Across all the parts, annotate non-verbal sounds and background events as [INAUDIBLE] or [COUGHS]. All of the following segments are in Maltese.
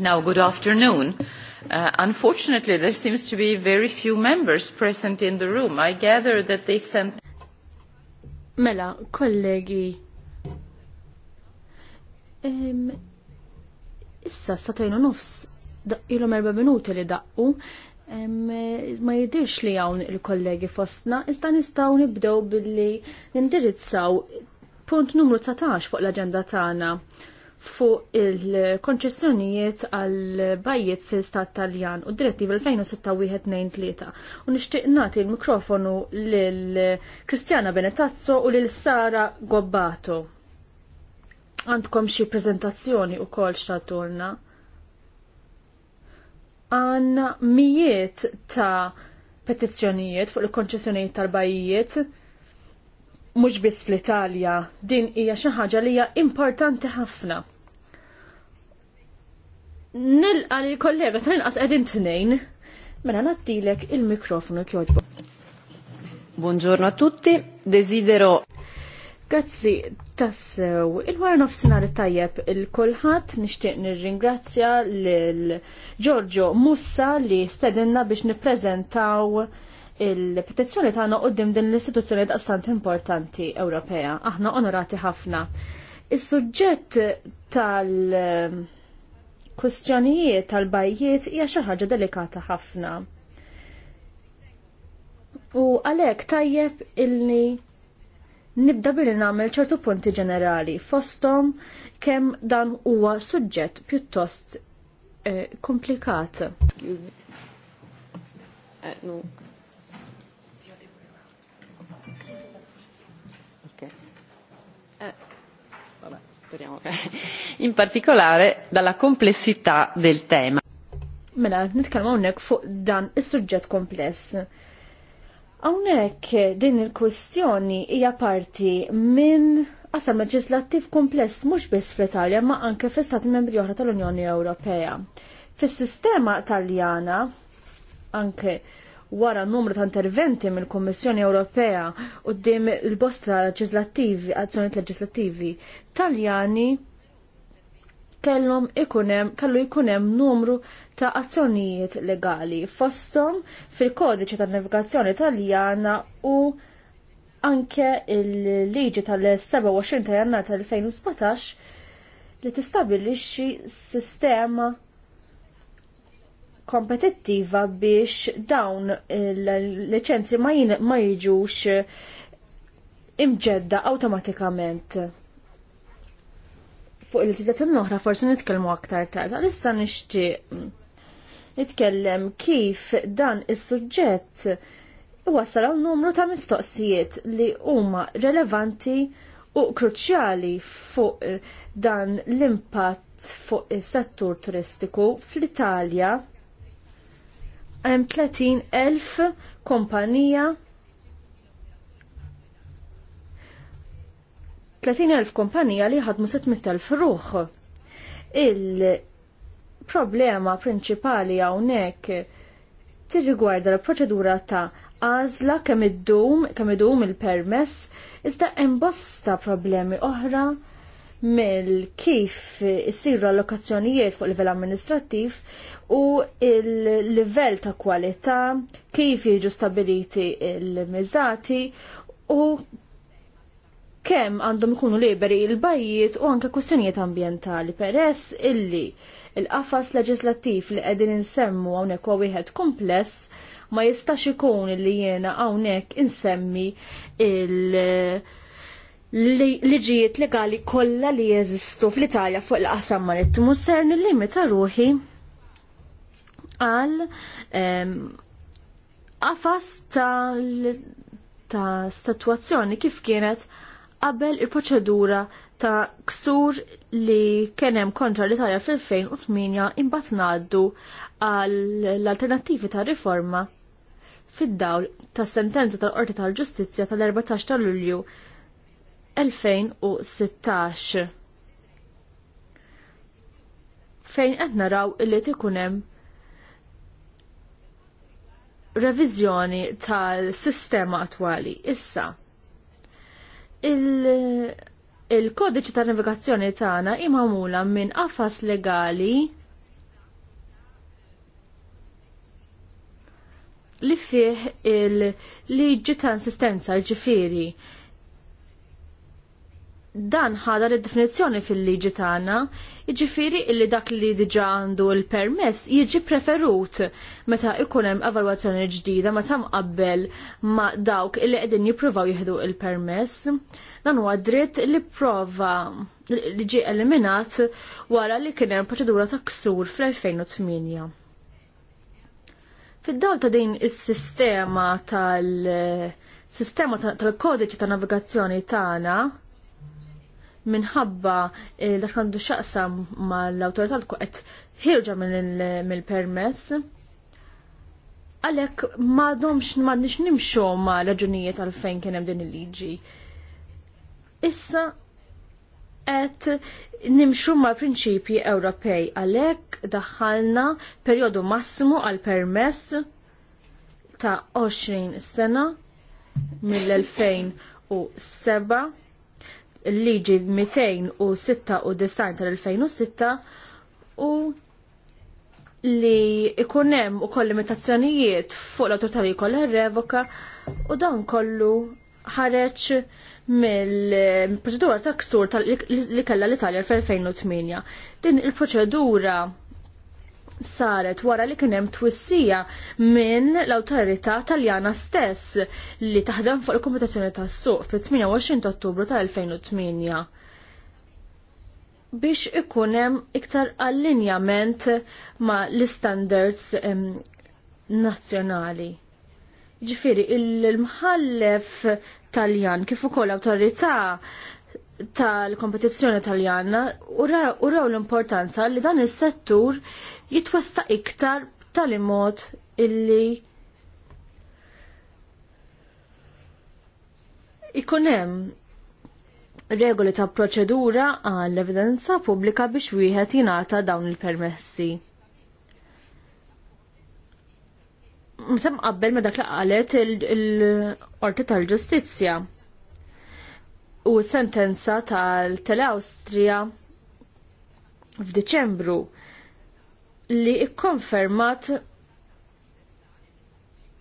Now, good afternoon. Uh, unfortunately, there seems to be very few members present in the room. I gather that they sent... Mela, kollegi. Um, issa, statajnu nofs. Ilom erba minuti li daqqu. Um, ma jidirx li għawn il-kollegi fostna, iżda nistaw nibdew billi nindirizzaw punt numru 19 fuq l-agenda tagħna. Ta fuq il-konċessjonijiet għal bajiet fil-stat Taljan u direttiv 2006 2023 U nixtieq nagħti l-mikrofonu lil Kristjana Benetazzo u lil Sara Gobbato. Għandkom xi preżentazzjoni wkoll xaturna. Għanna mijiet ta' petizzjonijiet fuq il-konċessjonijiet tal bajiet mhux biss fl-Italja, din hija xi ħaġa li hija importanti ħafna. Nilqa li kollega ta' inqas qegħdin tnejn, mela nattilek il-mikrofonu kjoġbu. Buongiorno a tutti, desidero Grazzi tassew. Il-wara nofsinhar tajjeb il-kulħadd nixtieq nirringrazzja l Giorgio Mussa li stedinna biex nippreżentaw il-petizzjoni tagħna qudiem din l-istituzzjoni daqstant importanti Ewropea. Aħna onorati ħafna. Is-suġġett tal-kwistjonijiet tal-bajjiet hija xi ħaġa delikata ħafna. U għalhekk tajjeb illi nibda billi nagħmel ċertu punti ġenerali fosthom kemm dan huwa suġġett pjuttost eh, komplikat. speriamo che, in particolare dalla complessità del tema. Mela, nitkellmu hawnhekk fuq dan is-suġġett kompless. Hawnhekk din il-kwestjoni hija parti minn qasam leġislattiv kompless mhux biss fl-Italja ma anke fl-Istati Membri oħra tal-Unjoni Ewropea. Fis-sistema Taljana anke wara numru ta' interventi mill-Kummissjoni Ewropea u qudiem il-bosta leġislattivi, azzjonijiet leġislattivi Taljani kellhom ikunem, kellu jkunem numru ta' azzjonijiet legali fosthom fil-kodiċi tan navigazzjoni Taljana u anke il-liġi tal-27 ta' jannar tal-2017 li tistabilixi sistema kompetittiva biex dawn il-licenzi ma jiġux imġedda awtomatikament. Fuq il-leġizzazzjoni l-oħra forsi nitkellmu aktar ta' da' issa nixtieq nitkellem kif dan is-suġġett iwassal għal numru ta' mistoqsijiet li huma relevanti u kruċjali fuq dan l-impatt fuq is-settur turistiku fl-Italja hemm 30,000 kompanija 30,000 kompanija li ħadmu 700,000 ruħ. Il-problema prinċipali hawnhekk tirrigwarda l-proċedura ta' għażla kemm id-dum, kemm id-dum il-permess, iżda hemm bosta problemi oħra mill kif isiru allokazzjonijiet fuq livell amministrattiv u il-livell ta' kwalità, kif jiġu stabiliti il mizzati u kemm għandhom ikunu liberi il-bajjiet u anke kwistjonijiet ambjentali peress illi il-qafas leġislattiv li qegħdin insemmu hawnhekk huwa wieħed kompless ma jistax ikun li jiena hawnhekk insemmi il- liġijiet legali kollha li jeżistu fl-Italja fuq il-qasam marittimu ser nillimita ruħi għal qafas ta' situazzjoni kif kienet qabel il-proċedura ta' ksur li kienem kontra l-Italja fil-2008 imbat naddu għal l-alternativi ta' riforma fid-dawl ta' sentenza tal-Qorti tal-Ġustizzja tal-14 ta' Lulju 2016 fejn qed naraw li tikun hemm reviżjoni tal-sistema attwali issa. Il-kodiċi il tal navigazzjoni tagħna imamula minn qafas legali li fih il-liġi ta' insistenza l-ġifiri dan ħadar id definizzjoni fil-liġi tagħna, jiġifieri illi dak li diġà għandu l-permess jiġi preferut meta ikun hemm evalwazzjoni ġdida meta mqabbel ma' dawk illi qegħdin jippruvaw jieħdu l permess Dan huwa dritt li prova li ġie eliminat wara li kien hemm proċedura ta' ksur fl-2008. Fid-dawl ta' din is-sistema tal-sistema tal-kodiċi ta' navigazzjoni tagħna, minħabba eh, dak għandu xaqsam mal-awtorità l qed ħirġa mill-permess. Għalhekk m'għadhomx m'għandniex nimxu ma' raġunijiet għalfejn kien hemm din il-liġi. Issa qed nimxu ma' prinċipji Ewropej għalhekk daħħalna perjodu massimu għal permess ta' 20 sena mill-2007 il-liġi 296 tal-2006 u li ikunem hemm ukoll limitazzjonijiet fuq l-autorità li revoka u dan kollu ħareġ mill-proċedura ta' kstur li kellha l-Italja fl-2008. Din il-proċedura saret wara li kienem twissija minn l-autorità taljana stess li taħdem fuq il-komputazzjoni tas-suq fit-28 Ottubru tal-2008 biex ikunem iktar allinjament ma' l-standards nazzjonali. Ġifiri, il-mħallef taljan kif ukoll autorità tal-kompetizzjoni taljana u raw l-importanza li dan is-settur jitwesta iktar tal-imod illi ikunem regoli ta' proċedura għall evidenza pubblika biex wieħed jingħata dawn il-permessi. Meta ma dak li qalet il-Qorti tal-Ġustizzja u sentenza tal-Tele-Austria f'Diċembru li ikkonfermat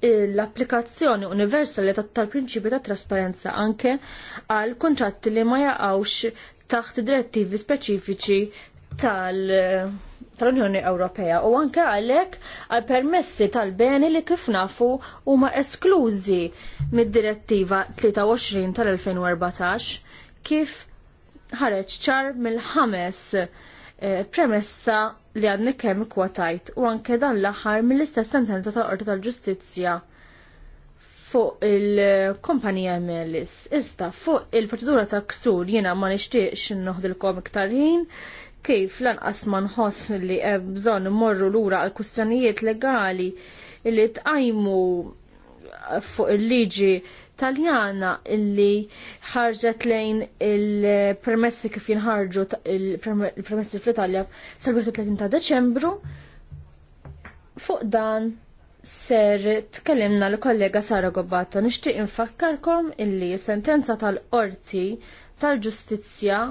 l-applikazzjoni universali tal-prinċipju ta' trasparenza anke għal kontratti li ma jaqgħux taħt direttivi speċifiċi tal- tal-Unjoni Ewropea u anke għalhekk għal permessi tal-beni li kif nafu huma esklużi mid-direttiva 23 tal-2014 kif ħareġ ċar mill-ħames eh, premessa li għadni kemm kwatajt u anke dan l-aħħar mill-istess sentenza tal-Qorti tal-Ġustizzja fuq il-kompanija Mellis. Ista, fuq il-procedura ta' ksur jiena ma nixtieqx noħdilkom iktar ħin kif lanqas ma nħoss li hemm bżonn imorru lura għal kustjonijiet legali li tqajmu fuq il-liġi Taljana illi ħarġet lejn il-permessi kif jinħarġu il-permessi fl-Italja sal-31 ta' Deċembru. Fuq dan ser tkellimna l-kollega Sara Gobbato nixtieq infakkarkom illi sentenza tal-qorti tal-ġustizzja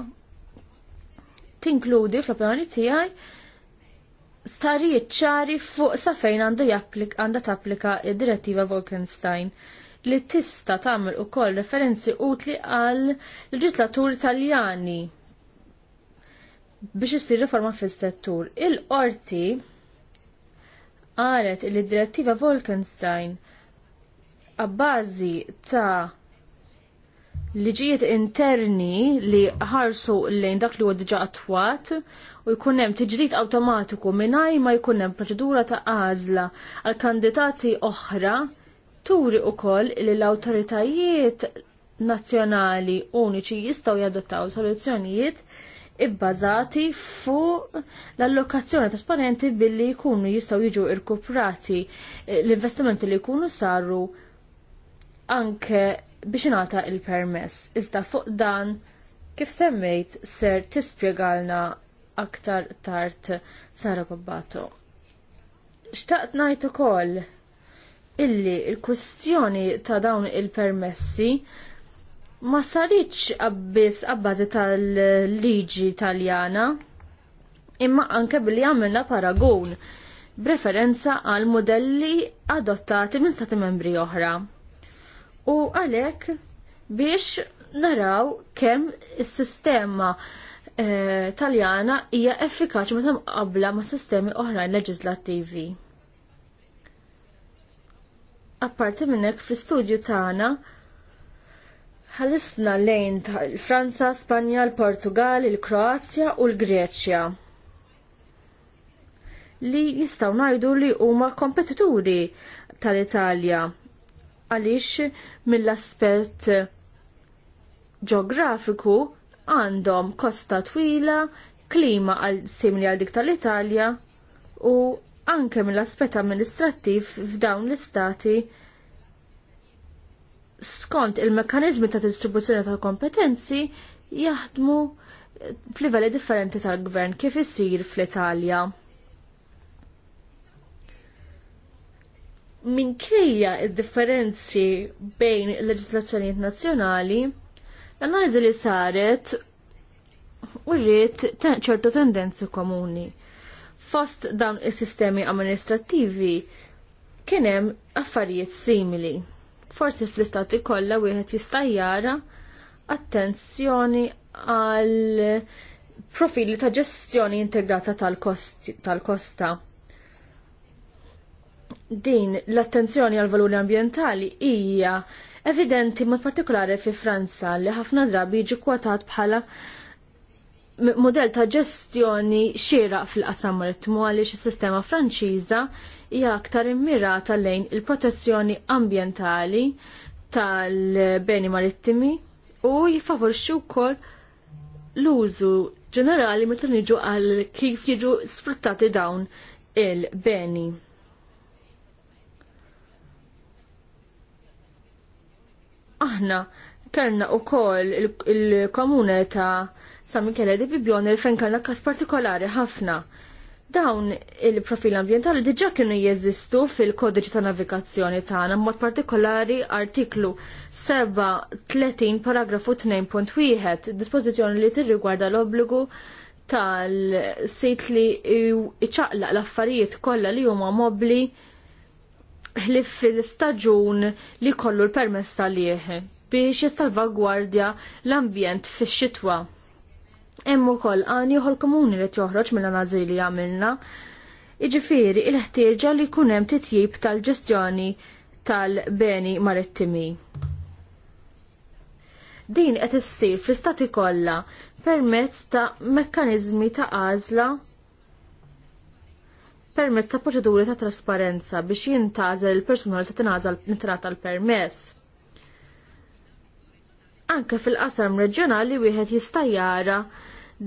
tinkludi fl-opinjoni tiegħi starijiet ċari fuq sa fejn għandu japplik għandha tapplika id-direttiva Wolkenstein li tista' tagħmel ukoll referenzi utli għal leġislatur Taljani biex issir riforma fis-settur. Il-qorti qalet li d-direttiva Wolkenstein għabbażi ta' liġijiet interni li ħarsu lejn dak li huwa diġà u jkun hemm automatiku awtomatiku mingħajr ma jkun hemm proċedura ta' għażla għal kandidati oħra turi wkoll li l-awtoritajiet nazzjonali uniċi jistgħu jadottaw soluzzjonijiet ibbażati fuq l-allokazzjoni trasparenti billi jkunu jistgħu jiġu irkuprati l-investimenti li jkunu saru anke biex ingħata l permess Iżda fuq dan kif semmejt ser tispjegalna aktar tard Sara Kobbato. Xtaqt ngħid ukoll illi l il kwistjoni ta' dawn il-permessi ma saritx abbiss abbażi tal-liġi Taljana imma anke billi għamilna paragun b'referenza għal modelli adottati minn stati membri oħra u għalhekk biex naraw kemm is-sistema e, taljana hija effikaċi meta mqabbla ma' sistemi oħrajn leġislattivi. Apparti minn hekk fl-istudju tagħna ħallisna lejn tal-Franza, Spanja, l-Portugal, il-Kroazja u l-Greċja li jistaw najdu li huma kompetituri tal-Italja għaliex mill-aspett ġeografiku għandhom kosta twila, klima għal simili għal dik tal-Italja u anke mill-aspett amministrattiv f'dawn l-istati skont il mekanizmi ta' distribuzzjoni tal kompetenzi jaħdmu f'livelli differenti tal-gvern kif isir fl-Italja. minkejja il differenzi bejn il-leġislazzjonijiet nazzjonali, l-analiżi li saret u rrit ċertu tendenzi komuni. Fost dawn is-sistemi amministrattivi kien hemm affarijiet simili. Forsi fl-istati kollha wieħed jista' jara attenzjoni għal profili ta' ġestjoni integrata tal-kosta. Tal din l-attenzjoni għal valuri ambjentali hija evidenti mod partikolari fi Franza li ħafna drabi jiġi kwatat bħala model ta' ġestjoni xieraq fil-qasam ritmu għaliex is-sistema Franċiża hija aktar immirata lejn il-protezzjoni ambjentali tal-beni marittimi u jifavorxxu wkoll l-użu ġenerali meta niġu għal kif jiġu sfruttati dawn il-beni. aħna kellna u koll il-komune il ta' San Michele di Bibjoni il fejn kellna kas partikolari ħafna. Dawn il-profil ambientali diġa kienu jeżistu fil-kodiċi ta' navigazzjoni tagħna mod partikolari artiklu 37 paragrafu 2.1 dispożizzjoni li tirrigwarda l-obbligu tal-sit li iċaqla l-affarijiet kollha li huma mobli ħlif fil-staġun li kollu l-permess tal-lieħ biex jistalvagwardja l-ambjent fix-xitwa. Hemm ukoll għan ieħor komuni li joħroġ mill nazili li għamilna. iġifiri il-ħtieġa li jkun hemm titjib tal-ġestjoni tal-beni marittimi. Din qed issir fl-istati kollha permezz ta' mekkaniżmi ta' għażla permezz ta' proċeduri ta' trasparenza biex jintazel il-personal ta' tinażal nitrata l-permess. Anke fil-qasam reġjonali wieħed jista' jara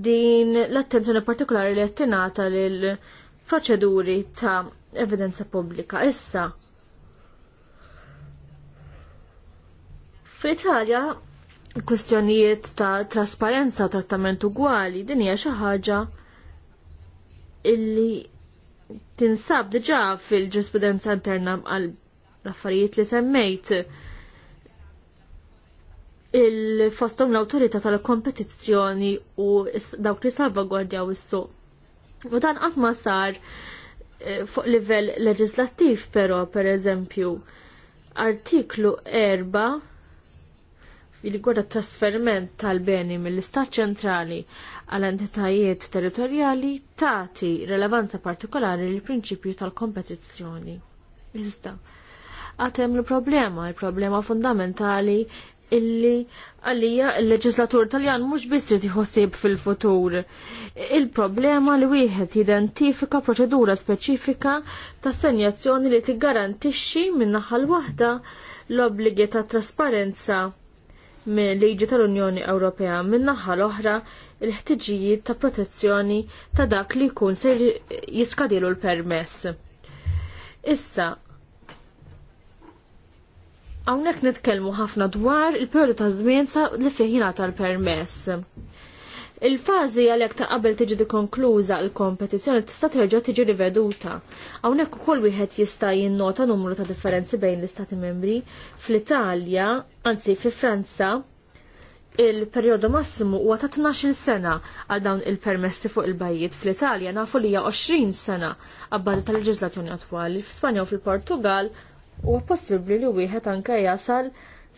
din l-attenzjoni partikolari li qed tingħata lil proċeduri ta' evidenza pubblika. Issa, fl-Italja l-kwistjonijiet ta' trasparenza u trattament ugwali din hija xi ħaġa illi tinsab diġa fil-ġurisprudenza interna għal affarijiet li semmejt il-fostom l-autorita tal-kompetizzjoni u dawk li salvagwardjaw is-suq. U dan qatt ma sar eh, fuq livell leġislattiv però, per eżempju, artiklu 4 li gwerda trasferiment tal-beni mill-Istat ċentrali għal entitajiet territorjali tagħti relevanza partikolari li prinċipju tal-kompetizzjoni. Iżda, għatem il-problema, il-problema fundamentali illi għalija l leġislatur taljan mux bistri tiħossib fil-futur. Il-problema li wieħed jidentifika proċedura speċifika ta' senjazzjoni li tiggarantixxi minnaħal waħda l-obligi ta' trasparenza minn liġi tal-Unjoni Ewropea min-naħa l-oħra il-ħtiġijiet ta' protezzjoni ta' dak li jkun se jiskadilu l-permess. Issa, hawnhekk nitkellmu ħafna dwar il-perjodu ta' żmien li fih jingħata l-permess. Il-fazi għalhekk ta' qabel tiġi dikonkluża l-kompetizzjoni tista' terġa' tiġi riveduta. Hawnhekk ukoll wieħed jista' jinnota numru ta' differenzi bejn l-Istati membri. Fl-Italja, anzi fi Franza, il-perjodu massimu huwa ta' 12 sena għal dawn il-permessi fuq il-bajjiet fl-Italja nafu li hija 20 sena għabbażi tal-leġiżlazzjoni attwali. F'Spanja u fil-Portugal huwa possibbli li wieħed anke jasal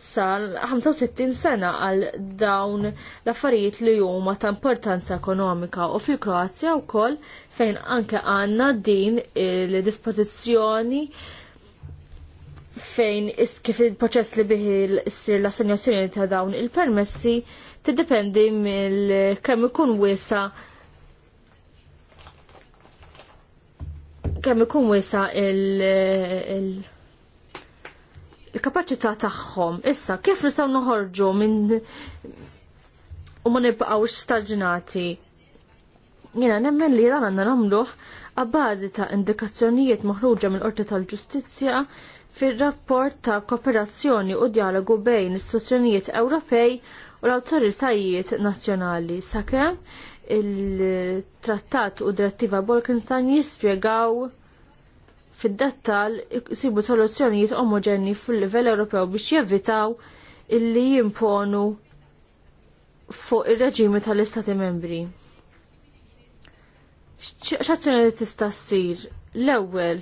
sal 65 sena għal dawn l-affarijiet li huma ta' importanza ekonomika u fil-Kroazja wkoll fejn anke għandna din il dispozizjoni fejn kif il-proċess li bih issir l-assenjazzjoni ta' dawn il-permessi tiddependi mill kemm ikun wisa. kemm ikun wiesa il-, il il-kapacità tagħhom. Issa kif nistgħu noħorġu minn u ma nibqgħux staġnati. Jiena nemmen li dan għandna nagħmluh għabbażi ta' indikazzjonijiet moħruġa mill-Qorti tal-Ġustizzja fir-rapport ta' kooperazzjoni u dialogu bejn istituzzjonijiet Ewropej u l-awtoritajiet nazzjonali sakemm il-trattat u direttiva Bolkenstein jispjegaw fid-dettal sibu soluzzjonijiet omogeni fil-livell Ewropew biex jevitaw illi jimponu fuq ir-reġimi tal-Istati membri. X'azzjoni li tista' ssir? L-ewwel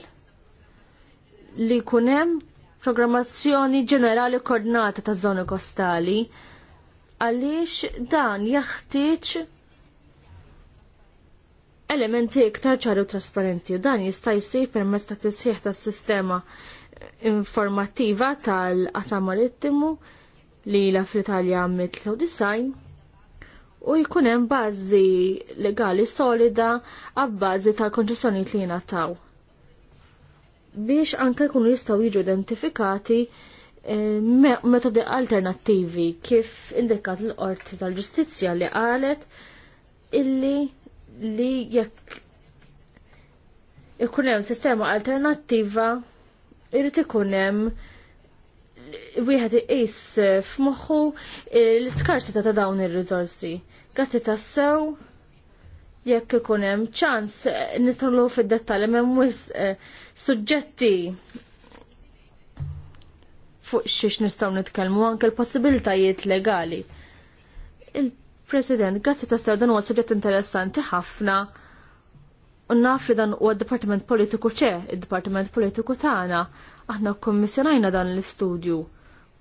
li jkun hemm programmazzjoni ġenerali koordinata taż żoni kostali għaliex dan jaħtieġ elementi iktar ċaru trasparenti u dan jista' jsir permezz ta' tisħiħ tas-sistema informattiva tal-qasam marittimu li la fl-Italja mitlu design u jkun hemm bażi legali solida għabbażi tal-konċessjoni li jingħataw. Biex anke jkunu jistgħu jiġu identifikati eh, metodi alternattivi kif indikat l-qorti tal-ġustizzja li qalet illi li jekk ikun hemm sistema alternattiva irrid ikun hemm wieħed iqis f'moħħu l-iskarsità ta' dawn ir-riżorsi. Grazzi tassew jekk ikun hemm ċans nitlu fid-dettalji hemm wis eh, suġġetti fuq xiex nistgħu nitkellmu anke l-possibilitajiet legali. President, grazzi ta' sew dan huwa suġġett interessanti ħafna. U naf li dan huwa d departiment Politiku ċe, id-Dipartiment Politiku tagħna. Aħna kommissjonajna dan l-istudju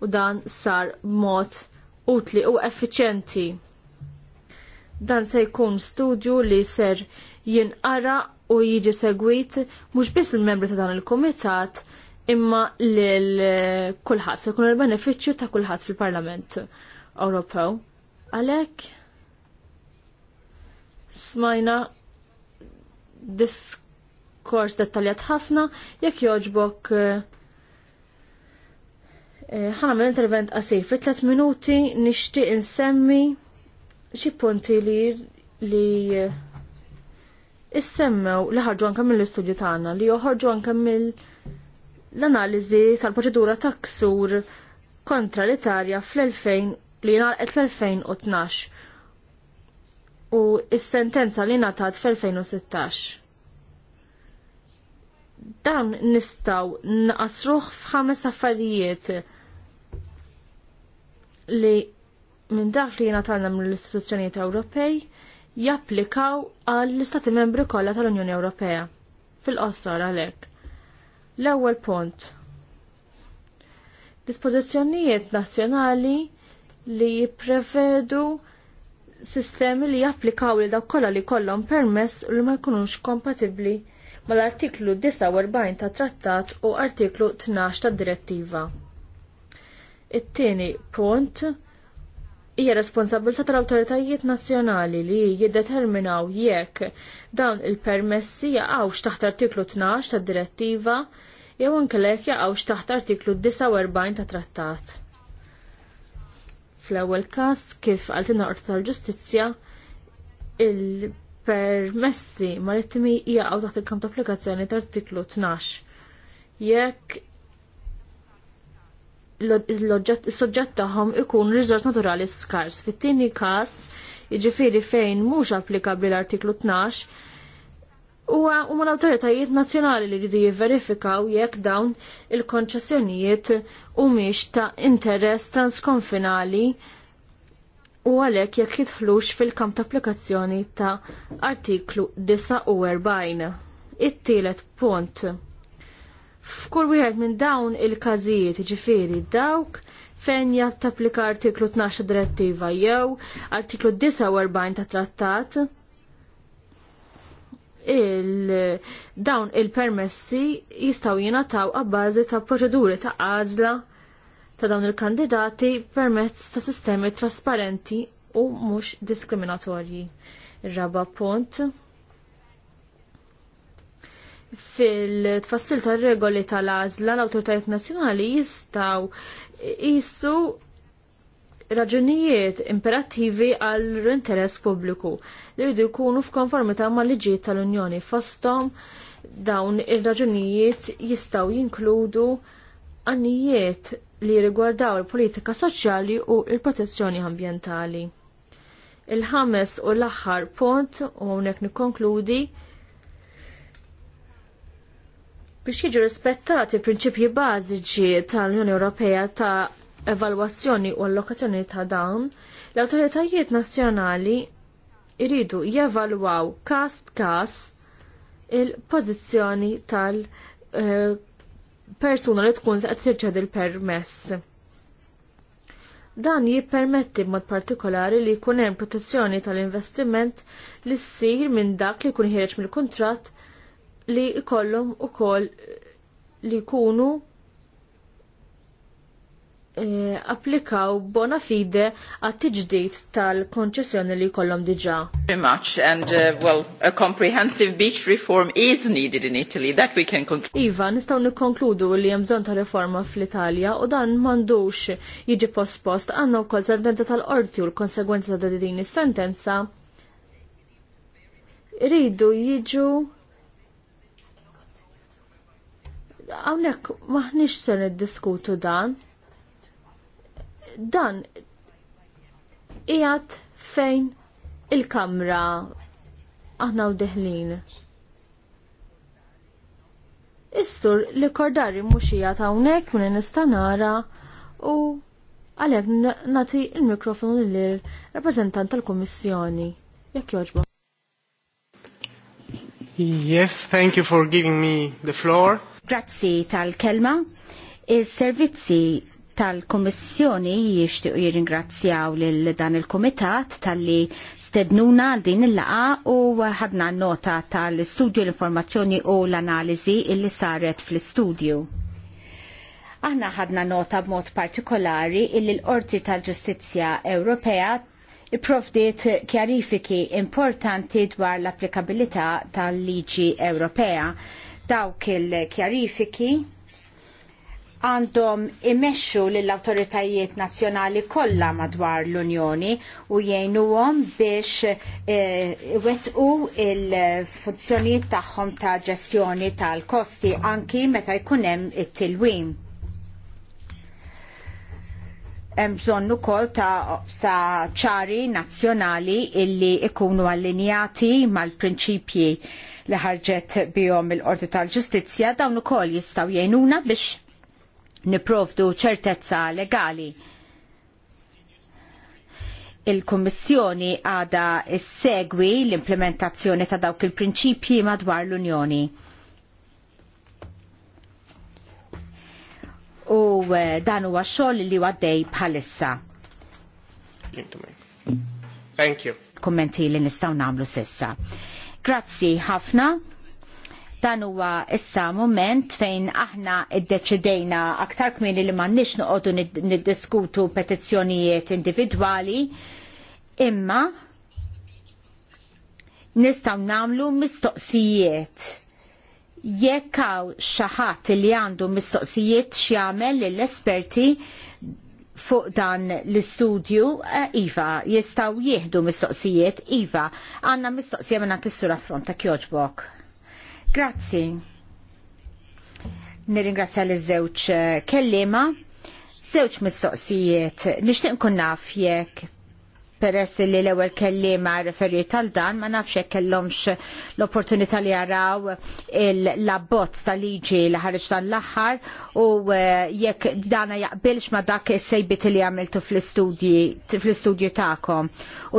u dan sar mod utli u effiċenti. Dan se jkun studju li ser jinqara u jiġi segwit mhux biss l membri ta' dan il-kumitat imma l kulħadd se jkun il-benefiċċju ta' kulħadd fil-Parlament Ewropew. Għalhekk smajna diskors dettaljat ħafna jekk joġbok eh, eh, ħanamel intervent qasir fi 3 minuti nixtieq insemmi xi punti li li eh, issemmew li ħarġu anke mill-istudju tagħna li joħorġu anke mill l-analiżi tal-proċedura ta' ksur kontra l-Italja fl-2000 li ngħalqet fl-2012 u s-sentenza li natat fl-2016. Dan nistaw naqasruħ f'ħames affarijiet li minn dak li tal mill-istituzzjonijiet Ewropej japplikaw għall-istati membri kollha tal-Unjoni Ewropea. Fil-qosor għalhekk. L-ewwel punt. Dispożizzjonijiet nazzjonali li jipprevedu sistemi li japplikaw li dawk kollha li kollhom permess u li ma jkunux kompatibbli mal-artiklu 49 ta' trattat u artiklu 12 ta' direttiva. It-tieni punt hija responsabilità tal-awtoritajiet nazzjonali li jiddeterminaw jekk dawn il-permessi jaqgħux taħt artiklu 12 tad direttiva jew inkellek jaqgħux taħt artiklu 49 ta' trattat. Fl-ewwel każ kif għaltina qorti tal-ġustizzja il-permessi marittimi jaqgħu taħt il-kamp ta' applikazzjoni tal-artiklu 12. Jekk is soġġett tagħhom ikun riżors naturali skars. Fit-tieni każ jiġifieri fejn mhux applikabbli l-artiklu 12 Huwa huma l-awtoritajiet nazzjonali li jridu jivverifikaw jekk dawn il-konċessjonijiet miex ta' interess transkonfinali u għalhekk jekk jitħlux fil-kamp ta' applikazzjoni ta' artiklu 49. It-tielet punt. F'kull wieħed minn dawn il-każijiet ġifieri dawk fejn tapplika artiklu 12 direttiva jew artiklu 49 ta' trattat il dawn il-permessi jistaw jenataw għabbażi ta' proċeduri ta' għazla ta' dawn il-kandidati permezz ta' sistemi trasparenti u mhux diskriminatorji. Ir-raba punt fil-tfassil tar regoli tal-għażla l-awtoritajiet nazzjonali jistgħu jistu raġunijiet imperattivi għall interess pubbliku li jridu jkunu f'konformità mal liġijiet tal-Unjoni fosthom dawn ir-raġunijiet jistgħu jinkludu għannijiet li rigwardaw il-politika soċjali u l protezzjoni ambjentali. Il-ħames u l-aħħar punt u hawnhekk nikkonkludi biex jiġu rispettati prinċipji bażiċi tal-Unjoni Ewropea ta' evalwazzjoni u allokazzjoni ta' dawn, l-autoritajiet nazzjonali iridu jevalwaw każ b'każ il-pożizzjoni tal-persuna eh, li tkun se qed tirċed il-permess. Dan jippermetti b'mod partikolari li jkun hemm protezzjoni tal-investiment li ssir minn dak li jkun ħireġ mill-kuntratt li jkollhom ukoll li jkunu Eh, applikaw bona fide għat tiġdid tal-konċessjoni li kollom diġa. Very much and uh, well a comprehensive beach reform is needed in Italy that we can conclude. Iva, nistaw nikkonkludu li hemm bżonn ta' reforma fl-Italja u dan m'għandux jiġi post-post għandna wkoll sentenza tal-qorti u l-konsegwenza ta' din is-sentenza rridu jiġu Hawnhekk maħniex se niddiskutu dan dan ijat fejn il-kamra aħna u deħlin. Istur li kordari mhux hija hawnhekk minn nista' nara u għalek nagħti l-mikrofonu l rappreżentant tal-Kummissjoni. Jekk jogħġbu. Yes, thank you for giving me the floor. Grazzi tal-kelma. il servizzi tal-Kommissjoni jixtiequ jirringrazzjaw lil dan il-Kumitat talli stednuna għal din il-laqa u ħadna nota tal-istudju l-informazzjoni u l-analiżi illi saret fl-istudju. Aħna ħadna nota b'mod partikolari illi l-Qorti tal-Ġustizzja Ewropea iprovdiet kjarifiki importanti dwar l-applikabilità tal-liġi Ewropea. Dawk il-kjarifiki għandhom imexxu lill awtoritajiet nazzjonali kollha madwar l-Unjoni u jgħinuhom biex eh, iwettqu il-funzjonijiet tagħhom ta' ġestjoni tal-kosti anki meta jkun hemm it-tilwim. Hemm bżonn ukoll ta' sa ċari nazzjonali illi jkunu allinjati mal-prinċipji li ħarġet bihom il-Qorti tal-Ġustizzja dawn ukoll jistgħu jgħinuna biex niprovdu ċertezza legali il-Kummissjoni għada segwi l-implementazzjoni ta' dawk il-prinċipji madwar l-Unjoni. U eh, dan huwa xogħol li għaddej bħalissa. Thank you. Kommenti li nistgħu nagħmlu sissa. Grazzi ħafna. Dan huwa issa mument fejn aħna iddeċidejna aktar kmieni li m'għandniex noqogħdu niddiskutu petizzjonijiet individwali imma nistgħu nagħmlu mistoqsijiet jekk hawn xi ħadd li għandu mistoqsijiet x'jamel lill-esperti fuq dan l-istudju, eh, Iva, jistaw jieħdu mistoqsijiet, Iva, għanna mistoqsija minna t-istura fronta kjoġbok. Grazzi. Nirringrazzja l żewġ kellima, żewġ mistoqsijiet, nixtieq nkun naf jekk peress li l-ewwel kellima referi tal dan ma nafx hekk kellhomx l-opportunità li jaraw l-abbozz tal-liġi li ħareġ dan l-aħħar u eh, jekk dana jaqbilx ma dak is-sejbit li għamiltu fl-istudji tagħkom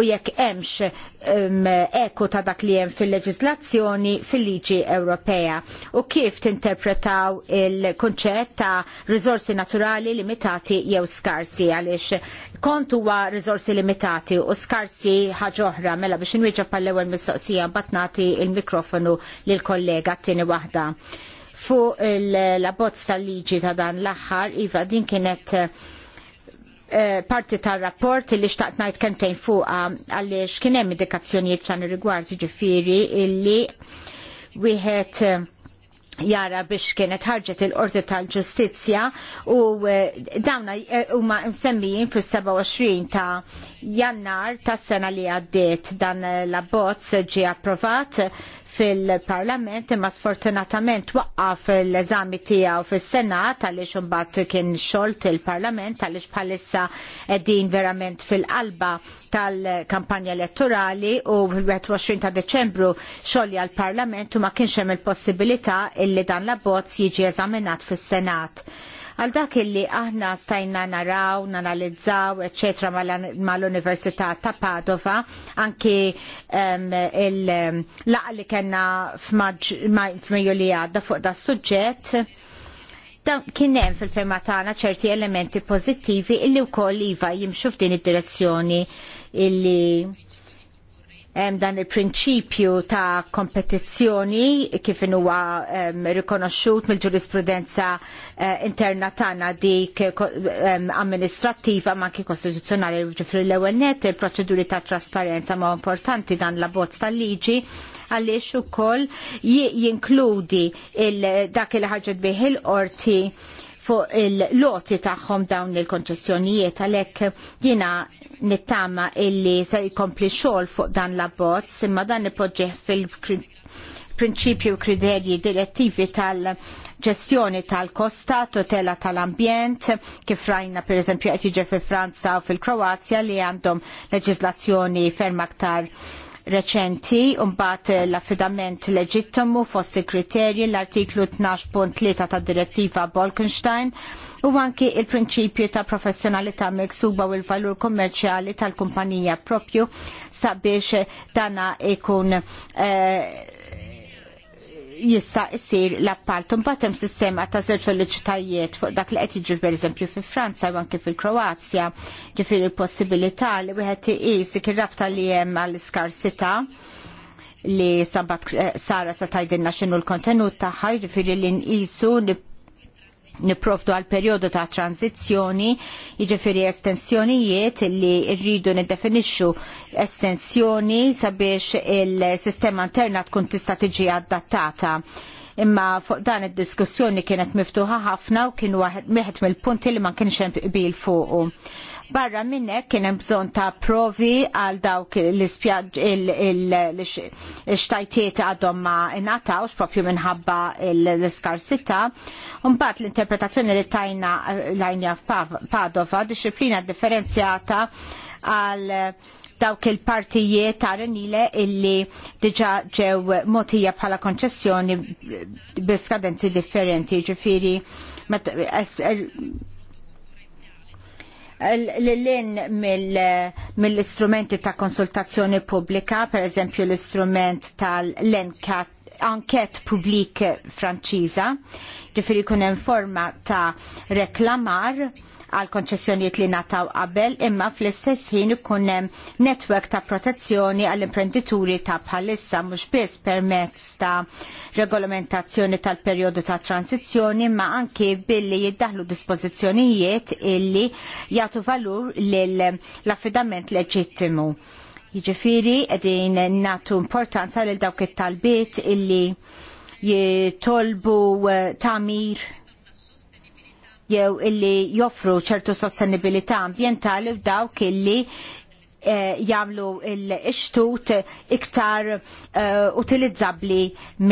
u jekk hemmx ehm, eku ta' dak li hemm fil-leġiżlazzjoni fil-liġi Ewropea u kif tinterpretaw il-kunċett ta' rizorsi naturali limitati jew skarsi għaliex kont huwa rizorsi limitati nati u skarsi oħra mela biex nwieġa pal-ewwel mistoqsija mbagħad nagħti l mikrofonu lill kollega t-tieni waħda fuq l-abbozz tal-liġi ta' dan l-aħħar, Iva, din kienet eh, parti tar rapport li xtaqt ngħid kemtejn fuqha għaliex kien hemm indikazzjonijiet f'dan ir-rigward jiġifieri illi wieħed eh, jara biex kienet ħarġet il-qorti tal-ġustizja u eh, dawna eh, huma msemmijin fis-27 ta' jannar tas sena li għaddiet dan eh, l-abbozz ġie approvat fil-Parlament imma sfortunatament waqqaf l-eżami tiegħu fis-Senat għaliex imbagħad kien xolt il-Parlament għaliex bħalissa qegħdin verament fil-qalba tal-kampanja elettorali u fil-21 ta' Deċembru xogħli għall-Parlament u ma kienx hemm il-possibilità illi dan l-abbozz jiġi eżaminat fis-Senat għal dak illi aħna stajna naraw, nanalizzaw, eccetera mal-Università ta' Padova, anki um, il-laqa li kena f'Mejju li għadda fuq da' suġġett, kienem kien hemm fil-ferma tagħna ċerti elementi pożittivi illi wkoll iva jimxu f'din id-direzzjoni illi hemm dan il-prinċipju ta' kompetizzjoni kif huwa rikonoxxut mill-ġurisprudenza eh, interna tagħna dik eh, amministrattiva ma anki kostituzzjonali ġifri l-ewwel net il-proċeduri ta' trasparenza ma' importanti dan l-abbozz tal-liġi għaliex ukoll jinkludi dak il ħarġet bih il-qorti fuq il-loti tagħhom dawn il-konċessjonijiet għalhekk jiena nittama illi se jkompli xogħol fuq dan l-abbozz imma dan nipoġġeħ fil-prinċipju u kriterji direttivi tal- ġestjoni tal-kosta, tutela tal-ambjent, kif rajna per eżempju qed jiġi fil-Franza u fil-Kroazja li għandhom leġislazzjoni ferm aktar reċenti mbagħad eh, l-affidament leġittimu fost il-kriterji l-artiklu 12.3 tad direttiva Bolkenstein u anki l prinċipju ta' professjonalità miksuba u l-valur kummerċjali tal-kumpanija propju sabiex dana ikun eh, jista jsir l-appalt. Mbagħad hemm sistema ta' żewġ veloċitajiet fuq dak li qed jiġri pereżempju fi Franza u anke fil-Kroazja, ġifieri il possibilità li wieħed tiqis dik ir-rabta li hemm għall-iskarsità li sabat eh, Sara sa tajdinna x'inhu l-kontenut tagħha, jiġifieri li nqisu niprofdu għal perjodu ta' tranzizjoni, jiġifieri estensjonijiet li rridu niddefinixxu estensjoni sabiex il-sistema interna tkun tista' tiġi adattata imma fuq dan id-diskussjoni kienet miftuħa ħafna u kien waħed mill-punti li ma kienx hemm qbil fuqu. Barra minnek kien hemm bżonn ta' provi għal dawk l-xtajtiet għadhom ma ingħatawx propju minħabba l-iskarsità. Mbagħad l-interpretazzjoni li tajna lajnja f'Padova disciplina differenzjata għal dawk il-partijiet ta' renile illi diġa ġew motija bħala konċessjoni bi skadenzi differenti ġifiri l-lin mill-istrumenti ta' konsultazzjoni pubblika, per eżempju l-istrument tal-LENCAT anket publik franċiża, ġifiri kun hemm forma ta' reklamar għal konċessjonijiet li nataw qabel imma fl-istess ħin ikun hemm netwerk ta' protezzjoni għall imprendituri ta' bħalissa mhux biss permezz ta' regolamentazzjoni tal-perjodu ta' transizzjoni imma anke billi jiddaħlu dispożizzjonijiet illi jagħtu valur lill-affidament leġittimu Jiġifieri qegħdin nagħtu importanza lil dawk it-talbiet illi jitolbu eh, tamir jew illi joffru ċertu sostenibilità ambjentali u dawk illi eh, jagħmlu l-ixtut iktar eh, utilizzabbli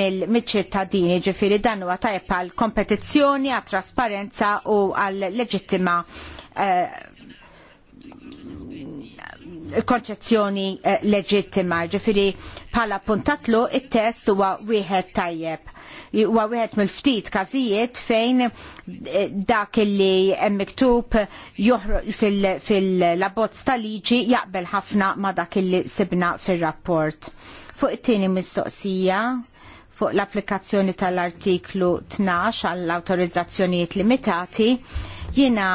mill-ċittadini. Mil jiġifieri dan huwa tajjeb għal kompetizzjoni, għat trasparenza u għal leġittima konċezzjoni eh, leġittima. Ġifiri, bħala puntatlu, il-test huwa wieħed tajjeb. Huwa wieħed mill-ftit każijiet fejn eh, dak li hemm miktub fil-abbozz ta' liġi jaqbel ħafna ma' dak li sibna fir-rapport. Fuq it-tieni mistoqsija, fuq l-applikazzjoni tal-artiklu 12 għall awtorizzazzjonijiet limitati, jiena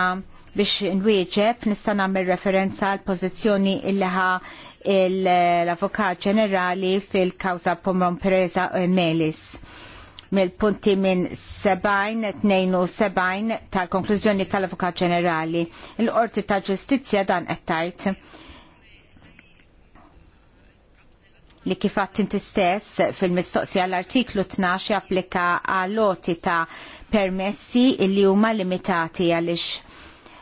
biex nwieġeb nista' nagħmel referenza għal pożizzjoni ha l-Avukat Ġenerali fil-kawża Pomron Pereza Melis mill-punti minn 70-72 tal-konklużjoni tal-Avukat Ġenerali. Il-Qorti ta' Ġustizzja dan qed tgħid li kifat inti stess fil-mistoqsija l-artiklu 12 japplika għal loti ta' permessi illi huma limitati għaliex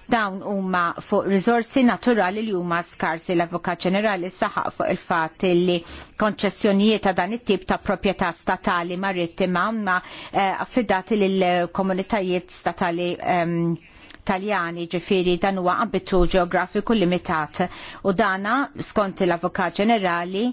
Dawn huma fuq risorsi naturali li huma skarsi l-Avukat Ġenerali saħaq fuq il-fatt li konċessjonijiet ta' dan it-tip ta' proprjetà statali marittima ma eh, affidati lill komunitajiet statali ehm, Taljani ġifiri dan huwa ambitu ġeografiku limitat u dana skont l-Avukat Ġenerali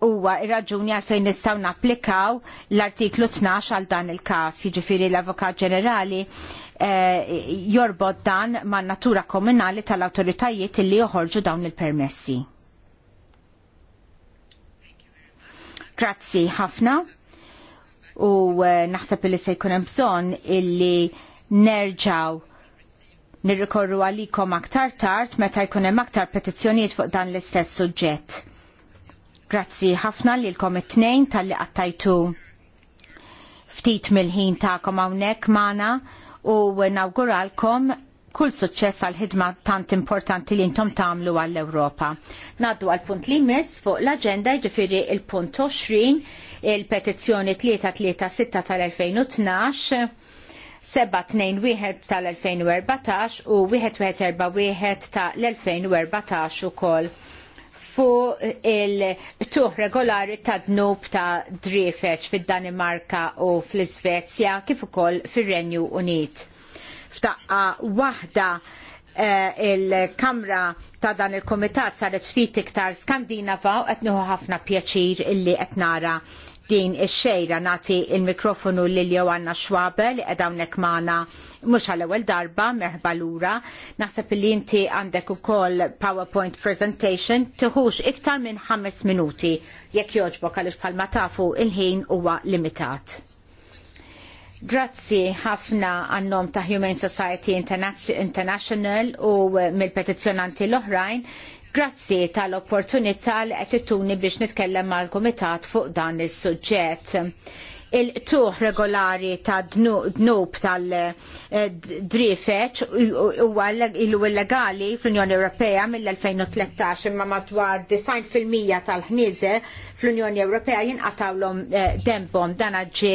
huwa ir-raġuni għalfejn nistgħu napplikaw l-artiklu 12 għal dan il-każ, jiġifieri l-Avukat Ġenerali eh, jorbot dan man natura komunali tal-awtoritajiet li joħorġu dawn il-permessi. Grazzi ħafna u eh, naħseb li se jkun hemm bżonn illi nerġaw nirrikorru għalikom aktar tard meta jkun hemm aktar petizzjonijiet fuq dan l-istess suġġett Grazzi ħafna li l-kom it-tnejn tal-li għattajtu ftit mill-ħin kom hawnhekk Mana u nawguralkom kull suċċess għal ħidma tant importanti li intom tagħmlu għall ewropa Naddu għal punt li jmiss fuq l-aġenda jiġifieri il-punt 20 il-petizzjoni 336 tal-2012 721 tal-2014 u 1141 tal-2014 ukoll fuq il-tuħ regolari ta' dnub ta' drifeċ fid-Danimarka u fl-Svezja kif ukoll fir-Renju Unit. F'taqqa waħda eh, il-Kamra ta' dan il-Komitat saret ftit iktar Skandinava u qed ħafna pjaċir illi qed nara din ix-xejra nagħti l mikrofonu lil Joanna Schwabel qed hawnhekk magħna mhux għall-ewwel darba merħba lura. Naħseb li inti għandek ukoll PowerPoint presentation tieħux iktar minn ħames minuti jekk jogħġbok għaliex bħalma tafu il-ħin huwa limitat. Grazzi ħafna għannom ta' Human Society International u mill-petizjonanti l-oħrajn Grazzi tal-opportunità li qed ittuni biex nitkellem mal-Kumitat fuq dan is-suġġett il-tuħ regolari ta' dnub tal-drifeċ eh, huwa illegali fl-Unjoni Ewropea mill-2013 imma madwar 90% tal-ħnieżer fl-Unjoni Ewropea jinqatawlhom eh, dembom. Dan ġi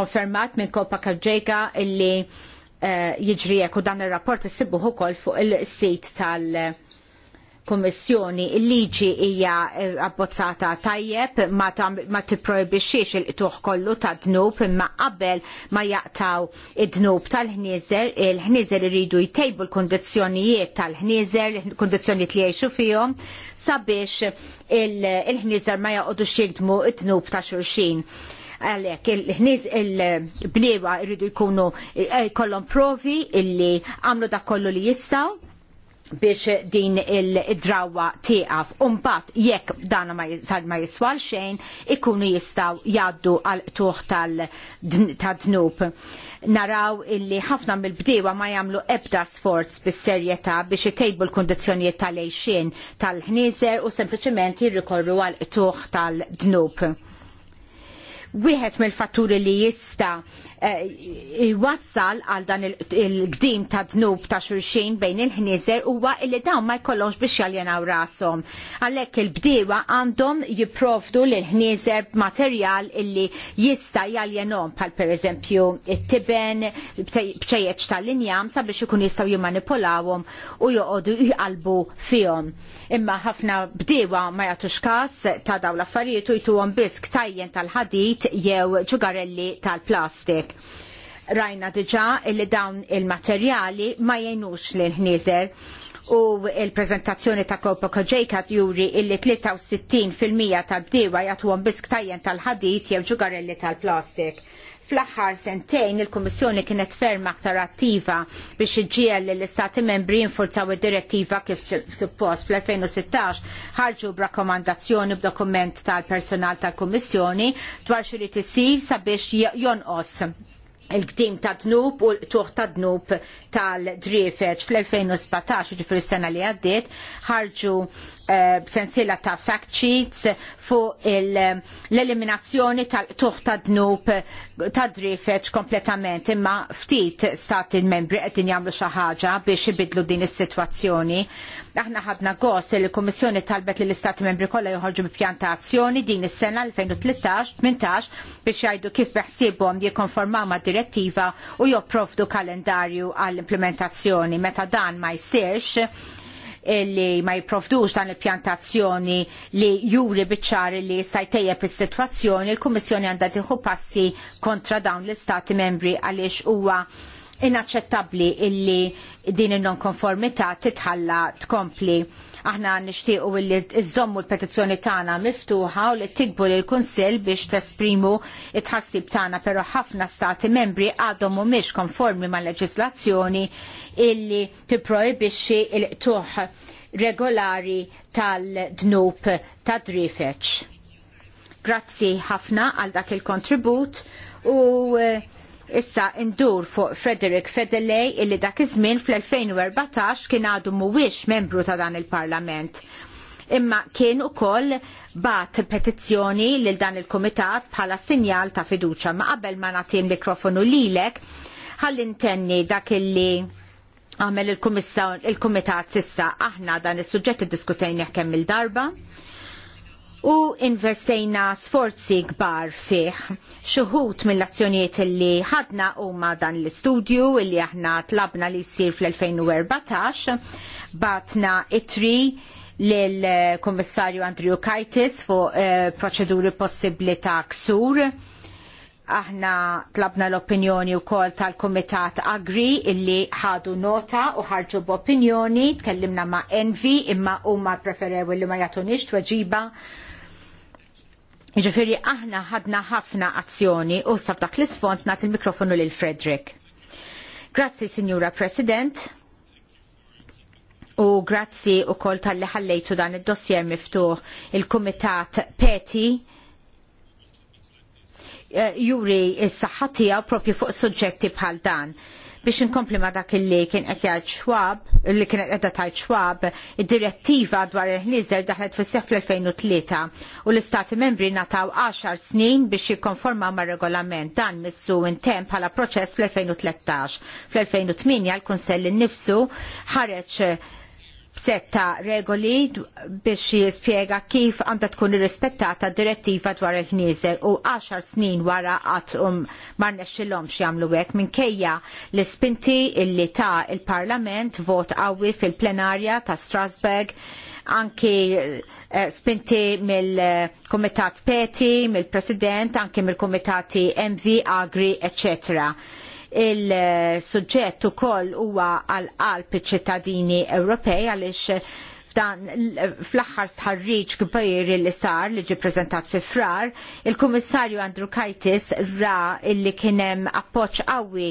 konfermat minn Kopa Kawġega illi eh, jiġri u dan ir-rapport issibuh ukoll fuq il-sit tal- kummissjoni il-liġi hija eh, abbozzata tajjeb ma tipprojbixxiex il-qtuħ kollu ta' dnub imma qabel ma jaqtaw id-dnub tal-ħnieżer, il-ħnieżer iridu jtejbu l kundizzjonijiet tal-ħnieżer, kundizzjonijiet li jgħixu fihom sabiex il-ħnieżer ma jaqgħodux jikdmu id-dnub ta' xulxin għalek il-ħniz il-bniewa irridu jkunu jkollhom eh, provi illi għamlu da kollu li jistaw biex din il-drawa tieqaf. Umbat jekk dan ma jiswal xejn ikunu jistaw jaddu għal tuħ tal-dnub. Naraw illi ħafna mill-bdewa ma jamlu ebda sforz bis-serjetà biex jtejbu l kundizzjonijiet tal-ejxin tal-ħnieżer u sempliciment jirrikorru għal tuħ tal-dnub wieħed mill-fatturi li jista jwassal eh, għal dan il-gdim ta' dnub ta' xulxin bejn il-ħnieżer huwa li dawn ma jkollhomx biex jaljenaw rashom. Għalhekk il-bdiewa għandhom jipprovdu lil ħnieżer b'materjal illi jista jaljenhom bħal pereżempju it-tiben, bċejjeċ tal-injam sabiex ikun jistgħu jimmanipulawhom u joqogħdu jqalbu fihom. Imma ħafna bdiewa ma jagħtux każ ta' dawn l-affarijiet u jtuhom biss ktajjen tal-ħadit jew ċugarelli tal-plastik rajna diġa illi dawn il-materjali ma jenux l ħnieżer u il-prezentazzjoni ta' Kopa Koġejkat juri illi 63% tal-bdiewa jagħtuhom bisk tajjen tal-ħadid jew ġugarelli tal-plastik. Fl-aħħar sentejn il-Kummissjoni kienet ferm aktar attiva biex iġiel li l-Istati membri jinfurzaw id-direttiva kif suppost fl-2016 ħarġu b'rakkomandazzjoni b'dokument tal-personal tal-Kummissjoni dwar xiri li tisir sabiex jonqos il-ktim ta' dnub u l-tuħ ta' dnub tal-drifeċ fl-2017, ġifir s-sena li għaddiet, ħarġu b'sensiela eh, ta' fact sheets fuq eh, l-eliminazzjoni tal-tuħ ta' dnub ta' drifeċ kompletament imma ftit stati membri għedin jagħmlu xi ħaġa biex ibidlu din is-sitwazzjoni. Aħna ħadna gost li l-Kummissjoni talbet li l-Istati membri kollha joħorġu bi azzjoni din is-sena 2013-18 biex jgħidu kif beħsiebhom jikkonformaw ma' direttiva u jopprovdu kalendarju għall-implementazzjoni. Meta dan ma jsirx, li ma jipprovdux dan il-pjantazzjoni li juri biċċari li sajtejjeb is-sitwazzjoni, il-Kummissjoni għandha tieħu passi kontra dawn l-Istati membri għaliex huwa inaċċettabbli illi din in-nonkonformità titħalla tkompli Aħna nixtiequ illi iżommu l-petizzjoni tagħna miftuħa u li tikbu lill kunsill biex tesprimu t tħassib tagħna, però ħafna stati membri għadhom mhumiex konformi mal leġislazzjoni illi tipprojbixxi l tuħ regolari tal-dnub ta' drifeċ. Grazzi ħafna għal dak il-kontribut u eh, Issa ndur fuq Frederick Federley illi dak iż-żmien fl-2014 kien għadu mhuwiex membru ta' dan il-Parlament. Imma kien ukoll bat petizzjoni lil dan il-Kumitat bħala sinjal ta' fiduċa ma' qabel ma nagħti l-mikrofonu lilek ħallintenni dak illi għamel il-Kumitat il sissa aħna dan is-suġġett iddiskutejn il kemm il darba u investejna sforzi kbar fih. Xuħut mill-azzjonijiet li ħadna huma dan l-istudju li aħna tlabna li jsir fl-2014 batna itri lill-Kummissarju Andrew Kajtis fuq eh, proċeduri possibbli ta' ksur aħna tlabna l-opinjoni wkoll tal kumitat Agri illi ħadu nota u ħarġu b'opinjoni, tkellimna ma' Envi imma huma preferew li ma jatunix tweġiba Ġifiri, aħna ħadna ħafna azzjoni u sabdak l-isfont nat il-mikrofonu lil Frederick. Grazzi, Signora President, u grazzi u kol tal-li ħallejtu dan il-dossier miftuħ il-Komitat Peti eh, juri s-saħħa tiegħu propju fuq suġġetti bħal dan biex inkompli ma dak li kien qed jgħid xwab, li kien qed tgħid xwab, id-direttiva dwar il-ħnieżer daħlet fis sef fl-2003 u l-istati membri nataw 10 snin biex jikkonforma ma' regolament dan missu intemp bħala proċess fl-2013. Fl-2008 l-Kunsell innifsu ħareġ b'setta regoli biex jispjega kif għandha tkun irrispettata direttiva dwar il-ħnieżel u 10 snin wara qatt um mar nexxilhomx jagħmlu hekk minkejja l-ispinti illi ta' il-Parlament vot qawwi fil-plenarja ta' Strasbourg anki eh, spinti mill-Kumitat Peti, mill-President, anki mill-Kumitati MV, Agri, eccetera il-suġġett ukoll huwa għal qalb iċ-ċittadini Ewropej għaliex dan fl-axħar stħarriġ kbir li sar li ġi prezentat fi frar, il-Kummissarju Andrew Kajtis ra illi kienem appoċ qawwi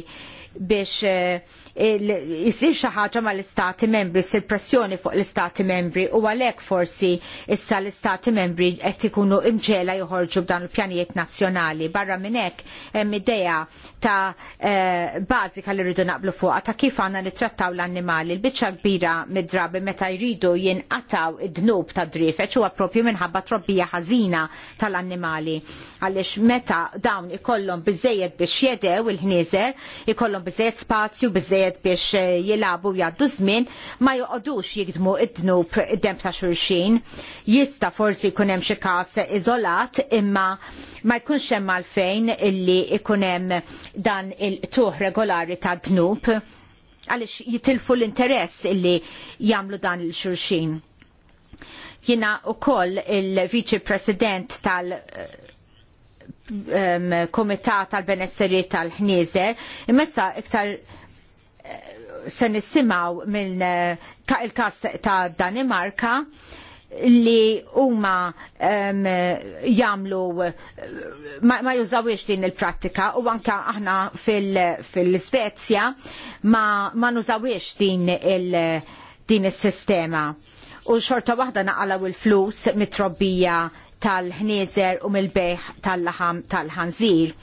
biex eh, jisir xi ħaġa mal-istati membri, ssir pressjoni fuq l-istati membri u għalhekk forsi issa l-istati membri qed ikunu imġela joħorġu b'dan il-pjanijiet nazzjonali. Barra minn hekk hemm idea ta' eh, bażika li rridu naqblu fuqha ta' kif għandna nittrattaw l-annimali. l biċċa kbira mid-drabi meta jridu jinqataw id-dnub ta' drifeċ huwa proprju minħabba trobbija ħażina tal-annimali. Għaliex meta dawn ikollhom biżejjed biex jedew il-ħnieżer, ikollhom biżejjed spazju, biżejjed biex eh, jilagħbu jgħaddu żmien ma joqogħdux jikdmu id-dnub id-demb ta' xulxin. Jista' forsi jkun hemm xi każ iżolat imma ma jkunx hemm għalfejn illi ikun hemm dan il-tuħ regolari ta' dnub għaliex jitilfu l-interess illi jagħmlu dan il-xulxin. Jiena wkoll il-Viċi President tal- komitat tal-benesseri tal-ħnieżer, imma iktar eh, se nisimgħu minn eh, il-kas ta' Danimarka li huma jamlu eh, ma, jużawiex din il-prattika u anka aħna fil-Svezja ma, ma nużawiex din il- din is-sistema u xorta waħda naqalaw il-flus mit-trobbija tal-ħnieżer u mill-beħ tal-laħam tal-ħanżir. tal tal laħam tal ħanżir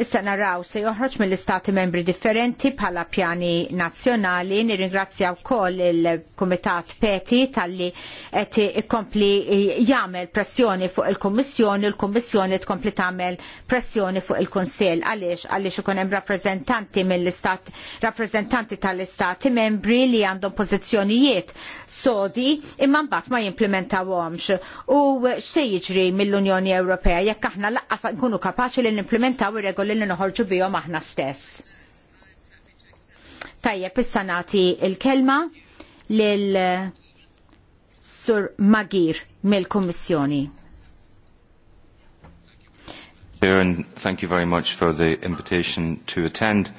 Issa naraw se joħroġ mill-istati membri differenti bħala pjani nazzjonali. Nirringrazzja wkoll il-Kumitat Peti talli qed ikompli jagħmel pressjoni fuq il-Kummissjoni, il-Kummissjoni tkompli tagħmel pressjoni fuq il-Kunsill għaliex għaliex ikun hemm rappreżentanti mill-istat rappreżentanti tal-istati membri li għandhom pożizzjonijiet sodi imma mbagħad ma jimplementawhomx. U x'se jiġri mill-Unjoni Ewropea jekk aħna laqqas nkunu kapaċi li nimplementaw ir-regoli kolli li noħorġu bihom aħna stess. Tajjeb, issa nagħti il kelma lil Sur Magir mill kommissjoni Chair, thank you very much for the invitation to attend.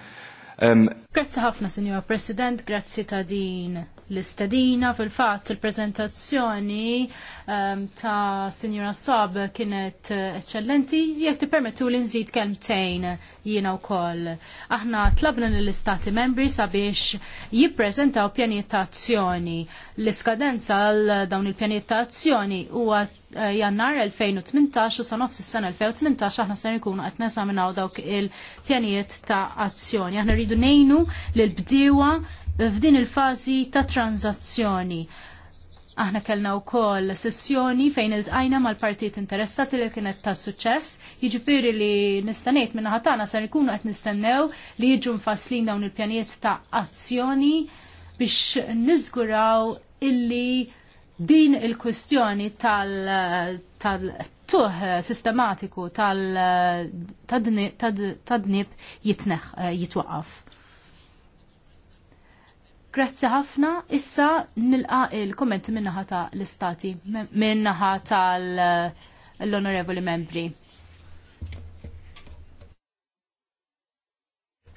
Um, grazie ħafna, Signor President, grazie ta' din l-istadina fil-fatt il-prezentazzjoni um, ta' Signora Sob kienet eh, eccellenti jekk tippermettu li nżid kelmtejn jiena wkoll. Aħna tlabna lill-istati membri sabiex jippreżentaw pjanijiet ta' azzjoni. L-iskadenza għal dawn il-pjanijiet ta' azzjoni huwa eh, jannar 2018 u sa nofs is-sena 2018 aħna se nkunu qed nesaminaw dawk il-pjanijiet ta' azzjoni. Aħna rridu ngħinu l bdiewa f'din il-fażi ta' tranzazzjoni. Aħna kellna wkoll sessjoni fejn iltqajna mal-partit interessati li kienet ta' suċċess, jiġifieri li nistanejt naħa ħatana se ikunu qed nistennew li jiġu mfasslin dawn il-pjanijiet ta' azzjoni biex niżguraw illi din il-kwestjoni tal-tuħ sistematiku tal dnieb jitneħ, eh, jitwaqaf. Grazzi ħafna, issa nilqa il minn naħa ta' l-istati, naħa tal-onorevoli membri.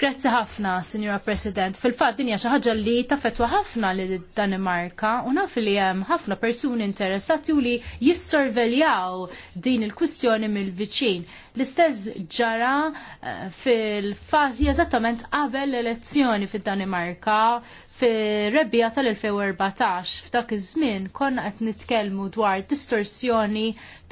Grazzi ħafna, Signora President. Fil-fat dinja xi ħaġa li tafetwa ħafna lil Danimarka u naf li hemm ħafna persuni interessati u li jissorveljaw din il-kwistjoni mill-viċin. L-istess ġara eh, fil-fażi eżattament qabel l-elezzjoni fid-Danimarka fir-rebbija tal-2014. F'dak iż-żmien konna qed nitkellmu dwar distorsjoni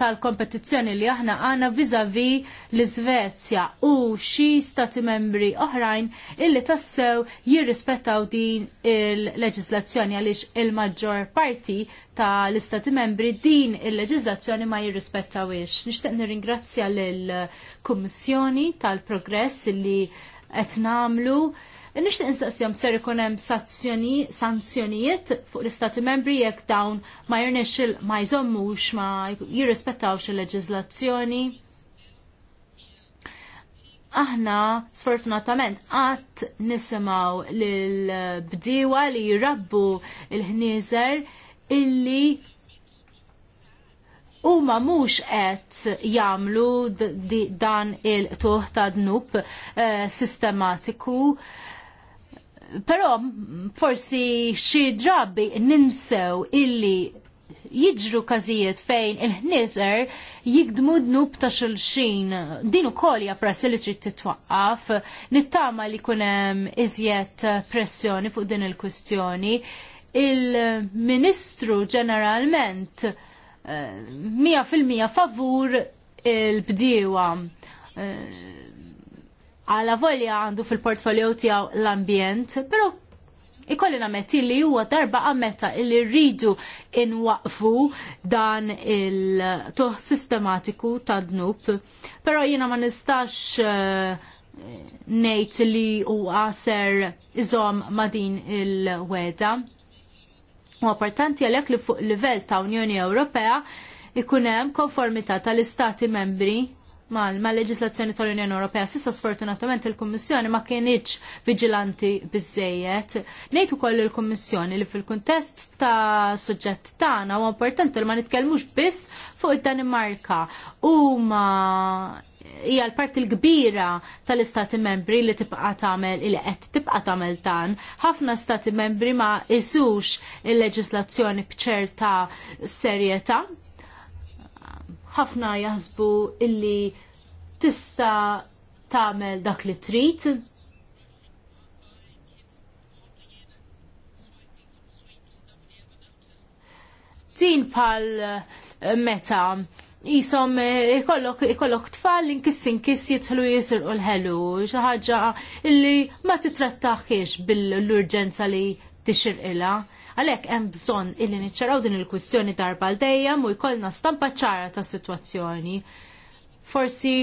tal-kompetizzjoni li aħna għana vizavi l-Iżvezja u xi stati membri oħrajn illi tassew jirrispettaw din il-leġislazzjoni għaliex il-maġġor parti tal-istati membri din il-leġislazzjoni ma jirrispettawiex. Nixtieq nirringrazzja lill kummissjoni tal-progress li qed nagħmlu Nixtieq insaqsjom ser ikun hemm sanzjonijiet fuq l-Istati membri jekk dawn ma jirnex ma jżommux ma jirrispettawx il-leġiżlazzjoni. Aħna sfortunatament qatt nisimgħu lill bdiewa li jirabbu il-ħnieżer illi huma mhux qed jagħmlu dan il-tuħ ta' dnub eh, sistematiku Però forsi xi drabi ninsew illi jiġru każijiet fejn il-ħniżer jikdmu dnub ta' xulxin. Din ukoll hija li trid titwaqqaf, nittama li jkun hemm iżjed pressjoni fuq din il-kwistjoni. Il-Ministru ġeneralment eh, mija fil-mija favur il-bdiewa. Uh, għala volja għandu fil-portfolio tiegħu l-ambjent, però ikolli namet li huwa darba għametta li rridu inwaqfu dan il-toħ sistematiku ta' dnub, però jiena ma nistax uh, nejt li u għaser iżom ma din il-weda. U għapartanti għalek li fuq livell ta' Unjoni Ewropea ikunem konformità tal-Istati membri mal-leġislazzjoni tal-Unjoni Ewropea. Sissa sfortunatament il-Kummissjoni ma kienieċ vigilanti biżejjed. Ngħid ukoll il-Kummissjoni li fil-kuntest ta' suġġett tagħna huwa importanti li ma nitkellmux biss fuq id-Danimarka. Huma hija l-parti l-kbira tal-istati membri li tibqa tagħmel il qed tibqa tagħmel dan, Ħafna stati membri ma isux il-leġislazzjoni bċerta serjetà ħafna jaħsbu illi tista tagħmel dak li trid. Tin pal eh, meta jisom eh, ikollok, tfal tfal inkiss kiss jitħlu jisirqu l-ħelu, xi ħaġa illi ma titrattaħiex bil-urġenza li tixirqilha. Għalhekk hemm bżonn illi niċċaraw din il-kwistjoni darba l dejjem u jkollna stampa ċara ta' sitwazzjoni. Forsi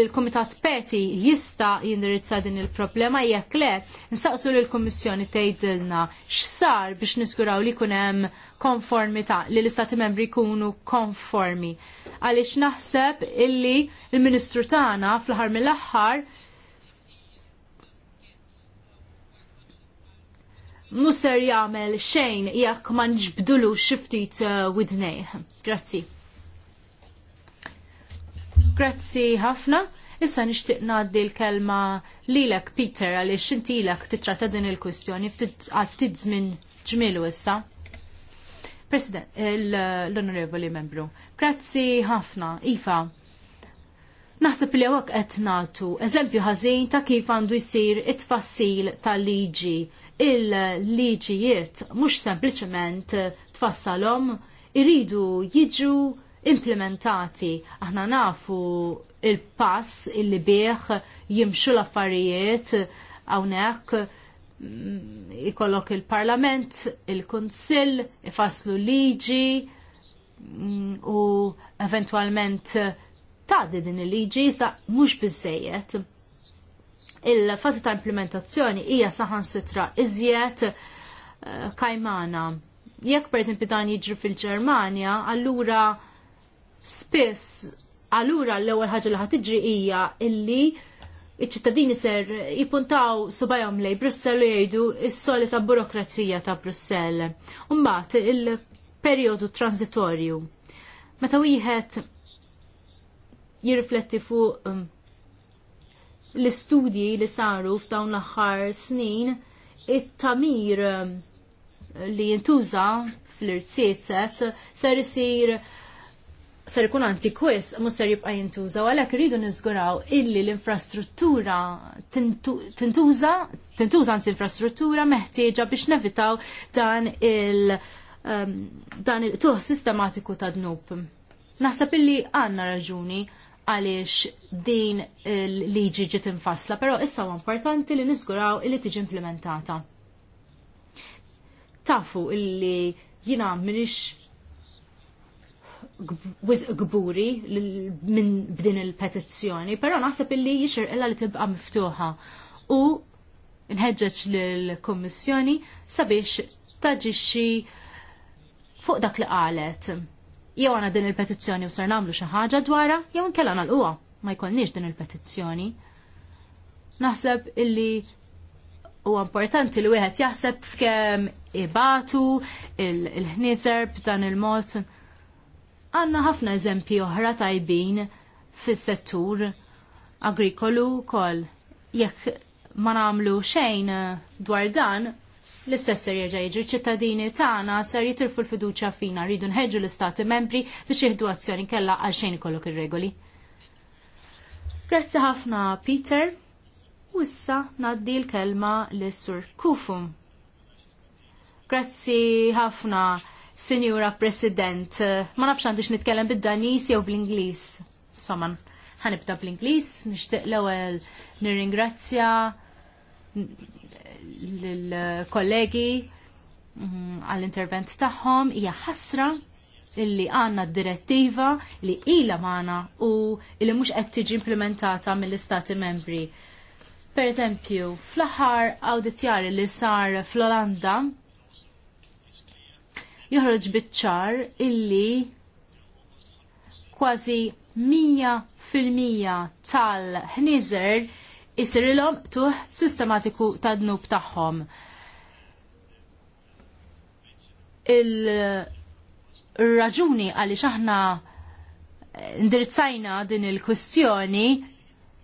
il-Komitat Peti jista jindirizza din il-problema jekk le nsaqsu l kummissjoni tgħidilna x'sar biex niskuraw li jkun hemm konformità li l-Istati Membri jkunu konformi. Għaliex naħseb illi l-Ministru tagħna fl-aħħar mill-aħħar musser jagħmel xejn jekk ma nġbdulu xiftit uh, widnejh. Grazzi. Grazzi ħafna. Issa nixtieq ngħaddi l-kelma lilek Peter għaliex inti ilek titratta din il-kwistjoni għal ftit żmien ġmielu issa. President, l-Onorevoli Membru, grazzi ħafna, Iva. Naħseb li għawak qed nagħtu eżempju ħażin ta' kif għandu jsir it-tfassil tal-liġi il-liġijiet mhux sempliċement tfassalhom iridu jiġu implementati. Aħna nafu il-pass il-li bieħ jimxu l-affarijiet hawnhekk mm, ikollok il-parlament, il-kunsill, ifasslu liġi mm, u eventualment ta' din il-liġi, sa' mux bizzejiet il-fazi ta' implementazzjoni hija saħan sitra iżjed eh, kajmana. Jekk per dan jiġri fil-Ġermanja, allura spiss, allura l-ewwel ħaġa li ħad tiġri hija illi iċ-ċittadini ser jipuntaw subajom lej Brussel u jgħidu is-solita burokrazija ta' Brussel. Umbat il-periodu transitorju. Meta wieħed jirrifletti fuq mm, l-istudji li saru f'dawn l-aħħar snin it-tamir eh, li jintuża fl-irtsiet ser isir ser ikun antikwis, mhux ser jibqa' jintuża, għalhekk irridu niżguraw illi l-infrastruttura tintuża, tintuża anzi infrastruttura meħtieġa biex nevitaw dan il- ehm, dan il-tuħ sistematiku ta' dnub. Naħseb illi għandna raġuni għaliex din liġi ġiet infassla, però issa huwa importanti li niżguraw li tiġi implementata. Tafu illi jina minix wisq gburi minn b'din il-petizzjoni, però naħseb illi jixir illa li tibqa miftuħa u nħeġġeġ lill-Kummissjoni sabiex taġixxi fuq dak li qalet jew għana din il-petizzjoni u sar namlu xi ħaġa dwarha jew inkella nagħlquha ma jkollniex din il-petizzjoni. Naħseb illi u importanti li wieħed jaħseb f'kemm ibatu il-ħnieser b'dan il-mod. Għandna ħafna eżempji oħra tajbin fis-settur agrikolu kol jekk ma nagħmlu xejn dwar dan l-istess ser jerġa' jiġri ċittadini tagħna ser jitilfu l-fiduċja fina rridu nħeġġu l-istati membri biex jieħdu azzjoni kellha għal xejn ikollok ir-regoli. Grazzi ħafna Peter. U issa ngħaddi l-kelma lis-Sur Kufu. Grazzi ħafna Sinjura President. Ma nafx għandix nitkellem bid-Danis jew bl-Ingliż. Saman ħanibda bl ingliż nixtieq l-ewwel nirringrazzja l-kollegi mm, għall-intervent tagħhom hija ħasra illi għanna direttiva li ila maħna u illi mux qed tiġi implementata mill-istati membri. Per eżempju, fl-aħħar awditjari li sar fl-Olanda joħroġ bitċar illi kważi 100% tal-ħnizer isirilom tuħ sistematiku ta' dnub tagħhom. Il-raġuni għaliex aħna indirizzajna din il kustjoni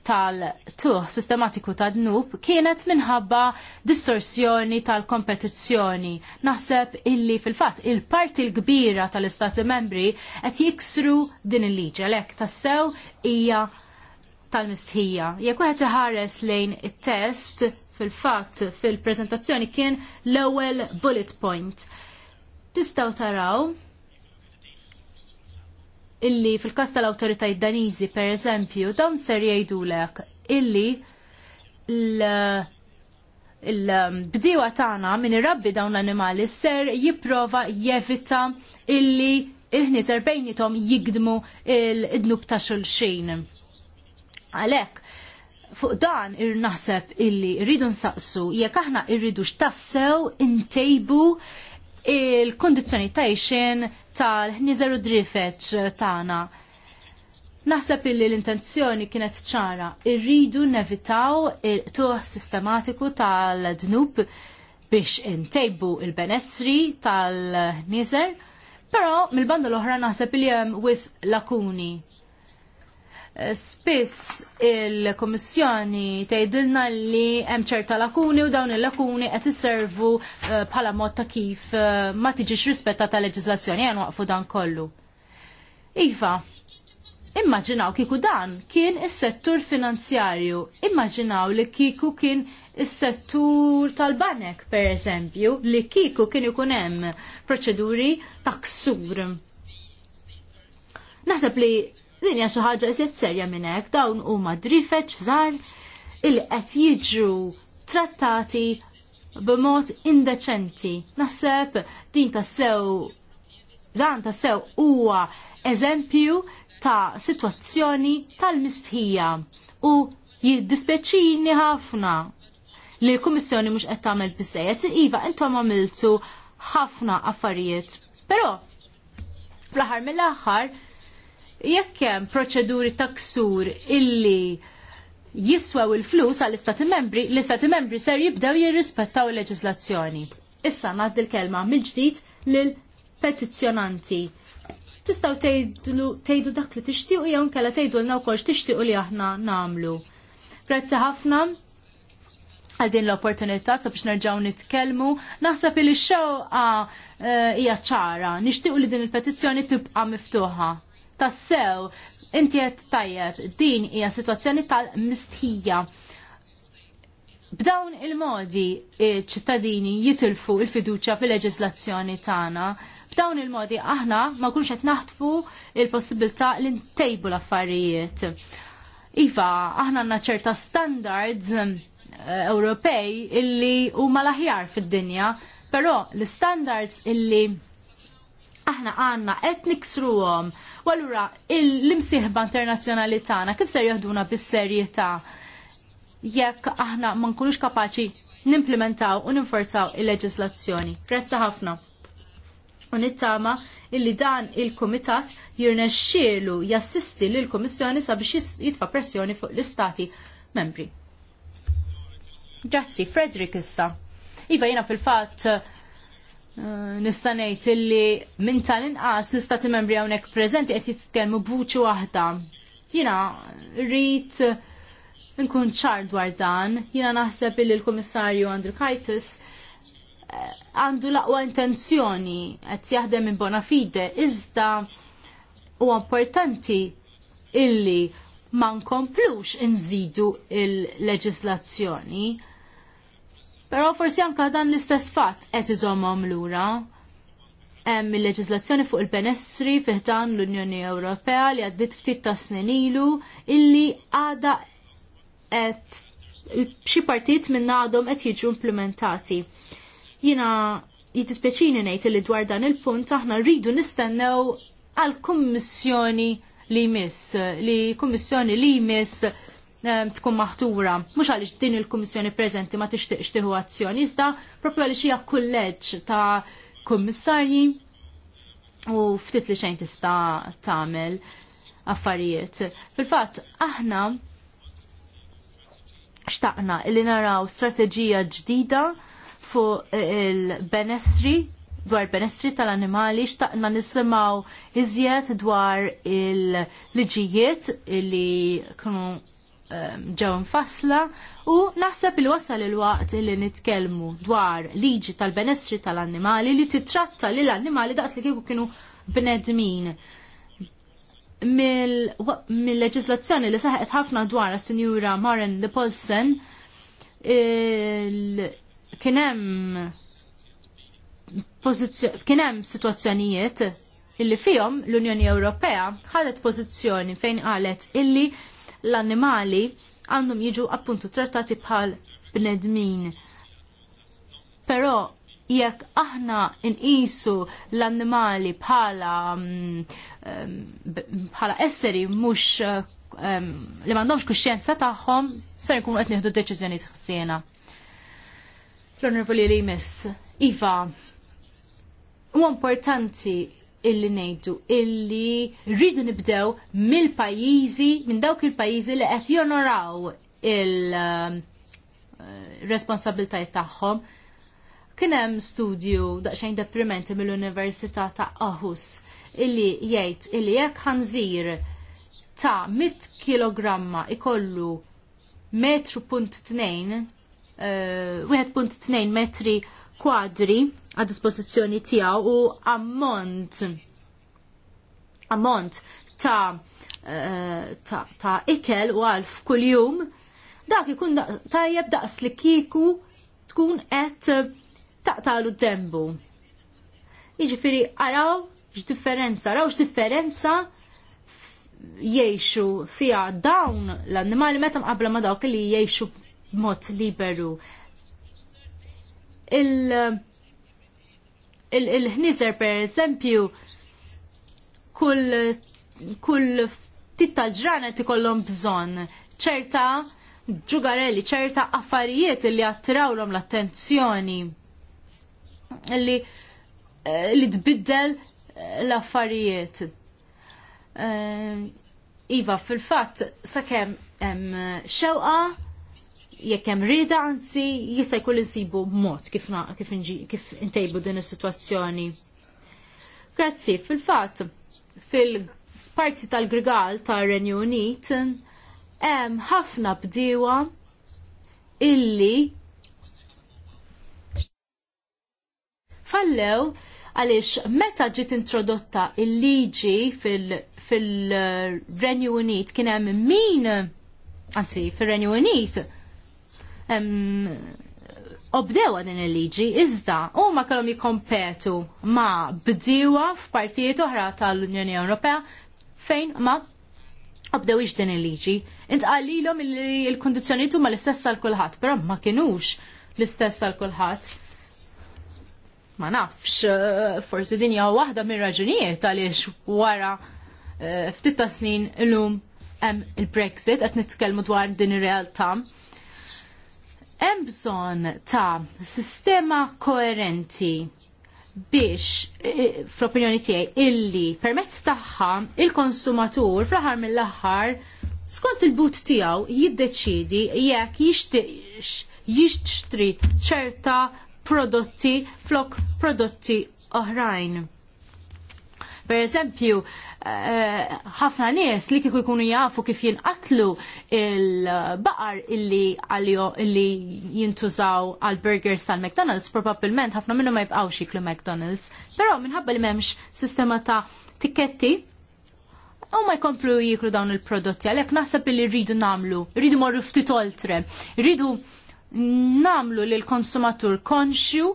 tal-tuħ sistematiku ta' dnub kienet minħabba distorsjoni tal-kompetizzjoni. Naħseb illi fil-fat il-parti l-kbira tal-istati membri qed jiksru din il-liġi għalhekk tassew hija tal-mistħija. Jekk wieħed iħares lejn it-test fil-fatt fil-preżentazzjoni kien l-ewwel bullet point. Tistgħu taraw illi fil-każ tal-awtoritajiet Daniżi pereżempju dawn ser jgħidulek illi l- il-bdiwa tagħna min irabbi dawn l annimali ser jipprova jevita illi il-ħniser bejnietom jigdmu il-dnub ta' xulxin. Għalhekk fuq dan ir naħseb illi rridu nsaqsu jekk aħna rridu x'tassew intejbu il-kondizzjoni tajxin tal-ħniżer u drifeċ tagħna. Naħseb illi l-intenzjoni kienet ċara, irridu nevitaw il-tuħ sistematiku tal-dnub biex intejbu il-benessri tal-nizer, però mill-banda l-oħra naħseb illi hemm wis lakuni. Eh, spiss il-Komissjoni tgħidilna li hemm ċerta lakuni u dawn il-lakuni qed isservu eh, bħala mod ta' kif eh, ma tiġix rispetta ta' leġislazzjoni għan waqfu dan kollu. Iva, immaġinaw kiku dan kien is-settur finanzjarju, immaġinaw li kiku kien is-settur tal-banek per eżempju, li kiku kien ikun hemm proċeduri ta' ksur. Naħseb li Din hija xi ħaġa iżjed serja minn hekk dawn huma drifeċ żgħar il qed jiġru trattati b'mod indeċenti. Naħseb din tassew dan tassew huwa eżempju ta' sitwazzjoni tal-mistħija u jiddispeċini ħafna li l-Kummissjoni mhux qed tagħmel biżejjed. Iva, intom għamiltu ħafna affarijiet. Però fl-aħħar mill-aħħar jekk hemm proċeduri ta' ksur illi jiswew il-flus għall-istati membri, l-istati membri ser jibdew jirrispettaw il-leġislazzjoni. Issa ngħaddi l-kelma mill-ġdid lil petizzjonanti. Tistaw tgħidu dak li tixtiequ jew l tgħidu lna wkoll tixtiequ li aħna nagħmlu. Grazzi ħafna għal din l-opportunità sabiex nerġgħu nitkellmu. Naħseb li x-xewqa eh, hija ċara, nixtiequ li din il-petizzjoni tibqa' miftuħa tassew, inti qed tajjeb, din hija sitwazzjoni tal-mistħija. B'dawn il-modi ċittadini jitilfu il-fiduċa fil-leġislazzjoni tagħna. B'dawn il-modi aħna ma kunx qed naħtfu il-possibilità li ntejbu l-affarijiet. Iva, aħna għandna ċerta standards eh, Ewropej illi huma l-aħjar fid-dinja, però l-standards illi aħna għanna qed niksruhom. U allura l-imsieħba internazjonali tagħna kif ser jaħduna bis-serjetà jekk aħna ma nkunux kapaċi nimplementaw u ninforzaw il-leġislazzjoni. Grazzi ħafna. U nittama illi dan il-Komitat jirnexxielu jassisti lil komissjoni sabiex jitfa' pressjoni fuq l-istati membri. Grazzi, Frederick issa. Iva jena fil-fatt Eh, nista' ngħid illi minn tal-inqas l-istati membri hawnhekk preżenti qed jitkellmu b'vuċi waħda. Jiena rrit nkun ċar dwar dan, jiena naħseb illi l-Kummissarju Andrew Kajtus eh, għandu laqwa intenzjoni qed jaħdem minn bona fide, iżda huwa importanti illi ma nkomplux inżidu il-leġislazzjoni Però forsi anka dan l-istess fatt qed iżommhom lura. Hemm il-leġiżlazzjoni fuq il-benestri dan l-Unjoni Ewropea li għaddit ftit ta' snin ilu illi għada qed xi partit minn għadhom qed jiġu implementati. Jiena jitispjaċini ngħid li dwar dan il-punt aħna rridu nistennew għal kummissjoni li jmiss, li kummissjoni li jmiss tkun maħtura. Mhux għaliex din il-Kummissjoni preżenti ma tixtieqx tieħu azzjoni, iżda propju għaliex hija kulleġġ ta' kummissarji u ftit li xejn tista' tagħmel affarijiet. Fil-fatt aħna xtaqna li naraw strateġija ġdida fuq il-benessri dwar benestri tal-animali xtaqna nisimaw iżjed dwar il-liġijiet li kunu Um, ġew infassla u naħseb il wasal il-waqt li nitkellmu dwar liġi tal-benestri tal-annimali li titratta l annimali daqs li kieku kienu bnedmin. Mill-leġislazzjoni li saħet ħafna dwar as-Sinjura Maren de Polsen kien hemm sitwazzjonijiet illi fihom l-Unjoni Ewropea ħadet pożizzjoni fejn qalet illi l-annimali għandhom jiġu appuntu trattati bħal bnedmin. Però jekk aħna nqisu l-annimali bħala mm, mm, bħala esseri mhux mm, li m'għandhomx kuxjenza tagħhom se jkunu qed nieħdu deċiżjoni tħsiena. L-Onorevoli Limis, Iva, huwa importanti illi ngħidu illi rridu nibdew mill-pajjiżi minn dawk il-pajjiżi li qed jonoraw il-responsabiltajiet eh, tagħhom. Kien hemm studju daqsxejn deprimenti mill-Università ta' Aarhus illi jgħid illi jekk ħanżir ta' 100 kg ikollu metru punt tnejn, 1.2 eh, metri kwadri għad dispożizzjoni tiegħu u ammont ammont ta' eh, ta', ta ikel u għalf kuljum dak ikun tajjeb daqs li kiku tkun qed taqtalu d-dembu. Jiġifieri araw x'differenza, x x'differenza jiexu fija dawn l-annimali meta mqabla ma dawk li jiexu b'mod liberu il-ħniser per esempio kull kull titta ti ikollhom bżonn ċerta ġugarelli, ċerta affarijiet li attrawlhom l-attenzjoni li eh, li tbiddel eh, l-affarijiet. Eh, iva, fil fatt sakemm hemm xewqa jekk hemm rieda anzi jista' jkun insibu mod kif kif, kif intejbu din is-sitwazzjoni. Grazzi, fil-fatt fil-parti tal-Grigal tar-Renju Unit hemm ħafna bdiewa illi fallew għaliex meta ġiet introdotta il-liġi fil-Renju fil Unit kien hemm min anzi fil-Renju Unit obdewa din il-liġi, iżda huma kellhom jikompetu ma bdiewa f'partijiet oħra tal-Unjoni Ewropea fejn ma obdewix din il-liġi. Intqalilhom il kundizzjonijiet huma l-istess għal kulħadd, però ma kinux l-istess għal kulħadd. Ma nafx, eh, forsi din hija waħda mir raġunijiet għaliex wara eh, ftit ta' snin illum hemm il-Brexit qed nitkellmu dwar din ir-realtà hemm bżonn ta' sistema koerenti biex eh, eh, fl-opinjoni tiegħi illi permezz tagħha il-konsumatur fl-aħħar mill-aħħar skont il-but tiegħu jiddeċidi jekk jixtri ċerta prodotti flok prodotti oħrajn. Per eżempju, ħafna nies li kieku jkunu jafu kif jinqatlu il-baqar illi għalio illi jintużaw għal burgers tal-McDonald's, probabbilment ħafna minnu ma jibqawx jiklu McDonald's, però minħabba li m'hemmx sistema ta' tiketti u ma jkomplu jiklu dawn il-prodotti għalhekk naħseb li rridu namlu, rridu morru ftit oltre, rridu namlu l konsumatur konxju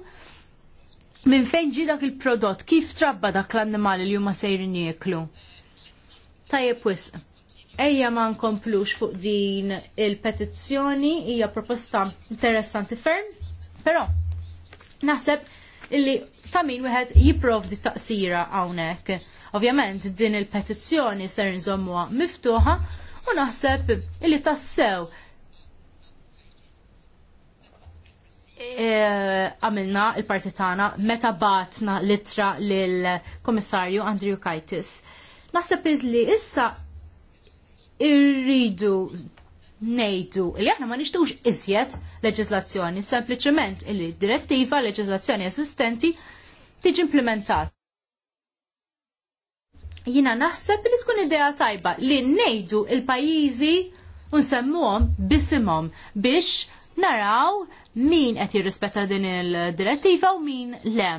minn fejn ġi dak il-prodott, kif trabba dak l-annimali li huma sejrin jieklu. Tajjeb wisq. Ejja ma nkomplux fuq din il-petizzjoni hija proposta interessanti ferm, però naħseb illi ta' min wieħed jipprovdi taqsira hawnhekk. Ovvjament din il-petizzjoni ser nżommuha miftuħa u naħseb illi tassew E, għamilna e, il-partitana meta batna litra lill-Komissarju Andrew Kaitis. Naħseb li issa irridu nejdu li aħna ma nixtux iżjed leġislazzjoni, sempliċement li direttiva leġislazzjoni esistenti tiġi implementat. Jina naħseb li tkun idea tajba li nejdu il-pajizi unsemmuhom bisimhom biex naraw min qed jirrispetta din il-direttiva u min le.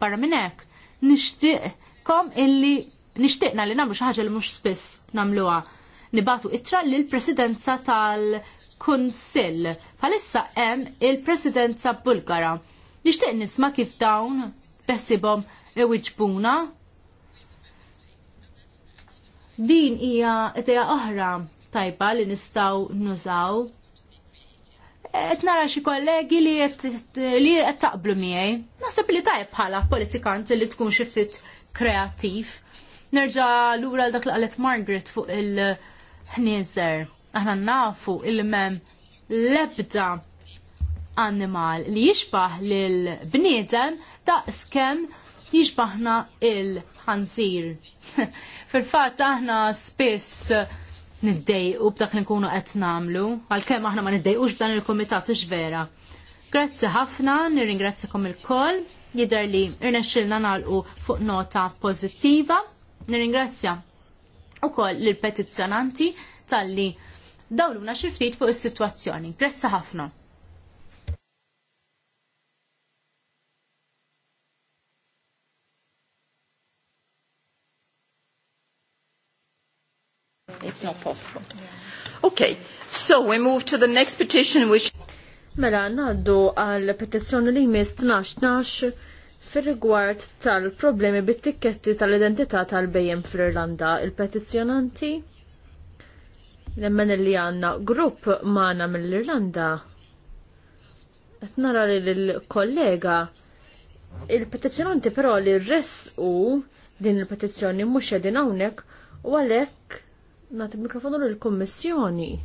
Barra minn hekk, nixtieqkom illi nixtieqna li nagħmlu xi ħaġa li mhux spiss nagħmluha. Nibatu ittra l presidenza tal-Kunsill. Palissa hemm il-Presidenza Bulgara. Nixtieq nisma' kif dawn beħsibhom iwiġbuna din hija idea oħra tajba li nistgħu nużaw qed nara xi kollegi li qed taqblu miegħi. Naħseb li tajb bħala politikant li tkun xi ftit kreattiv. Nerġa' lura l dak li qalet Margaret fuq il-ħnieżer. Aħna nafu il-mem lebda animal li jixbaħ lil bniedem daqs skem jixbaħna il-ħanżir. [LAUGHS] Fil-fatt aħna spiss niddejqu b'dak li nkunu qed nagħmlu, għalkemm aħna ma niddejqux b'dan il-kumitat ix vera. Grazzi ħafna, nirringrazzakom il-koll, jidher li rnexxilna nagħlqu fuq nota pożittiva. Nirringrazzja ukoll lill petizzjonanti talli dawluna xi ftit fuq is-sitwazzjoni. Grazzi ħafna. It's not possible. Okay, so we move to the next petition which... Mela, naddu għal petizzjoni li jmiss 12-12 fil-rigward tal-problemi bit-tikketti tal-identità tal-bejjem fl-Irlanda. Il-petizzjonanti emmen li għanna grupp maħna mill-Irlanda. Etnara li l-kollega. Il-petizjonanti però li res u din il-petizjoni mux edin għawnek u għalek nati il-mikrofonu lill-Kummissjoni.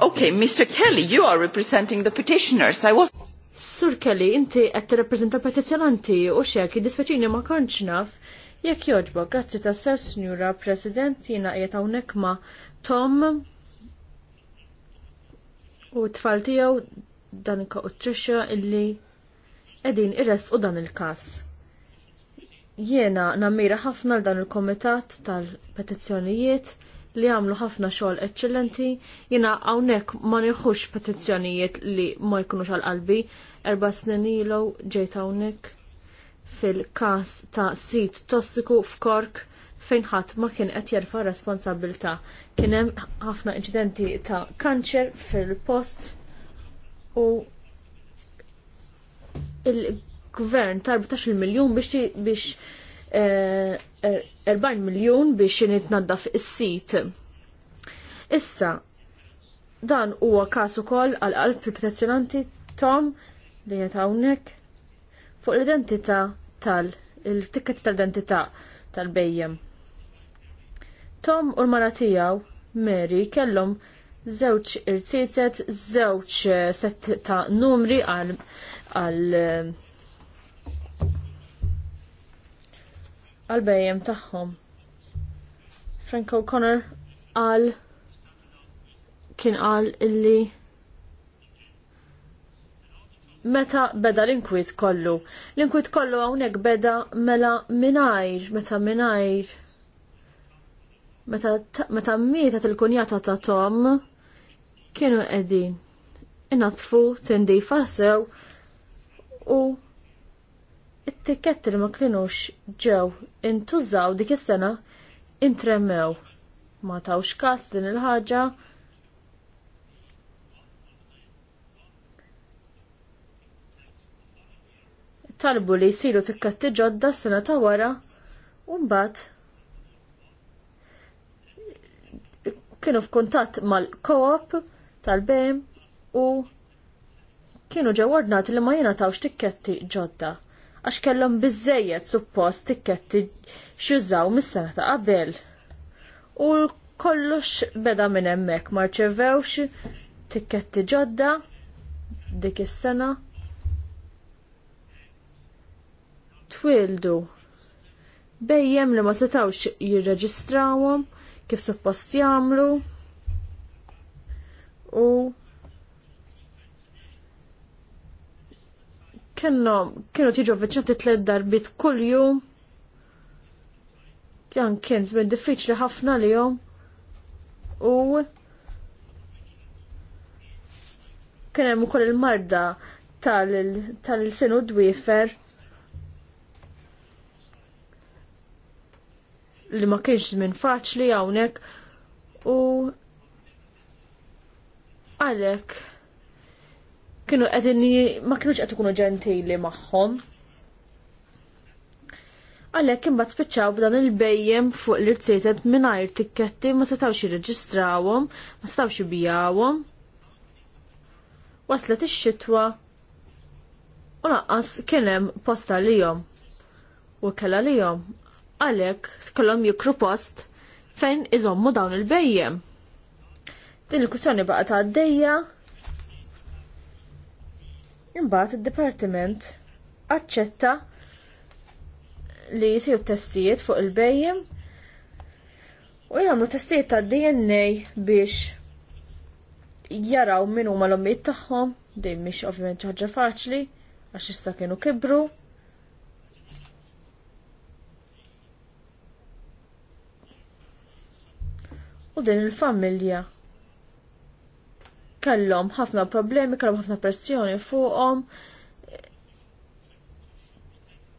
Okay, Mr. Kelly, you are representing the petitioners. I was Sur Kelly, inti qed reprezenta petizzjonanti u xek dispjaċini ma kontx naf jekk jogħġbok, grazzi ta' sew Sinjura President, jiena qiegħed hawnhekk ma' Tom u t-tfal tiegħu Danika u Trisha illi qegħdin u dan il-każ. Jiena nammira ħafna l dan il-komitat tal-petizzjonijiet li għamlu ħafna xogħol eċċellenti. Jiena hawnhekk ma nieħux petizzjonijiet li ma jkunux għal qalbi. Erba' snin ilu ġejt hawnhekk fil-każ ta' sit tossiku f'Kork fejn ħadd ma kien qed jerfa' responsabilità. Kien hemm ħafna inċidenti ta' kanċer fil-post u il gvern ta' 14 miljon biex biex 40 eh, eh, miljon biex nitnaddaf is-sit. Issa, dan huwa kas ukoll għal qalb pripetazzjonanti Tom li qed hawnhekk fuq l-identità tal il-tikket tal-identità tal-bejjem. Tom u l-mara tiegħu Mary kellhom żewġ irtieset, żewġ eh, set ta' numri għal għal-bejjem tagħhom. Franco Connor għal kien qal illi meta beda l-inkwit kollu. L-inkwit kollu hawnhekk beda mela minajr, meta minajr. Meta, mieta mietet il-kunjata ta' Tom kienu qegħdin inatfu tindi fassew u it-tiketti li ma kienux ġew intużaw dik is-sena intremmew. Ma tawx kas din il-ħaġa talbu li jisiru tikketti ġodda s-sena ta' wara u mbagħad kienu f'kuntatt mal-koop tal bem u kienu ġew ordnati li ma jingħatawx tikketti ġodda għax kellhom biżejjed suppost tikketti xużaw mis-sena ta' qabel. U kollox beda minn hemmhekk ma rċevewx tikketti ġodda dik is-sena. Twildu bejjem li ma setawx jirreġistrawhom kif suppost jagħmlu u kellhom kienu tiġu avviċinati tliet darbit kuljum. Dan kien żmien diffiċli ħafna lihom u kien hemm ukoll il-marda tal-sinu tal dwifer li ma kienx żmien faċli hawnhekk u għalhekk kienu qed ma kienux qed ikunu ġentili magħhom. Għalhekk imbagħad spiċċaw b'dan il-bejjem fuq l-irtietet mingħajr tikketti ma setgħux jirreġistrawhom, ma setgħux ibijawhom. Waslet ix-xitwa u naqqas kien hemm posta lihom u kella lihom. Għalhekk kellhom jikru post fejn iżommu dawn il-bejjem. Din il-kwistjoni baqa' għaddejja Imbagħad id-dipartiment aċċetta li jisiru testijiet fuq il-bejjem u jagħmlu testijiet tad DNA biex jaraw min huma l-ommijiet tagħhom, dejjem mhix ovvjament ħaġa faċli għax issa kienu kibru. U din il-familja kellhom ħafna problemi, kellhom ħafna pressjoni fuqhom.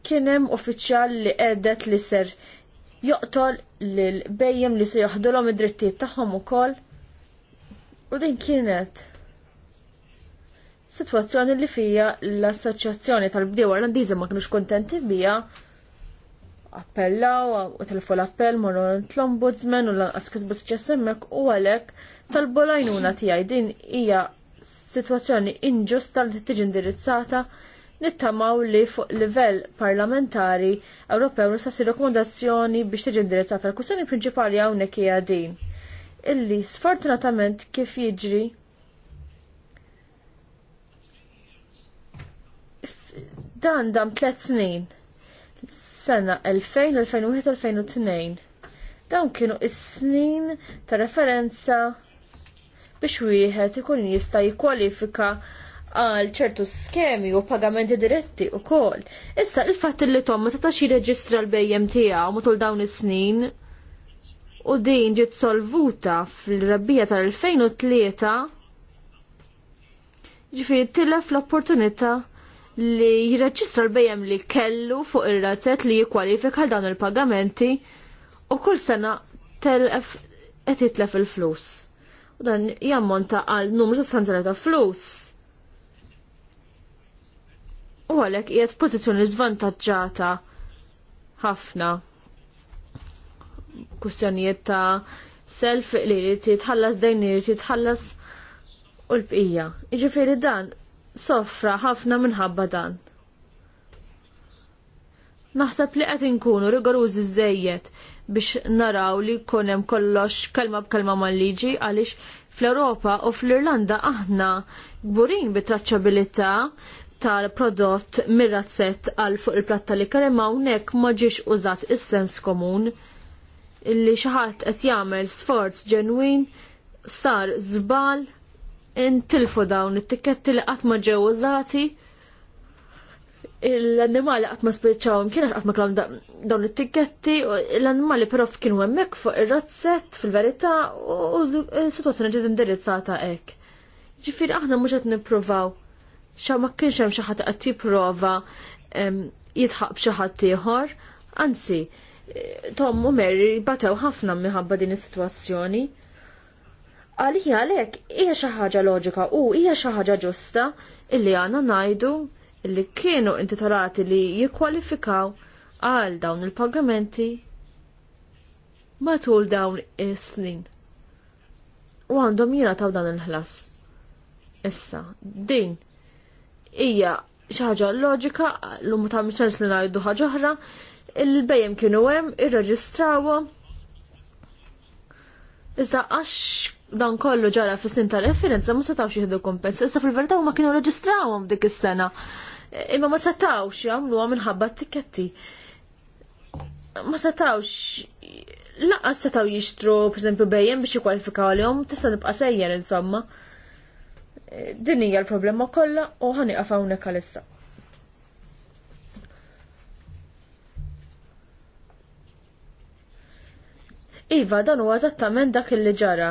Kien hemm uffiċjal li qedet li ser joqtol lil bejjem li se joħdulhom id-drittijiet tagħhom ukoll. U din kienet sitwazzjoni li fija l-Assoċjazzjoni tal-Bdew Irlandiża ma kinux kontenti bija appellaw u telfu l-appell morru l-ombudsman u l kisbu suċċess hemmhekk u għalhekk talbu l-għajnuna tiegħi din hija sitwazzjoni inġusta li tiġi indirizzata nittamaw li fuq livell parlamentari Ewropew nista' rekomendazzjoni biex tiġi indirizzata l-kwistjoni prinċipali hawnhekk hija din. Illi sfortunatament kif jiġri dan dam tliet snin. Sena 2000, 2001, 2002. Dan kienu is-snin ta' referenza biex wieħed ikun jista' jikkwalifika għal ċertu skemi u pagamenti diretti u kol. Issa il fat li Tom ma setax jirreġistra l-bejjem tiegħu matul dawn is-snin u din ġiet solvuta fil-rabbija tal-2003 ġifiri tilla l-opportunità li jirreġistra l-bejjem li kellu fuq ir-razzet li jikkwalifika għal dawn il-pagamenti u kull sena telef qed jitlef il-flus u dan jammonta għal numru sostanzjali ta' flus. U għalhekk jgħet f'pożizzjoni żvantaġġata ħafna. Kustjonijiet ta' self li li titħallas dejn li titħallas u l-bqija. Jiġifieri dan sofra ħafna minħabba dan. Naħseb li qed inkunu rigorużi żejjed biex naraw li jkun hemm kollox kalma b'kelma mal-liġi għaliex fl-Ewropa u fl-Irlanda aħna gburin bit-traċċabilità tal-prodott mir-razzett għal fuq il-platta li kelma hawnhekk ma ġiex użat is-sens komun illi xi ħadd qed jagħmel sforz ġenwin sar żbal intilfu dawn it-tiketti li qatt ma ġew użati l-annimali għatma spiċawum, kienax għatma klawm dawn it-tiketti, l-annimali però kienu hemmhekk fuq ir-razzett fil-verità u s-situazzjoni ġiet indirizzata hekk. Ġifir, aħna mhux qed nippruvaw xa ma kienx hemm xi ħadd qed jipprova xaħat tiħor, ħadd ieħor, anzi, Tom u Mary batew ħafna minħabba din is-sitwazzjoni. Għalija għalhekk hija xi ħaġa loġika u hija xi ħaġa ġusta illi għandna ngħidu li kienu intitolati li jikkwalifikaw għal dawn il-pagamenti matul dawn is-snin. U għandhom jina taw dan il-ħlas. Issa, din hija xi ħaġa loġika l-lum ta' sens li najdu ħaġa il bejem kienu hemm irreġistrawhom Iżda għax dan kollu ġara fis snin ta' referenza ma setgħux xieħdu kompens. iżda fil-verità ma kienu reġistrawhom dik is-sena imma ma setawx jagħmluha minħabba t-tiketti. Ma setawx laqas setaw jixtru pżempju bejjem biex jikwalifikaw għom, tista' nibqa' sejjer insomma. E, din hija l-problema kollha u ħani hawnhekk għalissa. Iva, dan huwa għazattament dak li ġara.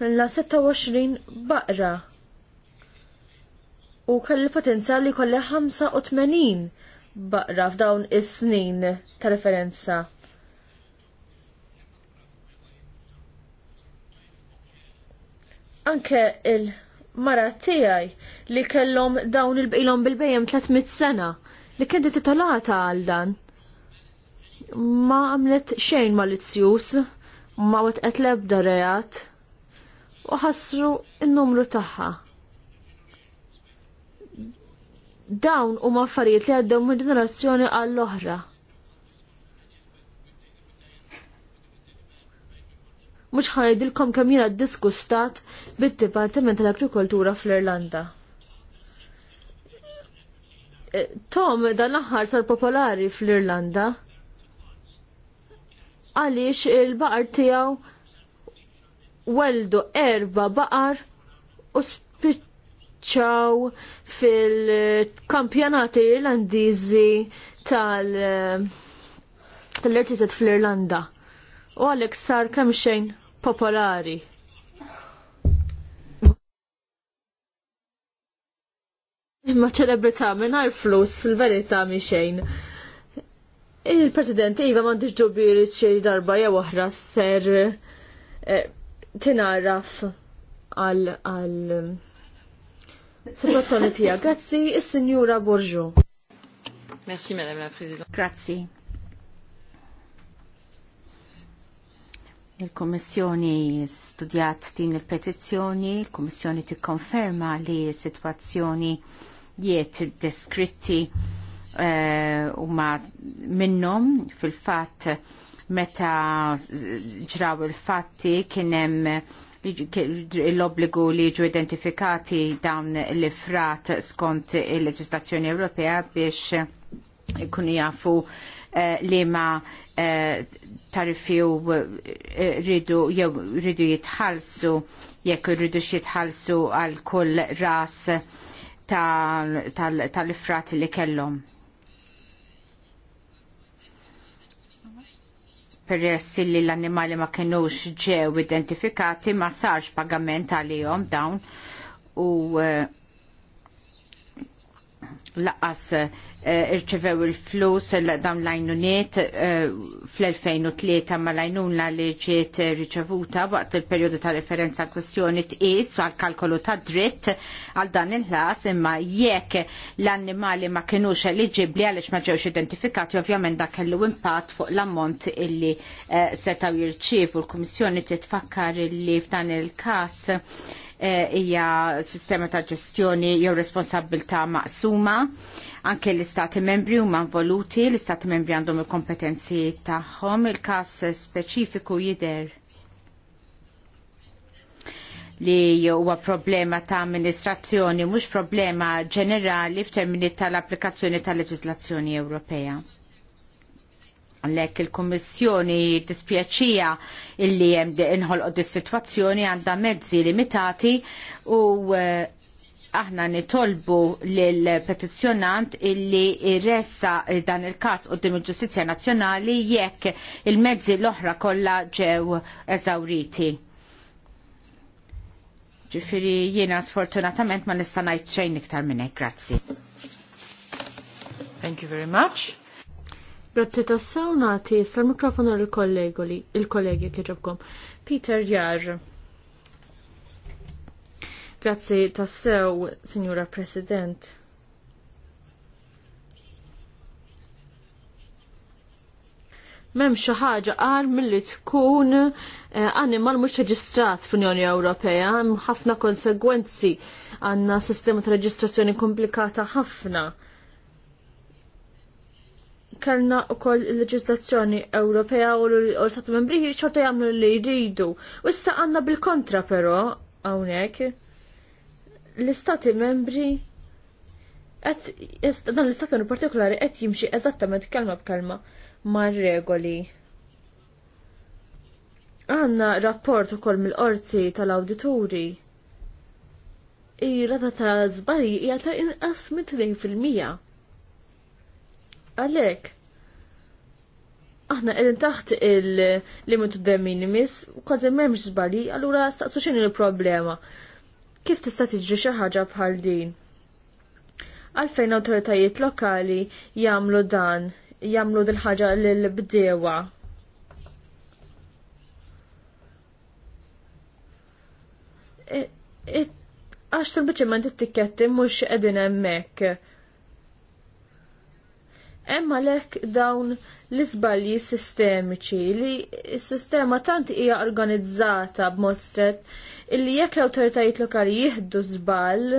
la 26 baqra u kelli potenzjali li kolli 85 baqra f'dawn is-snin ta' referenza. Anke il-mara tiegħi li kellhom dawn il bqilom bil-bejjem 300 sena li kienet titolata għal dan. Ma għamlet xejn mal-izzjus, ma wetqet lebda rejat u ħassru n-numru tagħha. Dawn huma affarijiet li għaddew minn ġenerazzjoni għall-oħra. mux ħanajdilkom kemm jiena diskustat bid-Dipartiment tal-Agrikoltura fl-Irlanda. Eh, Tom dan l aħħar sar popolari fl-Irlanda għaliex il-baqar tiegħu weldu erba baqar u spiċċaw fil-kampjonati irlandiżi tal- eh, tal-irtizet fl-Irlanda. U għalek sar kemm xejn popolari. Imma ċelebrità mingħajr flus il-verità mi xejn. Il-President Iva m'għandix dubju li xi darba jew oħra ser eh, tinaraf għal għal um, situazzjoni tija. Grazzi, il sinjura Borġu. Merci, Madame la Presidente. Grazzi. Il-Kommissjoni studjat din il-petizzjoni, il-Kommissjoni tikkonferma li situazzjoni jiet deskritti eh, u uh, ma minnom fil-fat meta ġraw il-fatti kienem l-obbligu li ġu identifikati dawn l-ifrat skont il-leġislazzjoni Ewropea biex ikunu jafu eh, li ma eh, tarifi u rridu eh, jitħalsu jitħallsu jekk rridu jitħallsu għal kull ras tal-ifrat li kellhom. peress li l-annimali ma kienux ġew identifikati ma sarx pagament għalihom dawn u uh, laqas eh, irċevew il-flus dawn l-għajnuniet eh, fl-2003 ma l-għajnuna li ġiet riċevuta waqt il-periodu ta' referenza kwestjoni kwestjoni tqis għal kalkolu ta' dritt għal dan il-ħlas imma jekk l-annimali ma kienux eligibli għaliex ma ġewx identifikati ovvjament da kellu impatt fuq l-ammont illi eh, setaw jirċievu l-Kummissjoni titfakkar illi f'dan il-każ Eh, hija sistema ta' ġestjoni jew responsabilità maqsuma. Anke l-istati membri huma involuti, l-istati membri għandhom il-kompetenzi tagħhom, il-każ speċifiku jidher li huwa problema ta' amministrazzjoni mhux problema ġenerali f'termini tal-applikazzjoni tal-leġislazzjoni Ewropea. Lek il-Kommissjoni dispjaċija illi u dis-sitwazzjoni għandha mezzi limitati u eh, aħna nitolbu l-petizjonant illi ressa dan il-kas u dim il-ġustizja nazjonali jekk il-mezzi l-oħra kollha ġew eżawriti. Ġifiri jiena sfortunatament ma nista' ngħid xejn iktar minnek. grazzi. Thank you very much. Grazzi ta' sawna ti sal-mikrofonu il-kollegi kieġobkom. Peter Jar. Grazzi ta' sew, Signora President. Mem xi ħaġa qar milli tkun eh, animal mhux reġistrat fl-Unjoni Ewropea, hemm ħafna konsegwenzi għandna sistema ta' reġistrazzjoni komplikata ħafna kellna wkoll il-leġislazzjoni Ewropea u l-Stati Membri ċorta jagħmlu li jridu. U issa għandna bil-kontra però hawnhekk l-Istati Membri dan l-Istati Membri partikolari qed jimxi eżattament kelma b'kelma mar-regoli. Għanna rapport ukoll mill-qorti tal-awdituri ira ta' żbalji hija ta' inqas minn 2 fil-mija Għalek, aħna qegħdin taħt il-limitu de minimis, kważi m'hemmx zbali, allura staqsu x'inhi l-problema. Kif tista' tiġri xi ħaġa bħal din? Għalfejn awtoritajiet lokali jagħmlu dan, jagħmlu dil ħaġa l bdewa. E, e, għax sempliċement it-tikketti mhux qegħdin hemmhekk Hemm għalhekk dawn l-iżbalji sistemiċi li s-sistema tant hija organizzata b'mod strett illi jekk l-awtoritajiet lokali jieħdu żball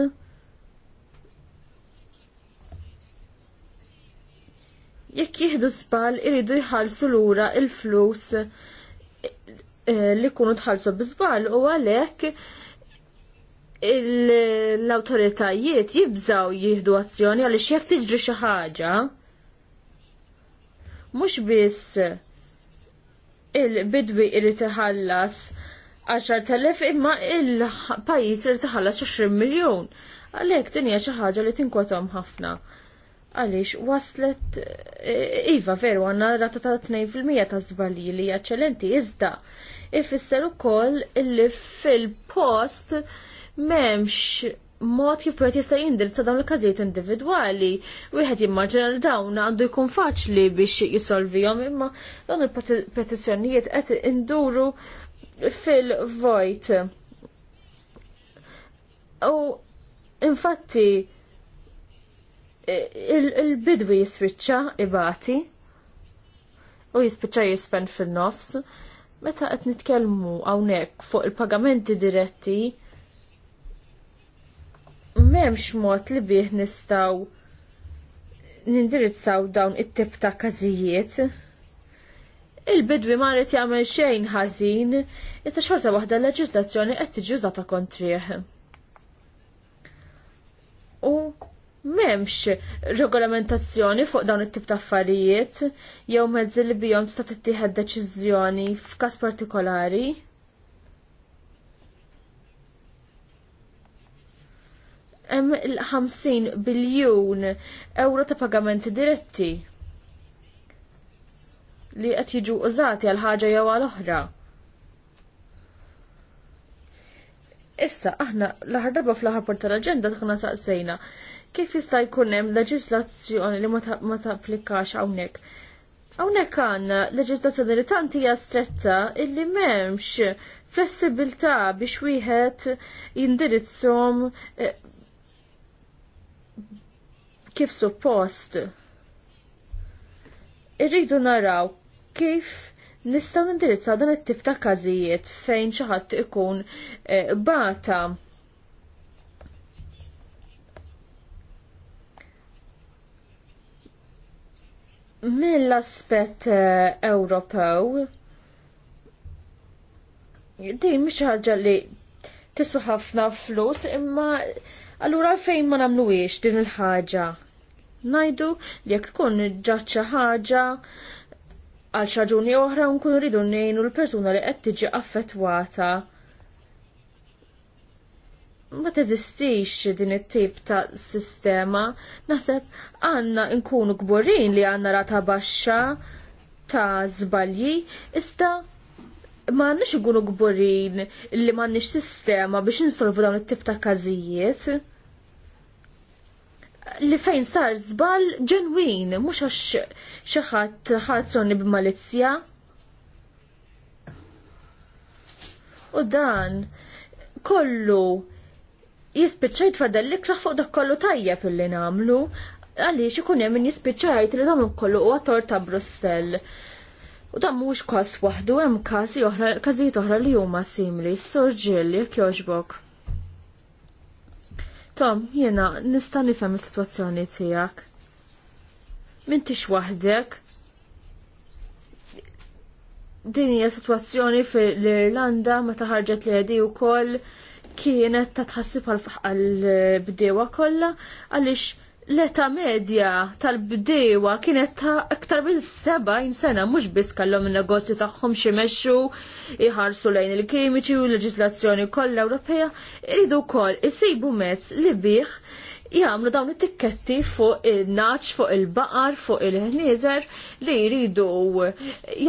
jekk jieħdu żball iridu jħallsu lura il-flus eh, li kunu tħallsu biżball u għalhekk l-autoritajiet jibżaw jihdu azzjoni għaliex jekk tiġri xi ħaġa mhux biss il-bidwi irid iħallas 10,000 imma il-pajjiż irid iħallas 20 miljun. Għalhekk din hija xi ħaġa li tinkwatom ħafna għalix waslet iva veru għanna rata ta' 2% ta' zbali li eccellenti iżda ifisser ukoll li fil-post memx mod kif qed jista' jindirizza dawn il-każijiet individwali. Wieħed jimmaġina li dawn għandu jkun faċli biex jisolvihom imma dawn il-petizzjonijiet qed induru fil-vojt. U infatti il-bidwi jiswiċċa ibati u jispiċċa jispen fil-nofs meta qed nitkellmu hawnhekk fuq il-pagamenti diretti m'hemmx mod li bih nistgħu nindirizzaw dawn it-tip ta' każijiet. Il-bidwi ma rrid jagħmel xejn ħażin, iżda xorta waħda l leġislazzjoni qed tiġi użata kontrih. U m'hemmx regolamentazzjoni fuq dawn it-tip ta' affarijiet jew mezzi li bihom tista' tittieħed deċiżjoni f'każ partikolari. hemm il-50 biljun euro ta' pagamenti diretti li qed jiġu użati għal ħaġa jew għal oħra. Issa aħna l-aħħar darba fl-aħħar tal-aġenda tkun saqsejna kif jista' jkun hemm leġislazzjoni li ma tapplikax hawnhekk. Hawnhekk għandna leġislazzjoni li tant hija stretta illi m'hemmx flessibilità biex wieħed jindirizzhom eh, kif suppost. Irridu naraw kif nistaw nindirizzaw dan it-tip ta' każijiet fejn xi ħadd ikun eh, bata. Mill-aspett eh, Ewropew din mhix ħaġa li tiswa ħafna flus imma allura fejn ma nagħmluhiex din il-ħaġa. Najdu li jekk tkun ġat xi ħaġa għal xaġuni oħra nkun rridu nejnu l-persuna li qed tiġi affettwata. Ma teżistix din it-tip ta' sistema, naħseb għanna nkunu kburin li għanna rata baxxa ta' zbalji, iżda ma għandniex ikunu kburin li ma għandniex sistema biex insolvu dawn it-tip ta' każijiet li fejn sar żball ġenwin, mhux għax xi ħadd ħadsoni b'malizzja. U dan kollu jispiċċajt fadal li kraħ fuq dak kollu tajjeb illi nagħmlu għaliex ikun hemm min jispiċċajt li dan kollu huwa tor ta' Brussell. U dan mhux każ waħdu hemm każi oħra każijiet oħra li huma simili, sorġil jekk jogħġbok. Tom, jena, nista' nifhem is-sitwazzjoni tiegħek. M'intix waħdek. Din hija sitwazzjoni fil-Irlanda meta ħarġet li għedi wkoll kienet ta' tħassib għal bdewa kollha għaliex l-età medja tal-bdewa kienet ta' aktar minn 70 sena mhux biss kellhom in-negozju tagħhom xi mexxu iħarsu lejn il-kimiċi u l-leġislazzjoni kollha Ewropea iridu wkoll isibu mezz li bih jagħmlu dawn it-tikketti fuq il-naċ, fuq il-baqar, fuq il-ħnieżer li jridu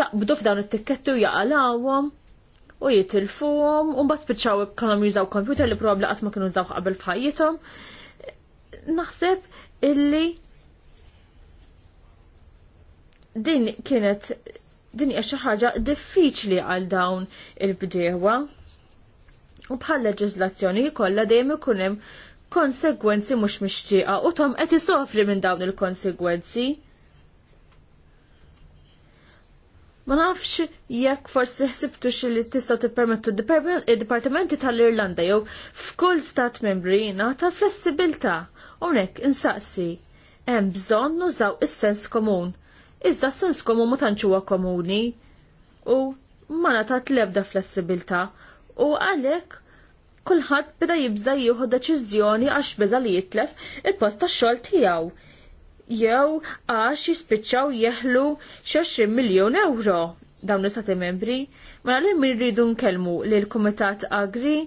jaqbdu f'dawn it-tikketti u jaqalawhom u jitilfuhom u mbagħad spiċċaw kellhom jużaw kompjuter li probabbli qatt ma kienu jużaw qabel f'ħajjithom naħseb illi din kienet din hija xi ħaġa diffiċli għal dawn il-bdiewa. U bħal leġiżlazzjoni kollha dejjem ikun hemm konsegwenzi mhux mixtieqa u tom qed isofri minn dawn il-konsegwenzi. Ma nafx jekk forsi ħsibtu li tista' tippermettu id-dipartimenti tal-Irlanda jew f'kull stat membri jingħata flessibilta Unek insaqsi, hemm bżonn nużaw is-sens komun. Iżda s-sens komun ma tantx huwa komuni u ma nagħtat l-ebda flessibilità u għalhekk kulħadd beda jibża jieħu deċiżjoni għax beża li jitlef il-post tax-xogħol tiegħu. Jew għax jispiċċaw jeħlu xi miljun euro dawn is-sati membri, mela li rridu nkellmu lill kumitat Agri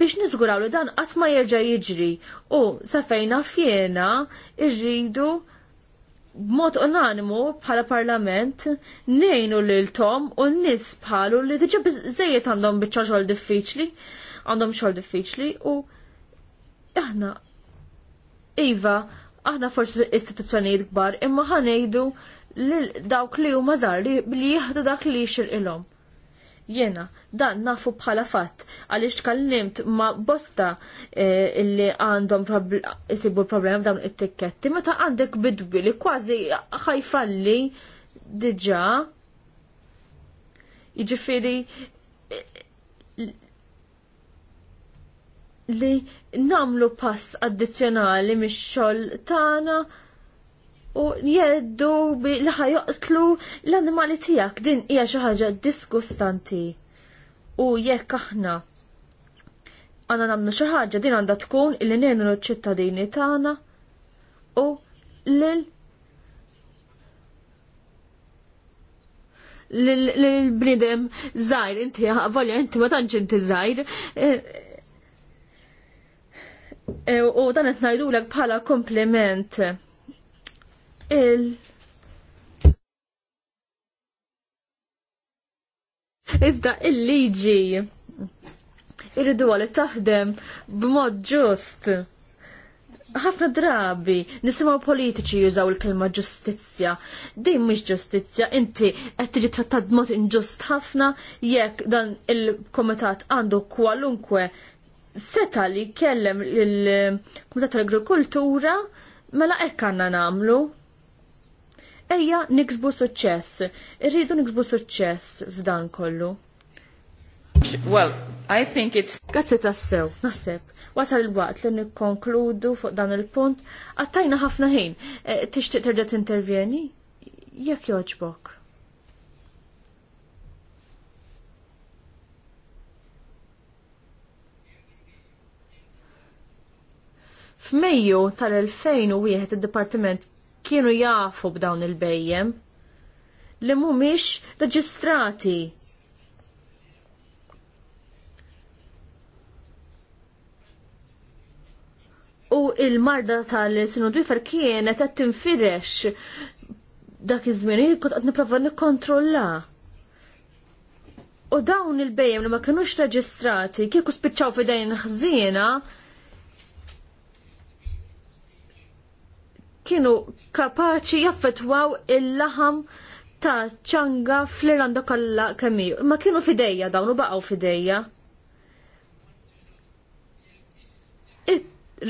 biex niżguraw li dan qatt ma jerġa' jiġri u sa fejna fjena irridu b'mod unanimu bħala parlament nejnu lil tom u nnies bħalu li diġa biżejjed għandhom biċċa xogħol diffiċli, għandhom xogħol diffiċli u aħna iva aħna forsi istituzzjonijiet kbar imma ħanejdu lil dawk li huma żgħar li jieħdu dak li jixirqilhom. Jena, dan nafu bħala fatt, għaliex tkallimt ma bosta eh, illi għandhom isibu problema dawn it-tikketti, meta għandek bidwi li kważi ħajfalli diġa. Jiġifieri eh, li namlu pass addizzjonali mix-xogħol tagħna u jeddu li joqtlu l-annimali tijak. Din hija xi ħaġa diskustanti. U jekk aħna għana namnu xi ħaġa din għandha tkun illi ngħinu ċ-ċittadini tagħna u lil l-bnidem zaħir, inti volja, inti ma tantx inti zaħir. E, e, u dan qed ngħidulek bħala kompliment il- Iżda il-liġi irridu għal taħdem b'mod ġust. Ħafna drabi nisimgħu politiċi jużaw il-kelma ġustizzja. Din mhix ġustizzja, inti qed tiġi trattat b'mod inġust ħafna jekk dan il-komitat għandu kwalunkwe seta li kellem il-komitat tal-agrikoltura mela hekk għandna nagħmlu. Ejja niksbu suċċess, irridu niksbu suċċess f'dan kollu. Well, I think it's... Grazzi tassew, naħseb. Wasal il-waqt li nikkonkludu fuq dan il-punt, għattajna ħafna ħin. E, tixtieq terġa' t-intervjeni? Jekk joġbok. F'Mejju tal-2001 id-Dipartiment kienu jafu b'dawn il-bejjem li mhumiex reġistrati. U il-marda tal-sinu dwifer kienet qed tinfirex dak iż-żmien kont qed nipprova nikkontrolla. U dawn il-bejjem li ma kinux reġistrati kieku spiċċaw f'idejn ħżiena kienu kapaċi jaffetwaw il-laħam ta' ċanga fl-Irlanda kollha kemmi. Ma kienu fidejja dawn u baqgħu fidejja.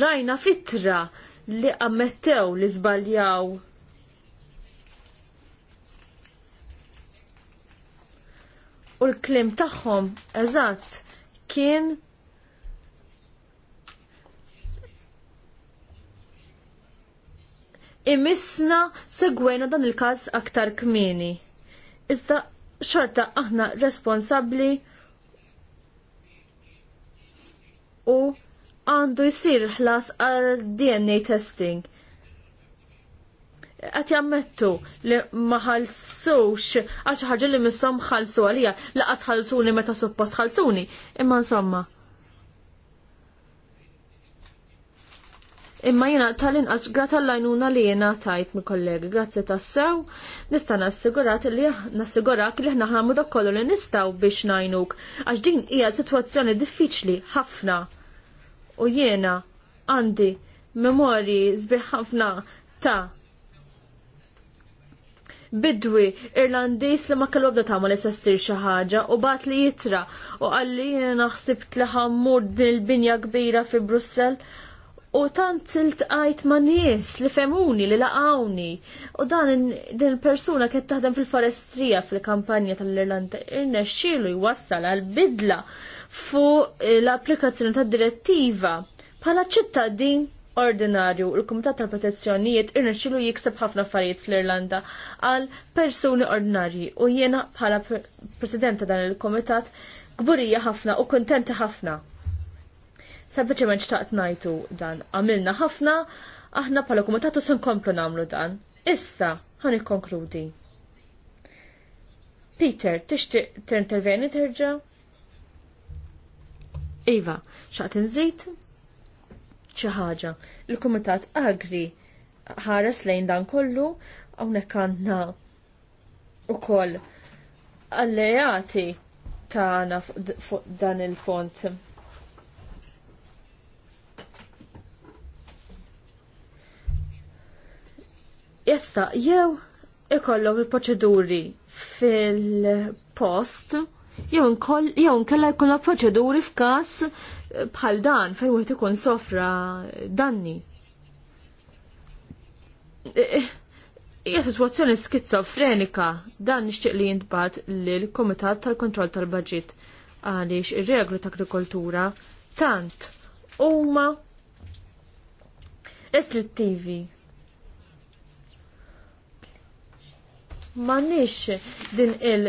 Rajna fitra li ammettew li żbaljaw u l-klim tagħhom eżatt kien imisna segwena dan il-każ aktar kmieni. Iżda xorta aħna responsabbli u għandu jisir ħlas għal DNA testing għat jammettu li maħalsux għax ħagġa li missom xalsu għalija laqas ħalsuni meta suppost ħalsuni imma insomma Imma jena tal-inqas grata l-lajnuna li jena tajt mi kollegi, grazzi tassew, nista nassigurat li nassigurak li jena ħamu dak kollu li nistaw biex najnuk, għax din hija situazzjoni diffiċli ħafna. U jena għandi memori zbi ħafna ta' bidwi Irlandis li ma kellu bda tagħmel li sastir xi ħaġa u bat li jitra u qal li ħammur din il-binja kbira fi Brussell u tant il-tqajt ma' nies li femuni, li laqawni. U dan din il-persuna kien taħdem fil-forestrija fil-kampanja tal-Irlanda irnexxielu jwassal għal bidla fuq l-applikazzjoni tad-direttiva. Bħala ċittadin ordinarju il kumitat tal-Protezzjonijiet irnexxielu jiksab ħafna affarijiet fl-Irlanda għal persuni ordinarji u jiena bħala Presidenta dan il kumitat gburija ħafna u kontenta ħafna sempliċement xtaqt najtu dan. Għamilna ħafna, aħna pala komitatu sen komplu namlu dan. Issa, għan ikkonkludi. Peter, tixtieq t-interveni terġa? Iva, xaqt nżid? Xi ħaġa. Il-Kumitat Agri ħares lejn dan kollu, hawnhekk għandna ukoll alleati tagħna fuq dan il-font jesta jew ikollhom il-proċeduri fil-post jew nkella jkollok proċeduri f'każ eh, bħal dan fejn wieħed ikun sofra danni. Eh, eh, hija sitwazzjoni skizofrenika dan nixtieq li jintbagħat lil Komitat tal-Kontroll tal-Baġit għaliex ir regli ta' agrikoltura tant huma restrittivi M'għandniex din il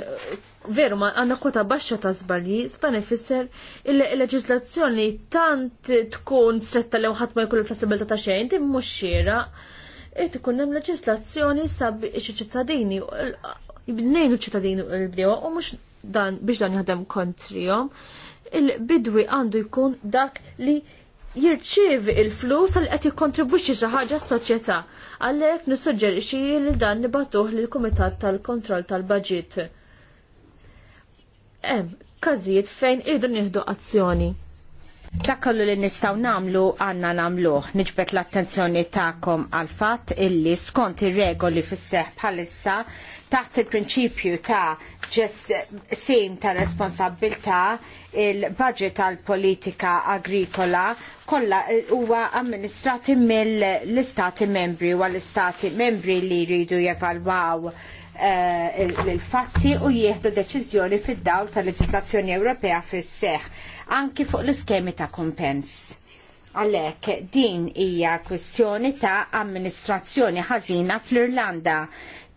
veru ma għandna kota baxxa ta' żbalji, sta' ifisser il-leġislazzjoni tant tkun stretta li ħadd ma jkun il flessibilta ta' xejn, din mhux xiera. Irid ikun hemm leġislazzjoni sabiex iċ-ċittadini u ċittadini u l-bdewa u mhux dan biex dan jħadem kontrihom il-bidwi għandu jkun dak li jirċievi il-flus għal qed jikkontribwixxi xi ħaġa s-soċjetà. Għalhekk nissuġġerixxi li dan nibatuh l kumitat tal-kontroll tal-baġit. Em każijiet fejn irdu nieħdu azzjoni. Dak kollu li nistgħu nagħmlu għandna nagħmluh. Niġbet l-attenzjoni tagħkom għal fatt illi skont ir-regoli fis-seħħ bħalissa taħt il-prinċipju ta' sim ta' responsabilta il-budget tal-politika agrikola kollha eh, huwa amministrati mill-istati membri u l-istati membri li jridu jevalwaw eh, l-fatti u jieħdu deċiżjoni fid-dawl tal-leġislazzjoni Ewropea fis-seħ anki fuq l-iskemi ta' kompens. Għalek, din hija kwestjoni ta' amministrazzjoni ħażina fl-Irlanda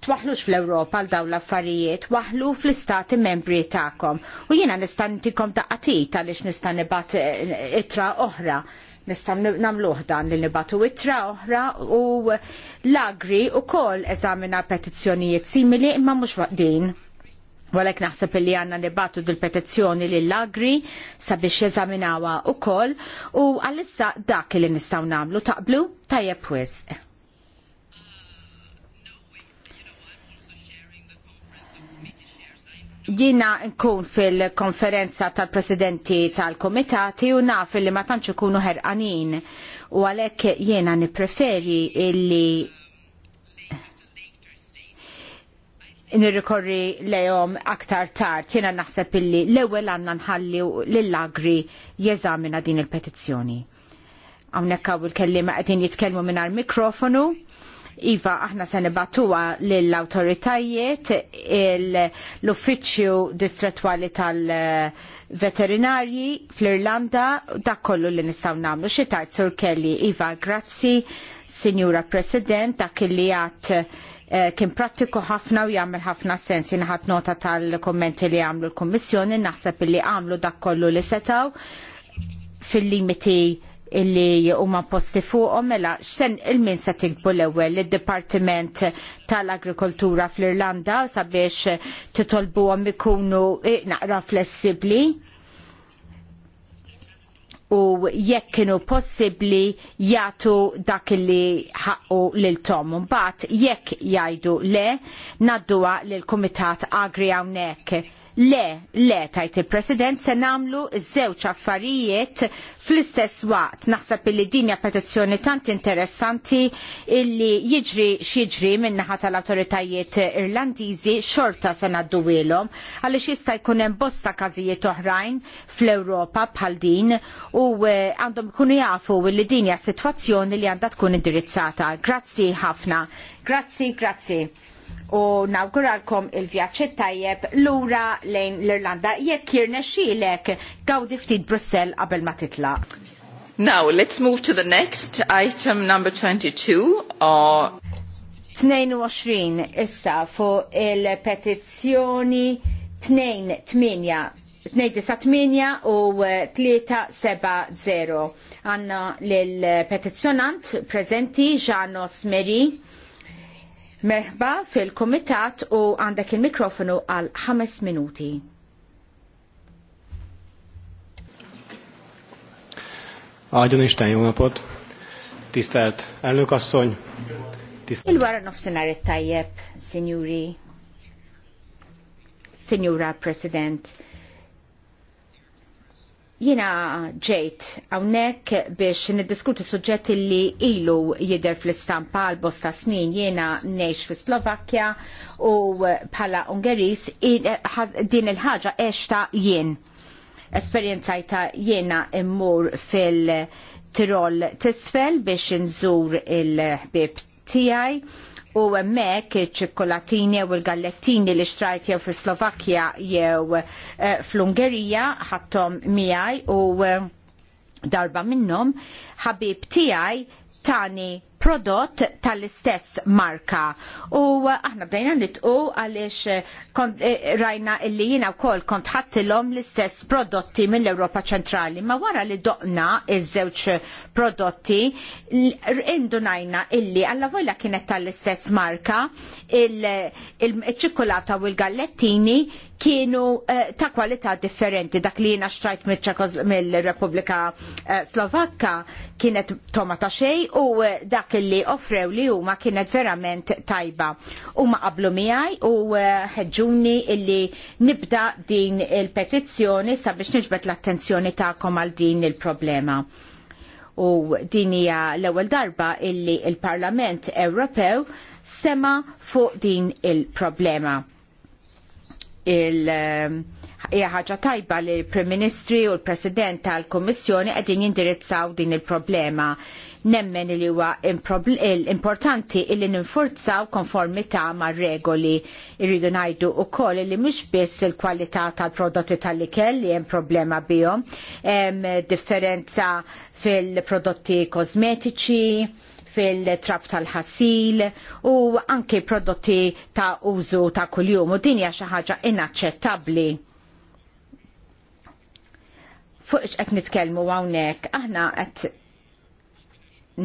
twaħlux fl-Ewropa għal dawn l-affarijiet, waħlu fl-istati membri tagħkom. U jiena nista' ntikom daqatit għaliex nista' nibgħat eh, itra oħra. Nista' nagħmluh dan li nibatu itra oħra u l-agri wkoll eżamina petizzjonijiet simili imma mhux waqdin. Walek naħseb li għanna nibatu dil-petizzjoni li l-agri sabiex jeżaminawa u u għalissa dak li nistaw namlu taqblu tajjeb wisq. Jiena nkun fil-konferenza tal-presidenti tal-komitati u naf li ma tantx ikunu ħerqanin u għalhekk jiena nippreferi illi nirrikorri lejhom aktar tard. Jiena naħseb illi l-ewwel għandna nħalli lill-agri jeżamina din il-petizzjoni. Hawnhekk hawn il-kelliema qegħdin jitkellmu mingħajr mikrofonu. Iva, aħna se nibatuwa lill awtoritajiet l-uffiċċju distrettuali tal-veterinarji fl-Irlanda, dak kollu li nistgħu nagħmlu. Xi Sur Kelly, Iva, grazzi, Signora President, dak li għat eh, kien prattiku ħafna u jagħmel ħafna sens inħat nota tal-kommenti li għamlu l-Kommissjoni, naħseb li għamlu dak kollu li setaw fil-limiti illi huma posti fuqhom mela x'sen il-min se tikbu l-ewwel id-Dipartiment tal-Agrikoltura fl-Irlanda sabiex titolbuhom ikunu naqra flessibbli u jekk kienu possibbli jagħtu dak li ħaqqu lil tom. Mbagħad jekk jgħidu le, nadduha lill kumitat Agri hawnhekk Le, le, tajt il-President, se namlu żewġ affarijiet fl-istess waqt. Naħseb illi hija petizzjoni tant interessanti illi jiġri xieġri naħa tal-autoritajiet irlandiżi xorta se nadduwilhom għaliex jista' jkun hemm bosta każijiet oħrajn fl-Ewropa bħal din u eh, għandhom ikunu jafu illi dinja sitwazzjoni li għandha tkun indirizzata. Grazzi ħafna. Grazzi, grazzi u nawguralkom il-vjaċċi tajjeb lura lejn l-Irlanda jekk jirnexxielek gawdi ftit Brussell qabel ma titlaq. Now, let's move to the next item number 22 or 22 issa fuq il-petizzjoni 298 u 370. Eh, Għanna l-petizzjonant prezenti Janos Meri Merħba fil komitat u għandek il-mikrofonu għal 5 minuti. Għadjon ixtajn unapot. Tistelt, għalluk asson. Il-wara nofsenar it tajjeb, signori. Signora President, Jina ġejt għawnek biex niddiskuti suġġetti li ilu jider fl-istampa għal bosta snin jina neċ fi Slovakkja u bħala Ungeris din il-ħagġa eċta jien. Esperienzajta jena immur fil-Tirol tisfel biex nżur il-ħbib tijaj u hemmhekk iċ-ċikkolatini u il gallettini li xtrajt jew fis-Slovakkja jew eh, fl-Ungerija ħattom miegħi u eh, darba minnhom ħabib tiegħi tani prodott tal-istess marka. U uh, aħna bdejna nitqu għaliex uh, uh, rajna illi jiena wkoll kont ħattilhom l-istess prodotti mill-Ewropa ċentrali. Ma wara li doqna iż-żewġ prodotti indunajna illi alla vojla kienet tal-istess marka il-ċikolata u l-gallettini kienu ta' kwalità differenti. Dak li jiena xtrajt mill-Repubblika Slovakka kienet tomata xej u dak dak li offrew li huma kienet verament tajba. ma qablu miegħi u eh, ħeġġuni illi nibda din il-petizzjoni sabiex niġbed l-attenzjoni tagħkom għal din il-problema. U din hija l-ewwel darba illi l il parlament Ewropew sema fuq din il-problema. il, -problema. Eh, il hija ħaġa tajba li l-Prim Ministri u l-President tal-Kummissjoni qegħdin jindirizzaw din il-problema. Nemmen li huwa importanti il-li ninforzaw konformità mar regoli. Irridu ngħidu wkoll li mhux biss il-kwalità tal-prodotti tal-ikel li hemm problema bihom, hemm differenza fil-prodotti kosmetiċi, fil-trap tal-ħasil u anke prodotti ta' użu ta' kuljum u dinja xi ħaġa inaċċettabbli fuq qed nitkellmu hawnhekk aħna qed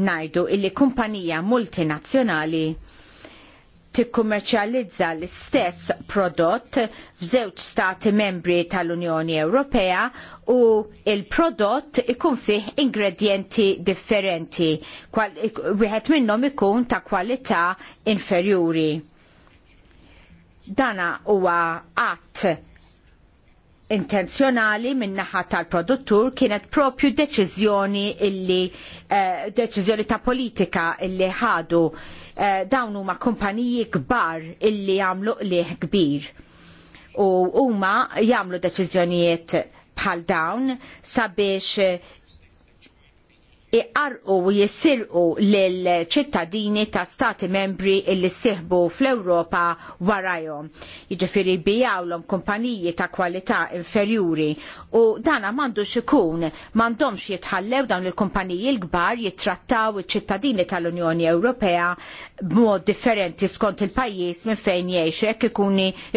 ngħidu illi kumpanija multinazzjonali tikkummerċjalizza l-istess prodott f'żewġ stati membri tal-Unjoni Ewropea u l prodott ikun fih ingredienti differenti, wieħed minnhom ikun ta' kwalità inferjuri. Dana huwa att intenzjonali min naħa tal-produttur kienet propju deċiżjoni illi eh, deċiżjoni ta' politika illi ħadu eh, dawn huma kumpaniji kbar illi jagħmlu qlieħ kbir. U huma jagħmlu deċiżjonijiet bħal dawn sabiex eh, iqarqu u jissirqu lil ċittadini ta' stati membri illi sseħħbu fl-Ewropa warajhom. Jiġifieri bijawlhom kumpaniji ta' kwalità inferjuri u dana m'għandux ikun m'għandhomx jitħallew dawn il-kumpaniji l-kbar jittrattaw iċ-ċittadini tal-Unjoni Ewropea b'mod differenti skont il-pajjiż minn fejn jgħix hekk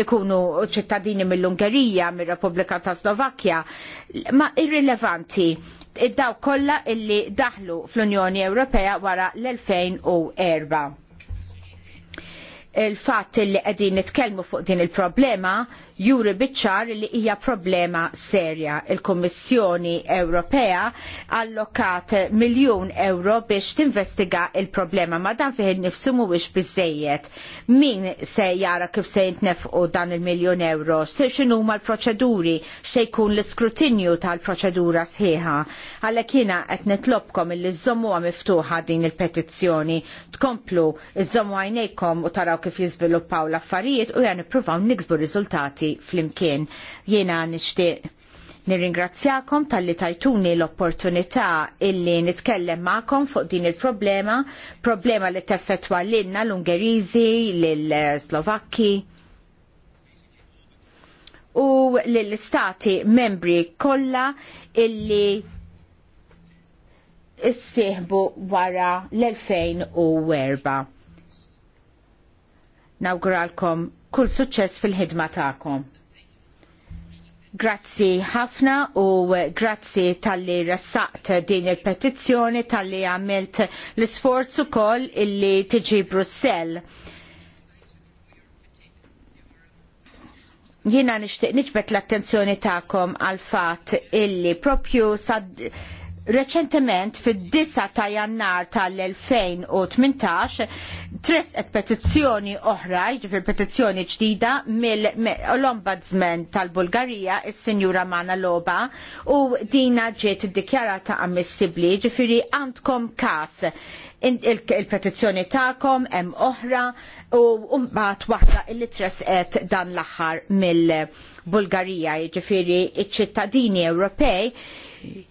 ikunu ċittadini mill-Ungerija, mir-Repubblika ta' Slovakkja, ma irrilevanti id-daw kollha illi da daħlu fl-Unjoni Ewropea wara l-2004. il fatt li qegħdin nitkellmu fuq din il-problema juri biċċar li hija problema serja. Il-Kummissjoni Ewropea allokat miljun euro biex tinvestiga il-problema ma dan fih nifsu mhuwiex biżejjed. Min se jara kif se jintnefqu dan il-miljun euro? Se x'inhuma l-proċeduri? Se jkun l-iskrutinju tal-proċedura sħiħa? Għalhekk jiena qed nitlobkom illi żommuha miftuħa din il-petizzjoni. Tkomplu, iż-żommu għajnejkom u taraw kif jiżviluppaw l-affarijiet u ja nippruvaw niksbu riżultati pajjiżi flimkien. Jiena nixtieq Nirringrazzjakom tal-li tajtuni l-opportunità illi nitkellem ma'kom fuq din il-problema, problema li teffetwa l-inna l-Ungerizi, l-Slovakki u l-istati membri kolla illi s-sihbu wara l-2004. Nawguralkom kull suċċess fil-ħidma tagħkom. Grazzi ħafna u grazzi tal-li rassaqt din il-petizzjoni tal-li għamilt l-sforzu kol illi tiġi Brussell. Jina nishtiq nġbet l-attenzjoni ta'kom għal fat illi propju sad Reċentement fid-9 ta' jannar tal-2018 tresqet petizzjoni oħra, ġifir petizzjoni ġdida mill-Ombudsman tal-Bulgarija, is-Sinjura Mana Loba, u dina ġiet iddikjarata ammissibbli, ġifiri għandkom kas il-petizzjoni tagħkom hemm oħra u mbagħad waħda illi tresqet dan l-aħħar mill-Bulgarija, jiġifieri iċ-ċittadini Ewropej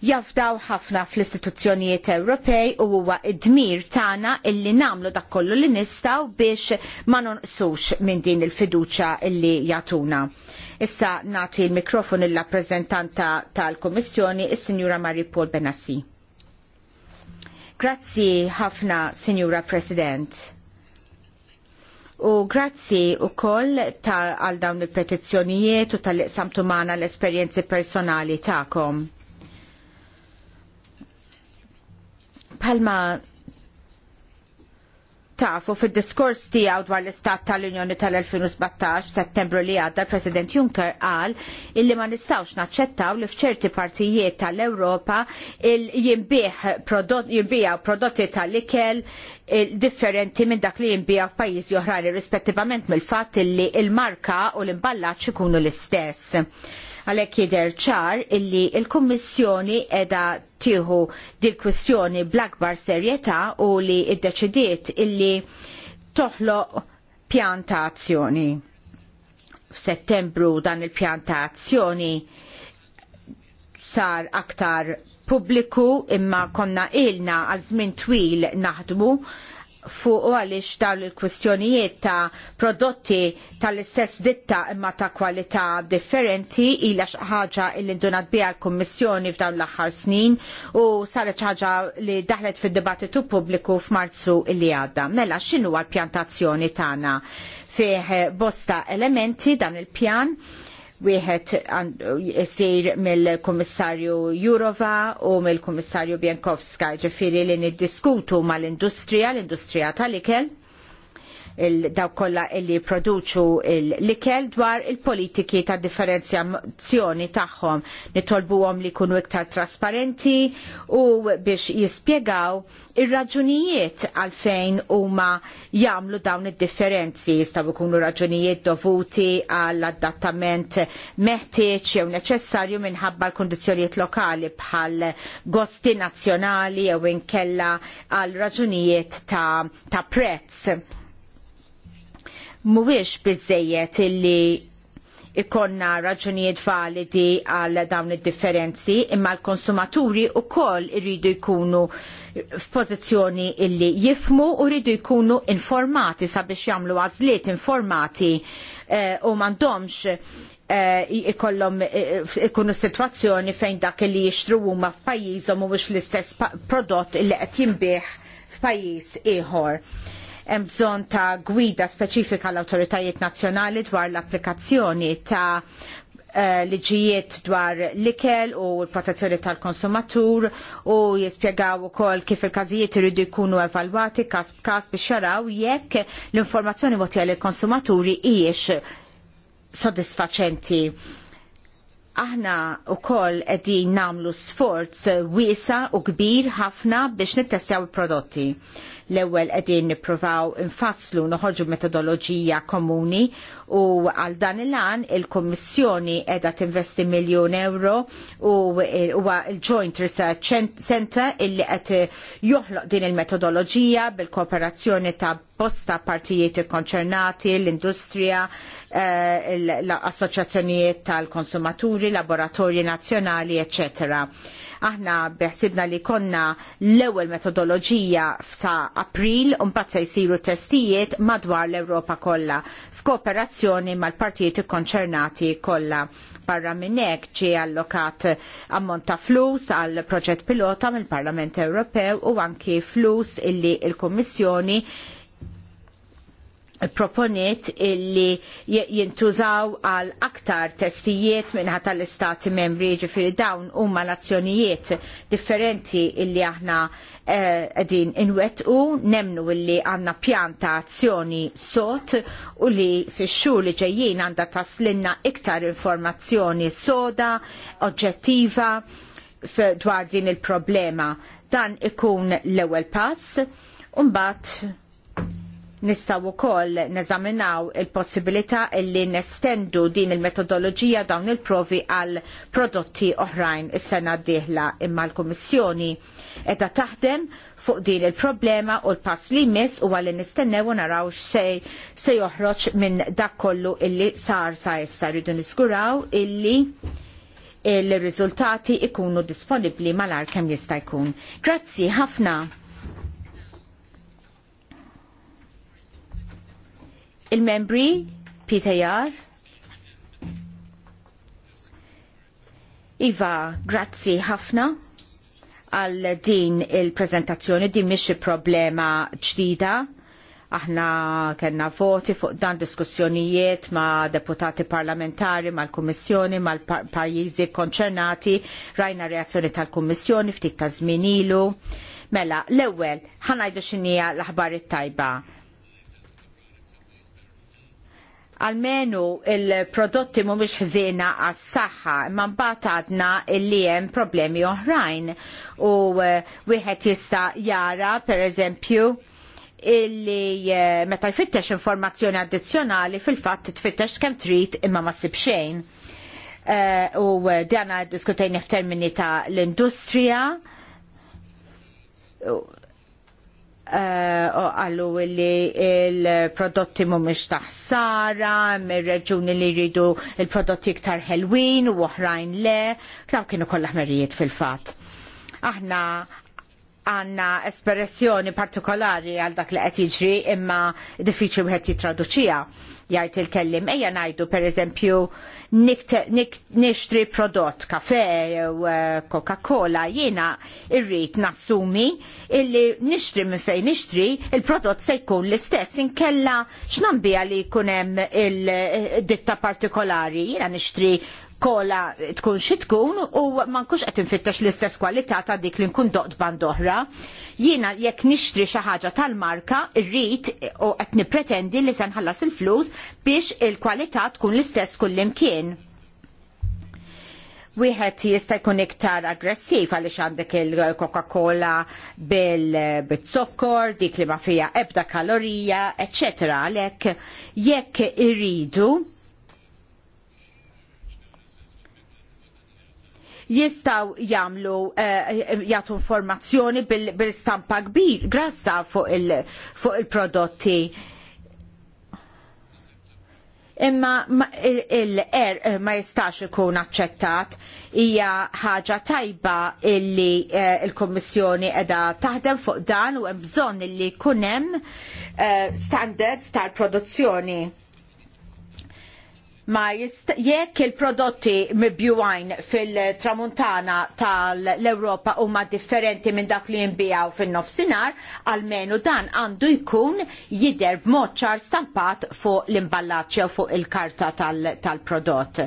jafdaw ħafna fl-istituzzjonijiet Ewropej u huwa id-dmir tagħna illi nagħmlu dak kollu li nistgħu biex ma nonqsux minn din il-fiduċja illi jagħtuna. Issa nagħti l-mikrofon il rappreżentanta tal-Kummissjoni is-Sinjura Mari Paul Benassi. Grazzi ħafna, Sinjura President. U grazzi u koll għal dawn il-petizzjonijiet u tal-iqsamtu maħna l-esperienzi personali ta'kom palma tafu fil-diskors tiegħu dwar l-istat tal-Unjoni tal-2017 settembru li għadda President Juncker qal illi ma nistawx naċċettaw li fċerti partijiet tal-Ewropa jimbieħ jimbieħ prodotti tal-ikel differenti minn dak li jimbijaw f'pajjiżi oħrajn rispettivament mill-fatt illi il-marka u l-imballaġġ ikunu l-istess Għalhekk jidher ċar illi l-Kummissjoni edha qiegħda tieħu dil kwistjoni bl-akbar serjetà u li iddeċidiet illi toħloq pjantazzjoni. F'Settembru dan il-pjantazzjoni sar aktar pubbliku imma konna ilna għal żmien twil naħdmu fuq għaliex dawn il-kwistjonijiet ta' prodotti tal-istess ditta imma ta' kwalità differenti ilha xi ħaġa li ndunat biha l-Kummissjoni f'dawn l-aħħar snin u saret ħaġa li daħlet fid-dibattitu pubbliku f'Marzu li għadda. Mela x'inhu l-pjantazzjoni tagħna fih bosta elementi dan il-pjan wieħed isir mill-Kummissarju Jurova u mill-Kummissarju Bjankowska ġifieri li niddiskutu mal-industrija, l-industrija tal-ikel dawk kollha li jipproduċu l-ikel dwar il-politiki ta' differenzjazzjoni tagħhom. Nitolbuhom li jkunu iktar trasparenti u biex jispjegaw ir-raġunijiet għalfejn huma jagħmlu dawn id-differenzi jistgħu jkunu raġunijiet dovuti għall adattament meħtieġ jew neċessarju minħabba l-kundizzjonijiet lokali bħal gosti nazzjonali jew inkella għal raġunijiet ta', ta prezz mhuwiex biżejjed illi ikonna raġunijiet validi għal dawn id-differenzi imma l-konsumaturi u koll irridu jkunu f'pożizzjoni illi jifmu u rridu jkunu informati sabiex jagħmlu għażliet informati eh, u mandomx eh, ikollom eh, ikunu situazzjoni fejn dak li jixtru huma f'pajjiżhom mhuwiex l-istess prodott illi qed jinbih f'pajjiż ieħor hemm bżonn ta' gwida speċifika l-awtoritajiet nazzjonali dwar l-applikazzjoni ta' eh, liġijiet dwar l-ikel u l-protezzjoni tal-konsumatur u jispjegaw ukoll kif il-każijiet iridu jkunu evalwati każ b'każ biex jaraw jekk l-informazzjoni motija lill konsumaturi hijiex sodisfaċenti aħna u qegħdin nagħmlu namlu sforz wisa u kbir ħafna biex nittestjaw il-prodotti. L-ewwel qegħdin nippruvaw infasslu noħorġu metodoloġija komuni u għal dan il-għan il-Kommissjoni qiegħda tinvesti miljun euro u huwa il-Joint Research Center illi qed joħloq din il-metodoloġija bil-kooperazzjoni ta' bosta partijiet konċernati, l-industrija, eh, l-assoċjazzjonijiet tal-konsumaturi, laboratorji nazzjonali, ecc. Aħna beħsibna li konna l-ewwel metodoloġija f'sa April u mbagħad se jsiru testijiet madwar l-Ewropa kollha f'kooperazzjoni mal-partijiet ikkonċernati kollha. Barra minn hekk ġie allokat ammont ta' flus għal proġett pilota mill-Parlament Ewropew u anki flus illi l-Kummissjoni il proponiet illi jintużaw għal aktar testijiet minnħat tal-istati membri ġifiri dawn huma l-azzjonijiet differenti illi aħna għedin eh, inwet u nemnu illi għanna pjanta azzjoni sot u li fix-xhur li ġejjin għandha taslinna iktar informazzjoni soda, oġġettiva dwar din il-problema. Dan ikun l-ewwel pass, u mbagħad Nistaw u koll neżaminaw il-possibilità illi nestendu din il-metodoloġija dawn il-provi għal prodotti oħrajn is-sena d-dieħla imma l-Kummissjoni edha taħdem fuq din il-problema u l-pass li jmiss u għalli nistennew u naraw xej se joħroġ minn dak kollu illi sar sa issa rridu niskuraw illi il-riżultati ikunu disponibli mal-ar kemm jista' jkun. Grazzi ħafna. il-membri PTR. Iva, grazzi ħafna għal din il-prezentazzjoni, din mhix problema ġdida. Aħna kellna voti fuq dan diskussjonijiet ma' deputati parlamentari, mal-Kummissjoni, mal-pajjiżi konċernati, rajna reazzjoni tal-Kummissjoni ftit ta' żmien ilu. Mela, l-ewwel ħanajdu x'inhija l-aħbar it-tajba għalmenu il-prodotti mhumiex ħżiena għas saħħa imma mbagħad għadna li hemm problemi oħrajn u eh, wieħed jista' jara pereżempju illi eh, meta jfittex informazzjoni addizzjonali fil-fatt tfittex kemm trid imma ma ssib xejn. Eh, u dana diskutejni f'termini ta' l-industrija Eh, għallu li il-prodotti mumiex taħsara, mir-reġuni li jridu il-prodotti iktar ħelwin u oħrajn le, daw kienu kollha ħmerijiet fil-fat. Aħna għanna espressjoni partikolari għal dak li qed jiġri imma diffiċli wieħed jitraduċija jgħid il-kellim. Ejja ngħidu pereżempju nixtri prodott kafe jew eh, Coca-Cola jiena rrid nassumi illi nixtri minn fejn nixtri il-prodott se jkun l-istess inkella x'nambija li jkun hemm il-ditta partikolari jiena nixtri kola tkun xi tkun u ma nkunx qed infittex l-istess kwalità ta' dik li nkun doqt band oħra. Jiena jekk nixtri xi ħaġa tal-marka rrid u qed nippretendi li se nħallas il-flus biex il-kwalità tkun l-istess kullimkien wieħed jista' jkun iktar aggressiv għaliex għandek il-Coca-Cola bil-zokkor, dik li ma fiha ebda kalorija, eċċetera, għalhekk jekk irridu jistaw jamlu eh, jagħtu informazzjoni bil-stampa kbir grassa fuq il-prodotti. Imma il-er eh, ma jistax ikun aċċettat hija ħaġa tajba illi eh, il-Kommissjoni edha taħdem fuq dan u hemm bżonn illi jkun hemm standards tal-produzzjoni ma jekk il-prodotti mibjuwajn fil-tramuntana tal-Europa huma differenti minn dak li jimbijaw fin-nofsinhar, almenu dan għandu jkun jidher b'mod ċar stampat fuq l imballaċja jew fuq il-karta tal-prodott.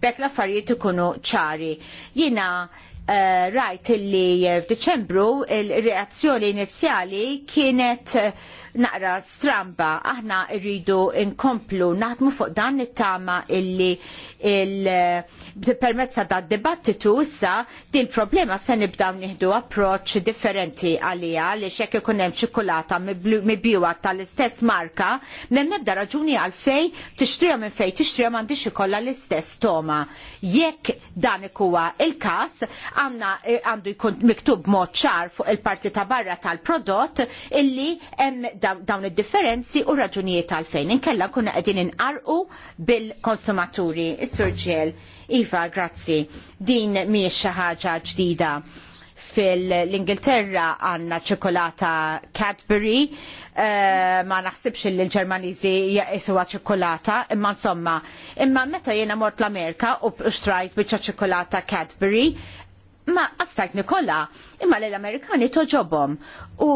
Bek la l-affarijiet ikunu ċari. Jina uh, rajt li f'Diċembru il-reazzjoni inizjali kienet uh, naqra stramba. Aħna rridu nkomplu naħdmu fuq dan it-tama illi il-permezza eh, da' dibattitu issa din problema se nibdaw nieħdu approċċ differenti għalija li xek ikun hemm ċikolata mibjuwa tal-istess marka, m'hemm ebda raġuni għalfejn tixtrija minn fejn tixtrija m'għandix ikollha l-istess toma. Jekk dan ikuwa il-każ, għandna eh, għandu jkun miktub mod ċar fuq il-parti ta' barra tal-prodott illi hemm dawn id-differenzi u raġunijiet għalfejn. Inkella kuna qegħdin inqarqu bil-konsumaturi, is-surġiel. Iva, grazzi. Din mhijiex xi ħaġa ġdida fil-Ingilterra għanna ċokolata Cadbury, eh, ma naħsibx li l-Ġermaniżi jisuwa ċokolata, imma insomma, imma meta jena mort l-Amerika u xtrajt bieċa ċokolata Cadbury, ma għastajt nikolla imma l-Amerikani toġobom u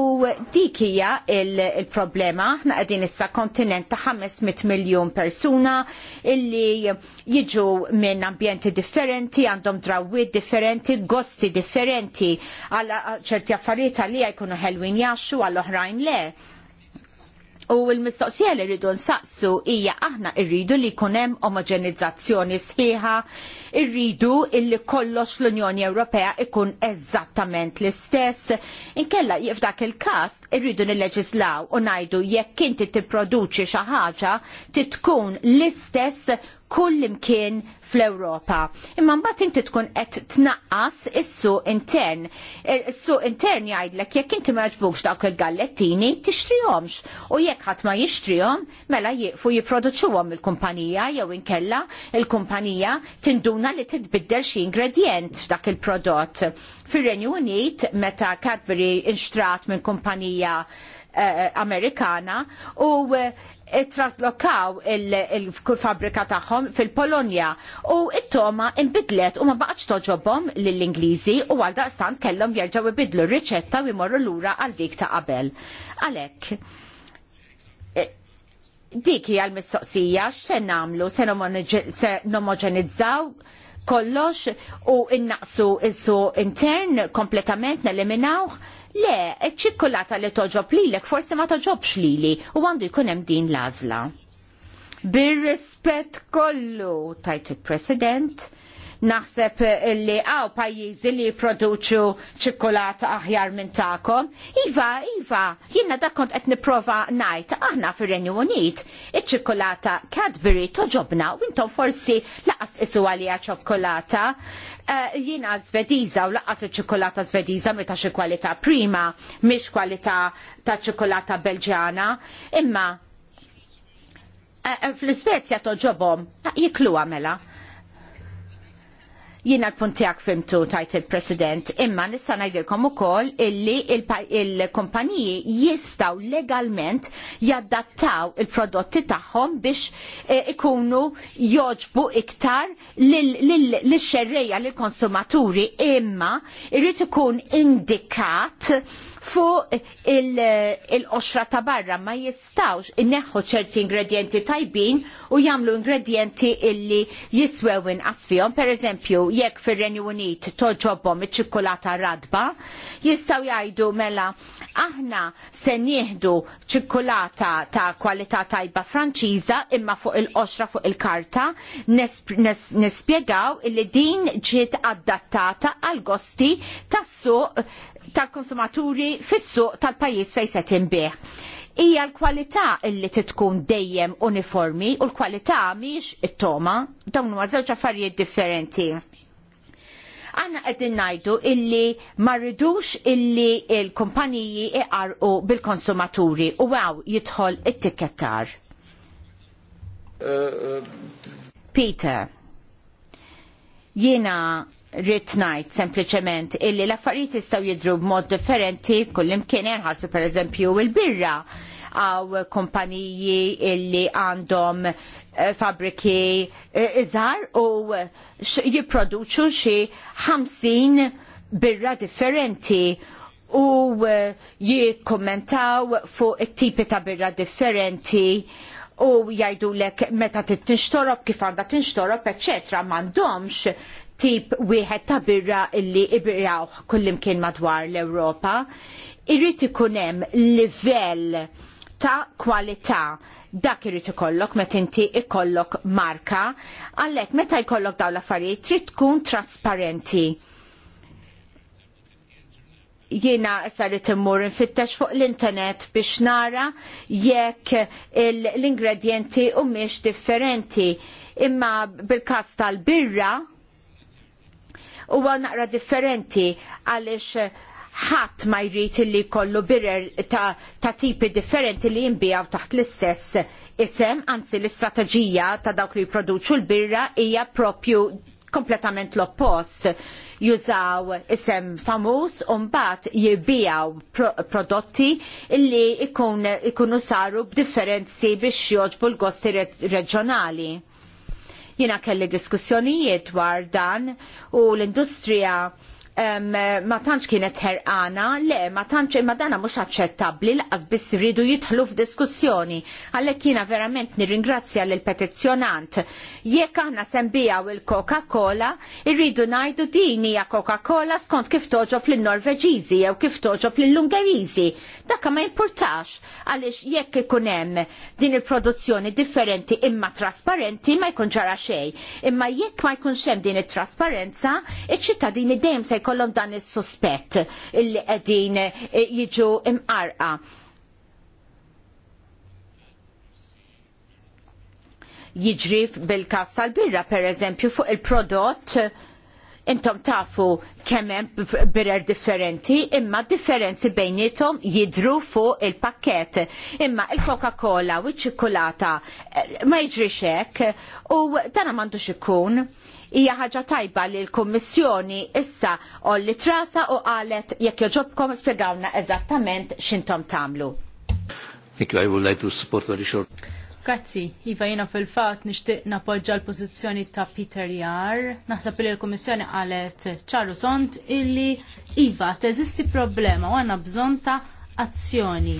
dik hija il-problema il ħna għedin issa kontinent ta' 500 miljon persuna illi jiġu minn ambjenti differenti, għandhom drawwiet differenti, gosti differenti għal ċerti affarijiet għalija jkunu ħelwin jaxxu għall oħrajn le U l-mistoqsija li rridu nsaqsu hija aħna rridu li jkun hemm omogenizzazzjoni sħiħa, rridu illi kollox l-Unjoni Ewropea ikun eżattament l-istess. Inkella f'dak il-kast irridu nilleġislaw u ngħidu jekk inti tipproduċi xi ħaġa titkun l-istess kull imkien fl-Ewropa. Imma mbagħad inti tkun qed tnaqqas is-suq intern. Is-suq intern jgħidlek jekk inti ma jġbux dawk il-gallettini tixtrihomx u jekk ħadd ma jixtrihom mela jieqfu jipproduċuhom il-kumpanija jew inkella il-kumpanija tinduna li titbiddel xi ingredient f'dak il-prodott. Fir-Renju Unit meta Cadbury inxtrat minn kumpanija eh, eh, Amerikana u eh, traslokaw il-fabrika tagħhom fil-Polonja u it-toma imbidlet u ma baqgħetx toġobom lill-Ingliżi u għal daqstant kellhom jerġgħu ibidlu r-riċetta u jmorru lura għal dik ta' qabel. Għalhekk e, dik hija l-mistoqsija x'se nagħmlu se nomoġenizzaw kollox u innaqsu is-su intern kompletament neliminawh Le, ċikkolata li toġob lilek forsi ma toġobx lili u għandu jkun hemm din l-għażla. Bir-rispett kollu, tajt il-President, naħseb li għaw pajjiżi li jipproduċu ċikkulat aħjar minn takom. Iva, iva, jiena da kont qed nipprova ngħid aħna fir-Renju Unit iċ-ċikkolata Cadbury toġobna wintom intom forsi laqas isu għalija ċokkolata. Jina eh, jiena u laqas iċ-ċikkolata zvediza meta xi kwalità prima, mhix kwalità ta' ċikkolata Belġjana, imma eh, fl-Svezja toġobom, jiklu mela jina l-puntijak fimtu tajt il-President, imma nista ngħidilkom ukoll illi il-kumpaniji jistaw jistgħu legalment jaddattaw il-prodotti tagħhom biex eh, ikunu joġbu iktar lix xerreja lill konsumaturi imma irrid ikun indikat fuq il-qoxra ta' barra ma jistawx inneħħu ċerti ingredienti tajbin u jagħmlu ingredienti illi jiswew inqas fihom. Pereżempju, jekk fir-Renju Unit toġobhom iċ-ċikkulata radba, jistgħu jgħidu mela aħna se nieħdu ċikkulata ta' kwalità tajba Franċiża imma fuq il-qoxra fuq il-karta nispjegaw illi din ġiet adattata għal gosti tas-suq tal-konsumaturi fis-suq tal-pajjiż fejn se tinbih. Hija l-kwalità illi tkun dejjem uniformi u l-kwalità mhix it-toma, dawn huwa żewġ affarijiet differenti. Għanna qegħdin ngħidu illi ma rridux illi l-kumpaniji iqarqu bil-konsumaturi u għaw jidħol it-tikettar. Eh, eh. Peter, jiena rrit ngħid sempliċement illi l-affarijiet jistgħu jidhru b'mod differenti kullimkien per pereżempju l birra għaw kumpaniji illi għandhom fabriki iżar u jiproduċu xi 50 birra differenti u jikkommentaw fuq it-tipi ta' birra differenti u jajdu lek meta tixtorob kif għandha tinxtorob eċetera m'għandhomx tip wieħed ta' birra illi ibirrawh kullimkien madwar l-Ewropa, irrit ikun hemm livell ta' kwalità dak irrit ikollok meta inti ikollok marka għalhekk meta jkollok dawn l-affarijiet trid tkun trasparenti jiena sarit immur infittex fuq l-internet biex nara jekk l-ingredienti u differenti. Imma bil każ tal-birra huwa naqra differenti għaliex ħadd ma jrid li jkollu birer ta', ta tipi differenti li jinbijaw taħt l-istess isem, anzi l-istrateġija ta' dawk li jipproduċu l-birra hija propju kompletament l-oppost. Jużaw isem famuż u mbagħad jibbijaw pro prodotti li ikunu saru b'differenzi biex joġbu l-gosti reġjonali. Re Jiena kelli diskussjonijiet dwar dan u l-industrija um, ma tantx kienet ħerqana, le, ma tantx imma dana mhux aċċettabbli laqas biss iridu jidħlu f'diskussjoni. Għalhekk jiena verament nirringrazzja lil petizzjonant. Jekk aħna sembijaw il-Coca-Cola, irridu ngħidu din hija Coca-Cola skont kif toġob lin-Norveġiżi jew kif toġob lill-Ungeriżi. Dak ma jimpurtax għaliex jekk ikun hemm din il-produzzjoni differenti imma trasparenti ma jkun ġara xejn. Imma jekk ma jkunx hemm din it-trasparenza, iċ-ċittadini dejjem se kollom dan is-suspett illi qegħdin eh, jiġu imqarqa. Jiġri bil kassa tal-birra pereżempju fuq il-prodott intom tafu kemm hemm birer differenti, imma differenzi bejnietom jidru fuq il-pakket. Imma il-Coca-Cola u il ċikolata eh, ma jiġrix hekk u dan m'għandux ikun Hija ħaġa tajba li l-Kummissjoni issa olli trasa u qalet jekk joġobkom spjegawna eżattament x'intom tagħmlu. Thank you, I would like to support very short. Grazzi, Iva jina fil-fat nishtiq napoġġa l-pozizjoni ta' Peter Jar. Naħseb li l-Komissjoni għalet ċarru tont illi Iva teżisti problema u għanna bżon ta' azzjoni.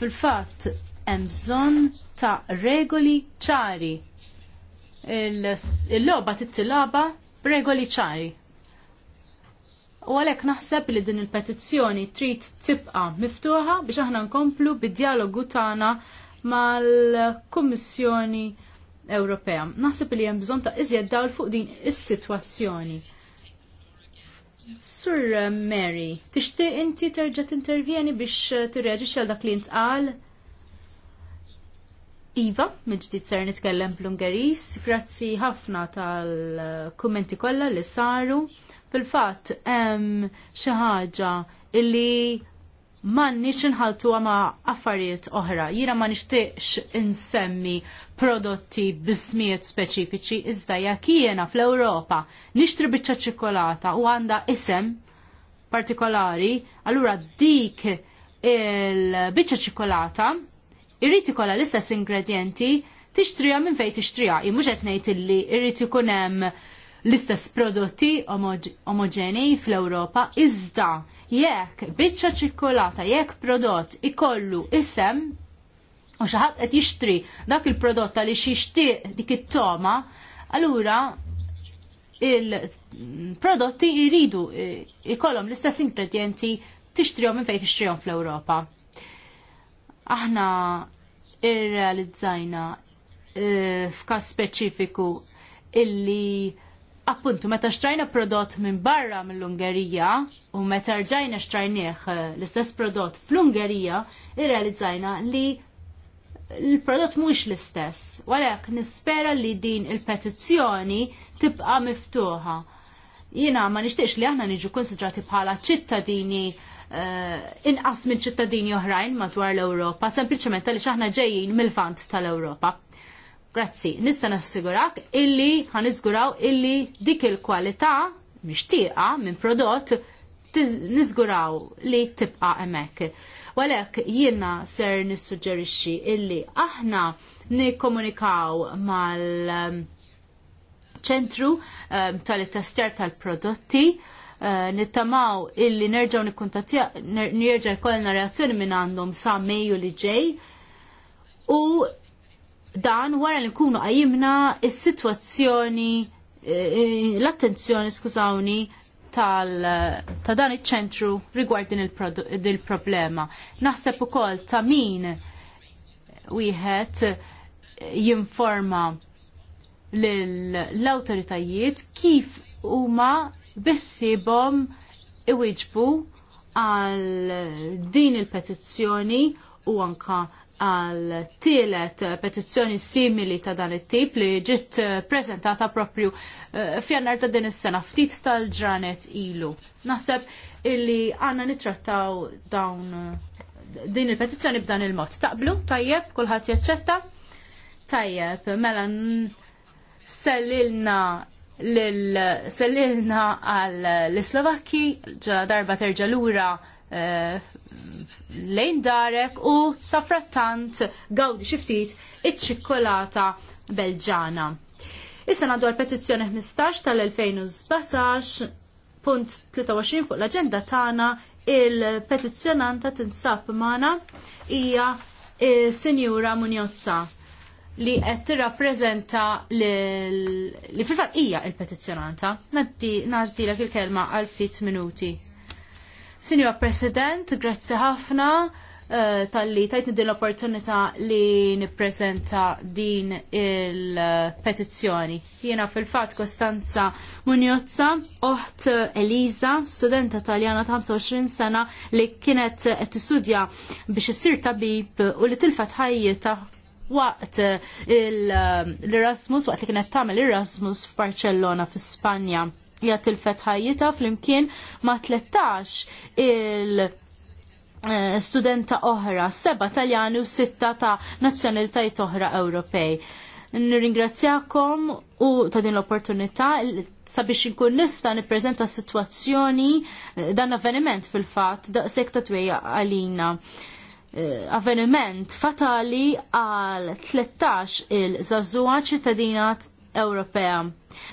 Fil-fat hemm bżon ta' regoli ċari il-logħba tittilaba b'regoli ċari. U għalhekk naħseb li din il-petizzjoni trid tibqa' miftuħa biex aħna nkomplu bid-dialogu tagħna mal-Kummissjoni Ewropea. Naħseb li hemm bżonn ta' iżjed dawl fuq din is-sitwazzjoni. Sur Mary, tixtieq inti terġa' tintervjeni biex tirreġixxi għal dak li intqal? Iva, mġdid ser nitkellem bl-Ungeris, grazzi ħafna tal-kummenti kollha li saru. Fil-fatt, hemm xi ħaġa illi m'għandniex inħaltuha ma' affarijiet oħra. Jiena ma nixtieqx insemmi prodotti biżmiet speċifiċi iżda jekk jiena fl-Ewropa nixtri biċċa ċikolata u għandha isem partikolari, allura dik il-biċċa ċikolata irrit ikolla l-istess ingredienti tixtrija minn fejn tixtrija. Mhux qed ngħid illi irrid ikun hemm l-istess prodotti omogeni fl-Ewropa iżda jekk biċċa ċirkolata jekk prodott ikollu isem u xi ħadd qed jixtri dak il-prodott li xixtieq dik it-toma, allura il-prodotti jridu eh, ikollhom l-istess ingredienti tixtrihom minn fejn tixtrihom fl-Ewropa. Aħna irrealizzajna eh, f'każ speċifiku illi appuntu meta xtrajna prodott minn barra mill-Ungerija u meta rġajna xtrajnieħ eh, l-istess prodott fl-Ungerija, irrealizzajna li l-prodott mhux l-istess. Għalhekk nispera li din il-petizzjoni tibqa' miftuħa. Jiena ma nixtieqx li aħna niġu konsidrati bħala ċittadini Eh, inqas minn ċittadini oħrajn madwar l-Ewropa, sempliċement għaliex aħna ġejjin mill fant tal-Ewropa. Grazzi, nista' nassigurak illi ħaniżguraw illi dik il-kwalità mixtieqa minn prodott nizguraw li tibqa emek. Walek jiena ser nissuġġerixxi illi aħna nikkomunikaw mal ehm, ċentru um, ehm, tal-tester tal-prodotti Eh, nittamaw illi nerġaw nikkuntatja, nerġaw kolna reazzjoni minn għandhom sa' Mejju li ġej. U dan wara li nkunu għajimna il sitwazzjoni eh, l-attenzjoni, skużawni, tal ta' dan iċ-ċentru rigward din il-problema. Naħseb ukoll ta' min wieħed jinforma l awtoritajiet kif huma bissibhom iwiġbu għal din il-petizzjoni u anka għal tielet petizzjoni simili ta' dan it-tip li ġiet prezentata propju eh, f'jannar ta' din is-sena ftit tal-ġranet ilu. Naħseb illi għanna nitrattaw dawn din il-petizzjoni b'dan il-mod. Taqblu, tajjeb, kulħadd jaċċetta? Tajjeb, mela sellilna l-sellilna għal-Slovakki ġala darba terġa lura eh, lejn darek u safrattant gawdi xiftit iċ-ċikkolata belġana. Issa għandu għal-petizzjoni 15 tal-2017 punt 23 fuq l-agenda tagħna il-petizzjonanta tinsab mana hija eh, Sinjura Munjozza li qed tirrappreżenta li fil-fatt hija l-petizzjonanta. Ngħaddilek il-kelma għal ftit minuti. Sinjor President, grazzi ħafna eh, tal-li tajtni din l-opportunità li nippreżenta din il-petizzjoni. Jiena fil-fat Kostanza Munjozza, oħt Eliza, studenta taljana ta' 25 sena li kienet t-studja biex issir tabib u li tilfat ħajjita waqt eh, eh, l-Erasmus, waqt li kienet tagħmel Erasmus f'Barcellona f'Ispanja. Hija tilfet ħajjita flimkien ma' 13 il- eh, studenta oħra, seba taljani u sitta ta' nazzjonalitajiet oħra Ewropej. Nirringrazzjakom u ta' din l-opportunità sabiex inkun nista' nippreżenta situazzjoni dan avveniment fil-fatt daqshekk ta' twejja għalina. Eh, avveniment fatali għal 13 il-żazzuwa ċittadina Ewropea.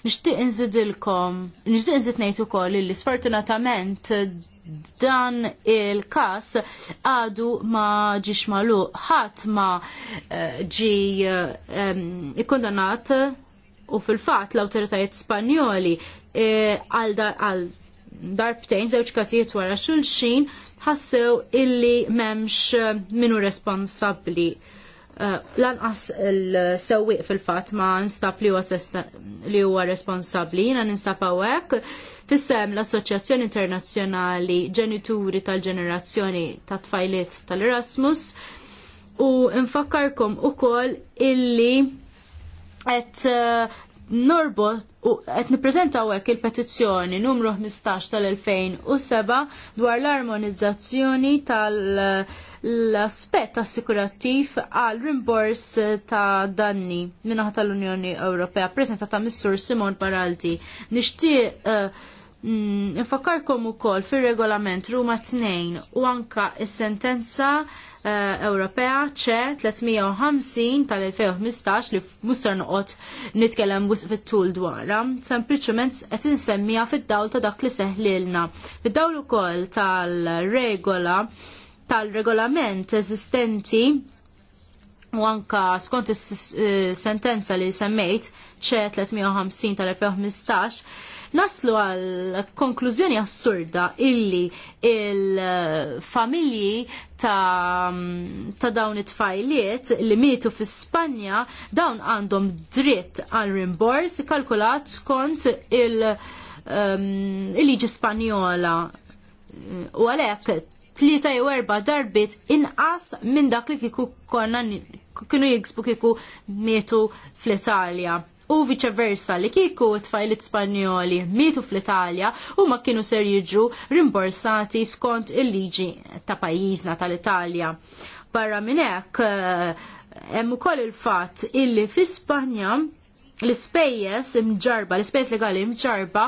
Nixtieq inżidilkom, nixtieq inżid ngħid ukoll li sfortunatament dan il-kas għadu ma ġiex malu ħadd ma eh, ġi eh, ikkondannat u fil-fatt l-awtoritajiet Spanjoli għal darbtejn żewġ każijiet wara xulxin ħassew illi memx eh, minu responsabli. Uh, eh, lanqas il-sewwiq fil-fatt ma nstab li huwa responsabli jina responsabbli, jiena ninsab hawnhekk fissem l-Assoċjazzjoni Internazzjonali Ġenituri tal-Ġenerazzjoni ta' Tfajliet tal-Erasmus u nfakkarkom ukoll illi qed eh, norbot u qed nippreżentaw hekk il-petizzjoni numru 15 tal-2007 dwar l-armonizzazzjoni tal-aspett assikurattiv għal rimbors ta' danni min-naħa tal-Unjoni Ewropea ppreżentata mis Simon Baraldi. Nixtieq uh, Mm, Nfakarkom ukoll fir-regolament Ruma 2 u anka is-sentenza eh, Ewropea c 350 tal-2015 li mustar noqot nitkellem bus fit-tul dwarha, sempliċement qed insemmiha fid-dawl ta' dak li seħlilna. Fid-dawl ukoll tal-regola tal-regolament eżistenti u anka skont is-sentenza eh, li semmejt c 350 tal-2015 naslu għal konklużjoni assurda illi il-familji ta', ta dawn it-tfajliet li mietu fi Spanja dawn għandhom dritt għal rimbors kalkulat skont il- um, il-liġi Spanjola u għalhekk tlieta jew erba darbit inqas minn dak li kiku konna kienu jiksbu kiku mietu fl-Italja u viċeversa li kieku tfajlit Spanjoli mietu fl-Italja u ma kienu ser jiġu rimborsati skont il-liġi ta' pajjiżna tal-Italja. Barra minn hekk eh, hemm ukoll il-fatt illi fi Spanja l-ispejjeż imġarba, l-ispejjeż legali imġarba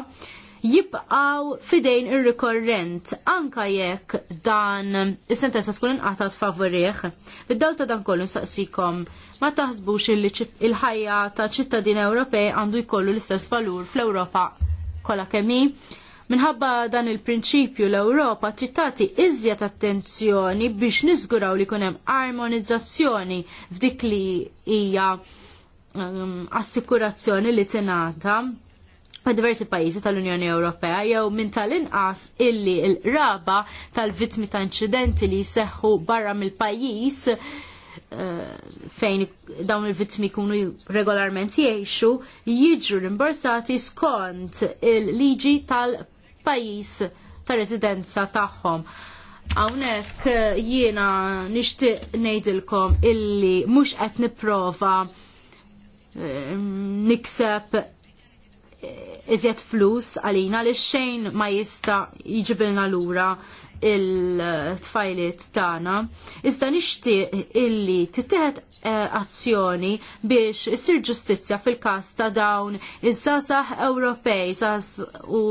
jibqaw fidejn ir-rikorrent anka jekk dan is-sentenza tkun inqatat favorih. Fid-dawl ta' dan kollu nsaqsikom ma taħsbux il-ħajja ta' ċittadin Ewropej għandu jkollu l-istess valur fl-Ewropa kollha kemmi. Minħabba dan il-prinċipju l-Ewropa tagħti iżjed attenzjoni biex niżguraw li jkun hemm armonizzazzjoni f'dik li hija um, assikurazzjoni li tingħata ma' diversi pajjiżi tal-Unjoni Ewropea jew minn tal-inqas illi l-raba tal-vittmi ta' inċidenti li seħħu barra mill-pajjiż eh, fejn dawn il-vittmi jkunu regolarment jgħixu jiġu rimborsati skont il-liġi tal-pajjiż ta' residenza tagħhom. Hawnhekk eh, jiena nixtieq ngħidilkom illi mhux qed nipprova eh, nikseb iżjed flus għalina li xejn ma jista jġibilna lura il-tfajliet tagħna. Iżda nixtieq illi titeħed eh, azzjoni biex issir ġustizzja fil każ ta' dawn iż-żazax Ewropej u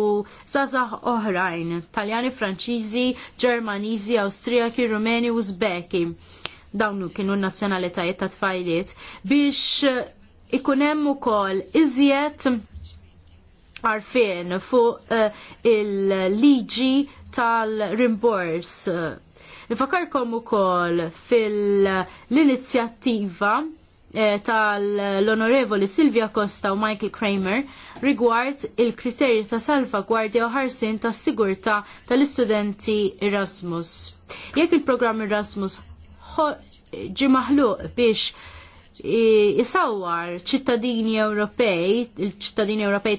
żazax oħrajn, Taljani, Franċiżi, Ġermaniżi, Awstrijaki, Rumeni u Żbeki. Dawn kienu n-nazzjonalitajiet ta' tfajliet biex ikun hemm ukoll iżjed għarfien fuq uh, il-liġi tal-rimbors. Nifakarkom ukoll fil-inizjattiva eh, tal-Onorevoli Silvia Costa u Michael Kramer rigward il-kriterji ta' salvagwardja u ħarsin ta' sigurta tal-istudenti Erasmus. Jekk il-programm Erasmus ġi maħluq biex jisawwar ċittadini Ewropej, il-ċittadini Ewropej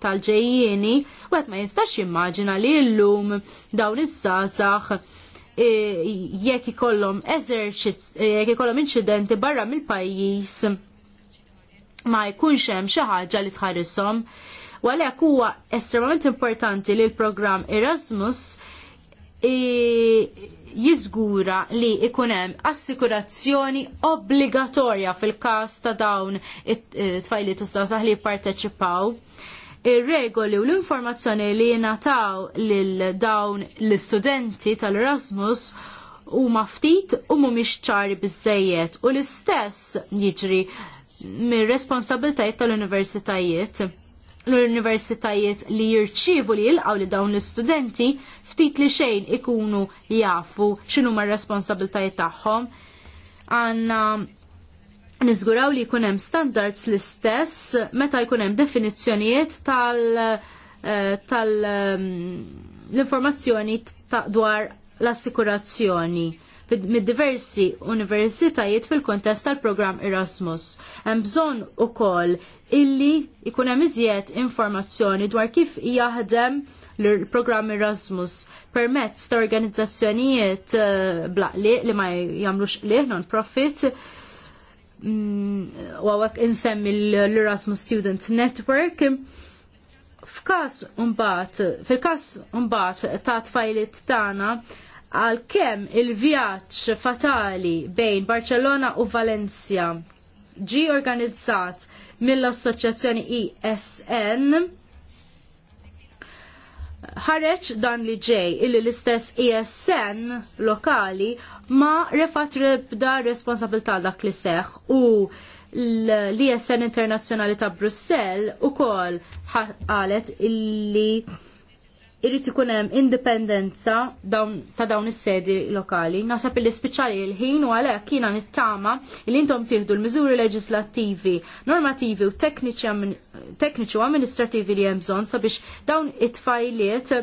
tal-ġejjieni, u għet ma jistax jimmaġina li llum dawn is-sasax e, jekk ikollhom e, jekk ikollhom inċidenti barra mill-pajjiż ma jkunx hemm xi ħaġa li tħarishom. Għalhekk huwa estremament importanti li l-programm Erasmus e, jiżgura li ikun hemm assikurazzjoni obbligatorja fil-każ ta' dawn it eh, tfajli u sasaħ li jipparteċipaw ir-regoli u l-informazzjoni li nataw lil dawn l-istudenti tal-Erasmus u maftit u mumiex ċari bizzejiet u l-istess jiġri mir responsabiltajiet tal-universitajiet l-universitajiet li jirċivu li jilqaw li dawn l-istudenti ftit li xejn ikunu jafu xinu ma responsabiltajiet tagħhom. Għanna niżguraw li jkun hemm standards l-istess meta jkun hemm definizzjonijiet tal- eh, tal ehm, l-informazzjoni dwar l-assikurazzjoni mid-diversi universitajiet fil-kontest tal-programm Erasmus. Hemm bżonn ukoll illi jkun hemm iżjed informazzjoni dwar kif jaħdem l-programm Erasmus permezz ta' organizzazzjonijiet eh, blaqli li ma jagħmlux liħ non-profit mm, u għawak insemmi l-Erasmus Student Network. F'kas umbat, fil-kas umbat ta' tfajlit tagħna għal kem il-vjaċ fatali bejn Barcellona u Valencia ġi organizzat mill-assoċjazzjoni ISN e ħareċ dan li ġej illi l-istess ISN e lokali ma refat ribda responsabilta dak li seħ u l-ISN internazzjonali ta' Brussell u kol ħalet illi irrit ikun hemm indipendenza ta' dawn is-sedi lokali. Nasab il speċjali l-ħin u għalhekk jiena nittama li intom tieħdu l-miżuri leġislattivi, normattivi u tekniċi u amministrativi li hemm bżonn sabiex dawn it-tfajliet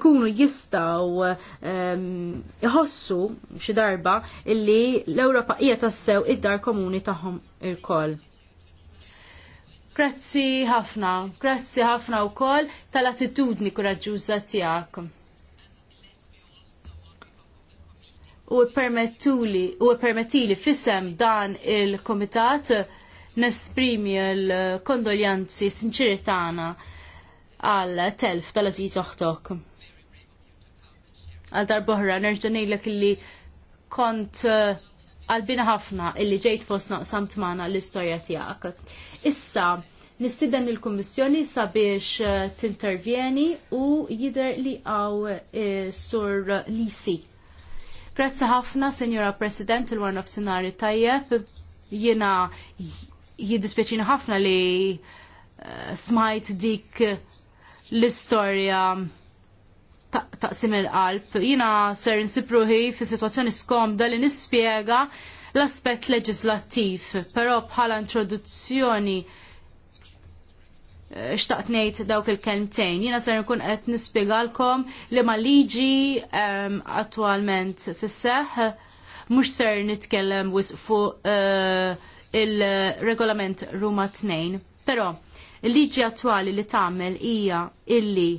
ikunu jistaw ehm, iħossu xi darba illi l-Ewropa hija tassew id-dar komuni tagħhom il Grazzi ħafna, grazzi ħafna wkoll tal-attitudni kuraġġuża tiegħek. U permettuli, u permettili fissem dan il-komitat nesprimi l-kondoljanzi sinċiritana tagħna għal telf tal-aziz uħtok. Għal darbohra nerġanejlek li kont uh, għalbina ħafna illi ġejt fost naqsam tmana l-istoria tijak. Issa, nistiden il-Kommissjoni sabiex eh, t-intervjeni u jider li għaw eh, sur Lisi. Grazzi ħafna, Senjora President, il-Warn of Senari tajjeb. Jena jiddispieċina ħafna li eh, smajt dik l-istorja taqsim il-qalb. Jina ser nsipruħi fi situazzjoni skomda li nispiega l-aspett leġislattiv, però bħala introduzzjoni eh, xtaqt ngħid dawk il-kelmtejn. Jiena ser nkun qed nispjegalkom li ma liġi um, ehm, attwalment fis-seħħ mhux ser nitkellem wisq fuq uh, il-regolament Ruma 2. Però il-liġi attwali li tagħmel hija illi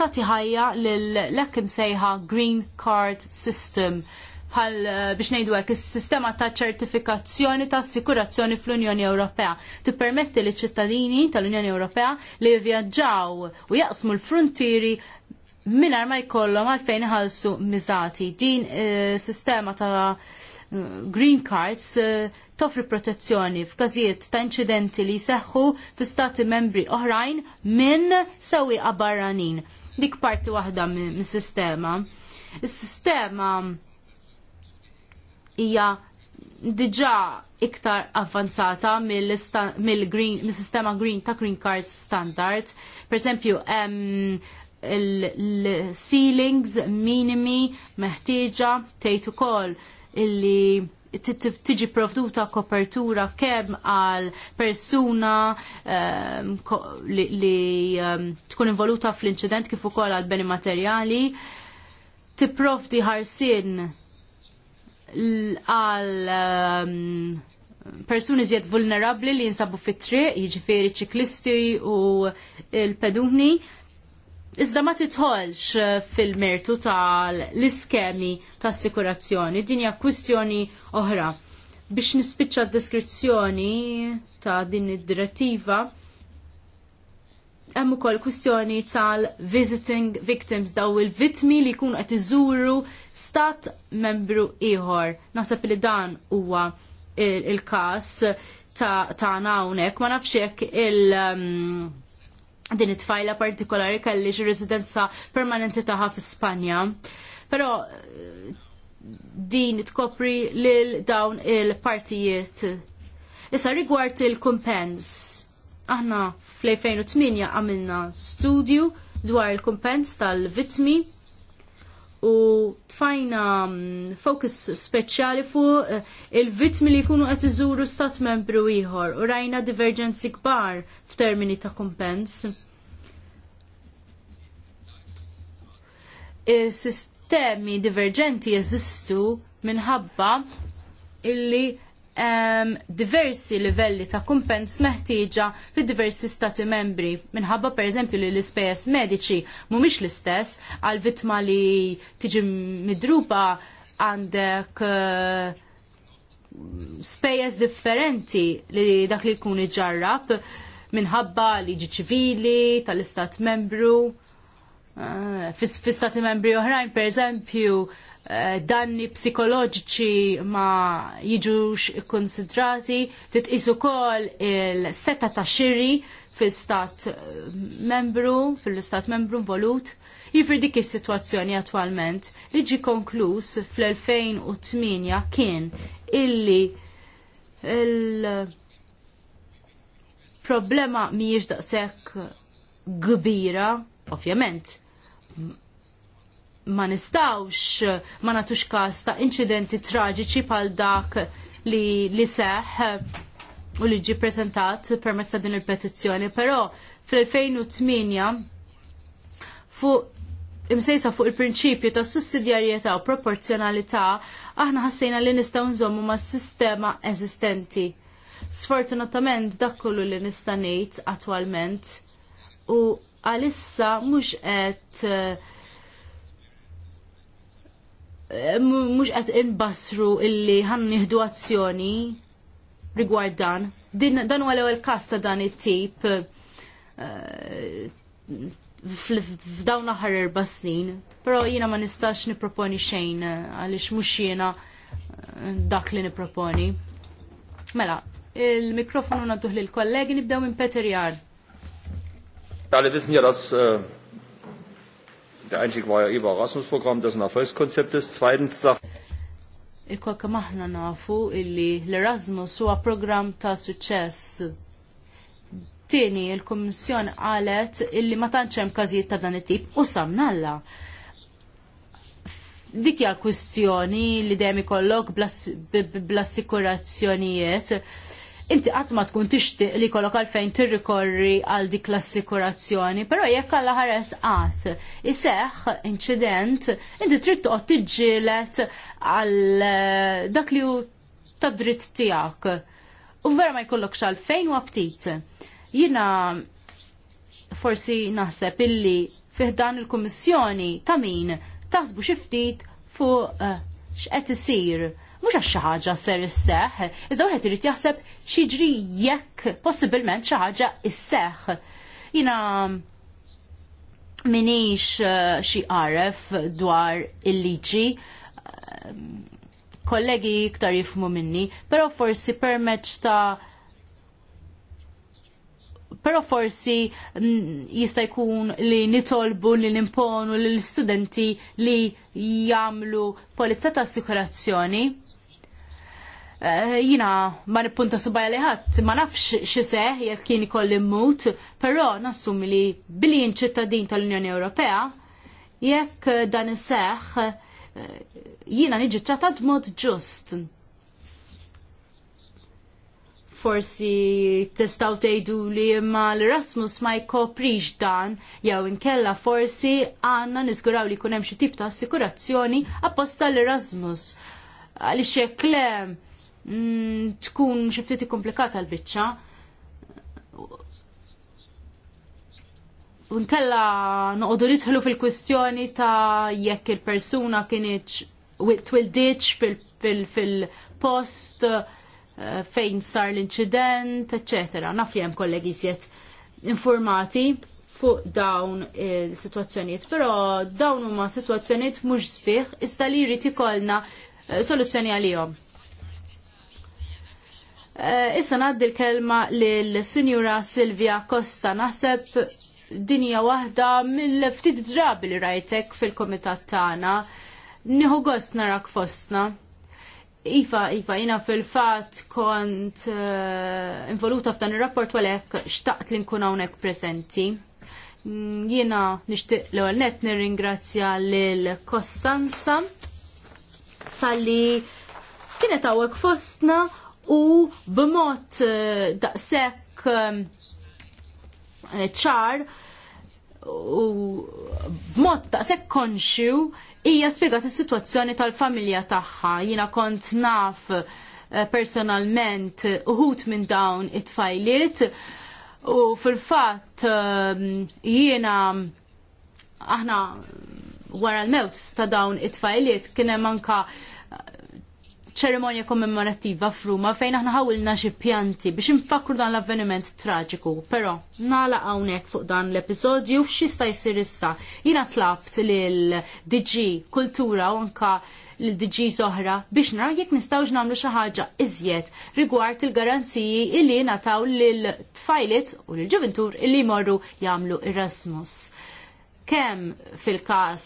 tagħti ħajja lil lekk imsejħa Green Card System bħal eh, biex ngħidu hekk is-sistema ta' ċertifikazzjoni ta' assikurazzjoni fl-Unjoni Ewropea. Tippermetti li ċittadini tal-Unjoni Ewropea li vjaġġaw u jaqsmu l-frontieri minar ma jkollhom għalfejn ħalsu miżati. Din eh, sistema ta' eh, green cards toffri protezzjoni f'każijiet ta' inċidenti li seħħu fi stati membri oħrajn minn sewi barranin. Dik parti waħda mis-sistema. Is-sistema hija diġà iktar avvanzata mill-sistema mil green ta' green cards standard. Per esempio, um, il-ceilings minimi meħtieġa tgħid ukoll illi tiġi provduta kopertura kemm għal persuna li tkun involuta fl-inċident kif ukoll għal beni materjali, tipprovdi ħarsien għal um, persuni zjed vulnerabli li jinsabu fit-triq, jiġifieri ċiklisti u l-peduni. Iżda ma titħolx uh, fil-mertu tal-iskemi ta' assikurazzjoni, din hija kwistjoni oħra. Biex nispiċċa d deskrizzjoni ta' din id-direttiva, hemm ukoll kwistjoni tal-visiting victims daw il vittmi li jkunu qed iżuru stat membru ieħor. Naħseb li dan huwa il-każ tagħna hawnhekk ma nafx jekk il- um, din it-tfajla partikolari kelli xi residenza permanenti tagħha fi Spanja. Però eh, din tkopri lil dawn il-partijiet. Issa rigward il-kumpens Aħna fl-2008 għamilna studju dwar il-kumpens tal-vitmi u tfajna mm, focus speċjali fuq eh, il-vitmi li jkunu qed iżuru stat membru ieħor u rajna divergenzi kbar f'termini ta' kumpens. Is-sistemi diverġenti jeżistu minħabba illi um, diversi livelli ta' kumpens meħtieġa fid diversi stati membri minħabba per eżempju li l-ispejjeż mediċi mhumiex l-istess għal vittma li tiġi midruba għandek uh, spejjeż differenti li dak li jkun iġarrab minħabba liġi ċivili tal-istat membru. Uh, eh, Fis-stati membri oħrajn, per eżempju, Eh, danni psikoloġiċi ma jiġux ikkonsidrati, titqisu kol il-seta ta' xiri fil-stat eh, membru, fil-stat membru volut, jifri dik is-sitwazzjoni attwalment li ġi konkluż fl-2008 kien illi il-problema miex daqshekk kbira, ovvjament, ma nistawx ma natux kas ta' incidenti traġiċi pal dak li, li seħ u li ġi prezentat permezz ta' din il-petizzjoni, però fl-2008 fuq imsejsa fuq il-prinċipju ta' sussidjarjetà u proporzjonalità aħna ħassejna li nistgħu nżommu ma' sistema eżistenti. Sfortunatament dak kollu li nista' ngħid attwalment u għalissa mhux qed Eh, mhux qed inbassru illi ħan azzjoni rigward dan. Din dan huwa l-ewwel każ ta' dan it-tip eh, f'dawn aħħar erba' snin, però jiena ma nistax nipproponi xejn eh, għaliex mhux jiena dak li nipproponi. Mela, il-mikrofonu li lill kollegi nibdew minn Peter Jar. Għalli bizni jaras Der Einstieg war ja eh über Erasmus-Programm, das ein Erfolgskonzept ist. Zweitens sagt il-kolka aħna nafu illi l-Erasmus huwa programm ta' suċċess. Tieni il-Kummissjoni qalet illi ma tantx hemm każijiet ta' dan it-tip u samnalla. Dik hija kwistjoni li dejjem ikollok bl-assikurazzjonijiet inti qatt ma tkun tixtieq li jkollok għalfejn tirrikorri għal dik l-assikurazzjoni, però jekk għal ħares qatt iseħħ inċident, inti trid toqgħod tiġġieled għal eh, dak li hu tad dritt tiegħek. U vera ma jkollokx għalfejn u aptit. Jiena forsi naħseb illi fiħdan il-Kummissjoni ta' min taħsbu xi ftit fuq eh, x'qed isir mhux għax xi ħaġa ser isseħħ, iżda wieħed irid jaħseb ġri jekk possibilment xi ħaġa isseħħ. Jiena minix eh, xi qaref dwar il-liġi, eh, kollegi iktar jifmu minni, però forsi permezz ta' pero forsi mm, jista jkun li nitolbu li nimponu l-studenti li jamlu polizza ta' assikurazzjoni Eh, jina ma nippunta subaj li ħadd ma nafx xiseħ jekk kien ikolli mmut, però nassumi li biljin ċittadin tal-Unjoni Ewropea jekk eh, dan iseħ eh, jina niġi trattat mod ġust. Forsi testaw tgħidu li imma l-Erasmus ma jkoprix dan jew inkella forsi għandna niżguraw li jkun hemm xi tip ta' assikurazzjoni apposta l-Erasmus. Għaliex jekk le Mm, tkun xi ftit komplikata l-biċċa. U nkella noqogħdu nidħlu fil-kwistjoni ta' jekk il-persuna kienieċ twildiċ fil-post eh, fejn sar l-inċident, eccetera. Naf li hemm kollegi siet informati fuq dawn il-situazzjoniet, però dawn huma situazzjoniet mhux sbieħ iżda li jrid ikollna eh, soluzzjoni għalihom. Eh, issa naddi l-kelma l-Sinjura Silvia Costa naħseb dinja waħda mill-ftit drabi li rajtek fil-komitat tagħna. Nieħu gost narak fostna. Iva, Iva, jina fil-fat kont uh, involuta f'dan ir-rapport għalek xtaqt li nkun hawnhekk prezenti. Mm, jiena nixtieq l net nett nirringrazzja l Kostanza tal-li kienet hawnhekk fostna u b'mod eh, daqshekk ehm, eh, ċar u b'mod daqshekk konxju hija spjegat is-sitwazzjoni tal-familja tagħha. Jiena kont naf eh, personalment uħut minn dawn it-tfajliet u fil-fatt ehm, jiena aħna wara l-mewt ta' dawn it-tfajliet kien hemm anka ċerimonja kommemorattiva f'Ruma fejn aħna ħawilna xi pjanti biex infakru dan l-avveniment traġiku, però nagħlaq hawnhekk fuq dan l-episodju sta jsir issa. Jiena tlabt lil DG Kultura u anka lil DG soħra biex nara jekk nistgħux nagħmlu xi ħaġa iżjed rigward il-garanziji li nataw lil tfajlit u lil ġuventur illi jmorru jagħmlu Erasmus kemm fil-każ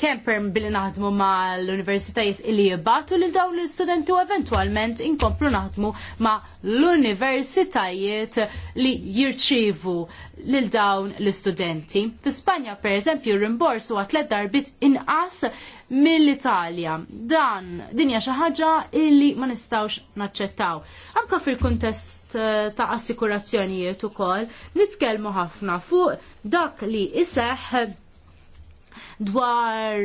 kemm perm billi naħdmu mal-universitajiet illi jibbatu lil dawn l-istudenti u eventwalment inkomplu naħdmu ma' l-universitajiet li jirċivu lil dawn l-istudenti. Fi Spanja pereżempju rimborsu għatlet darbit inqas mill-Italja. Dan dinja xi ħaġa illi ma nistgħux naċċettaw. Anka fil-kuntest Eh, ta' assikurazzjonijiet ukoll. Nitkellmu ħafna fuq dak li iseħħ dwar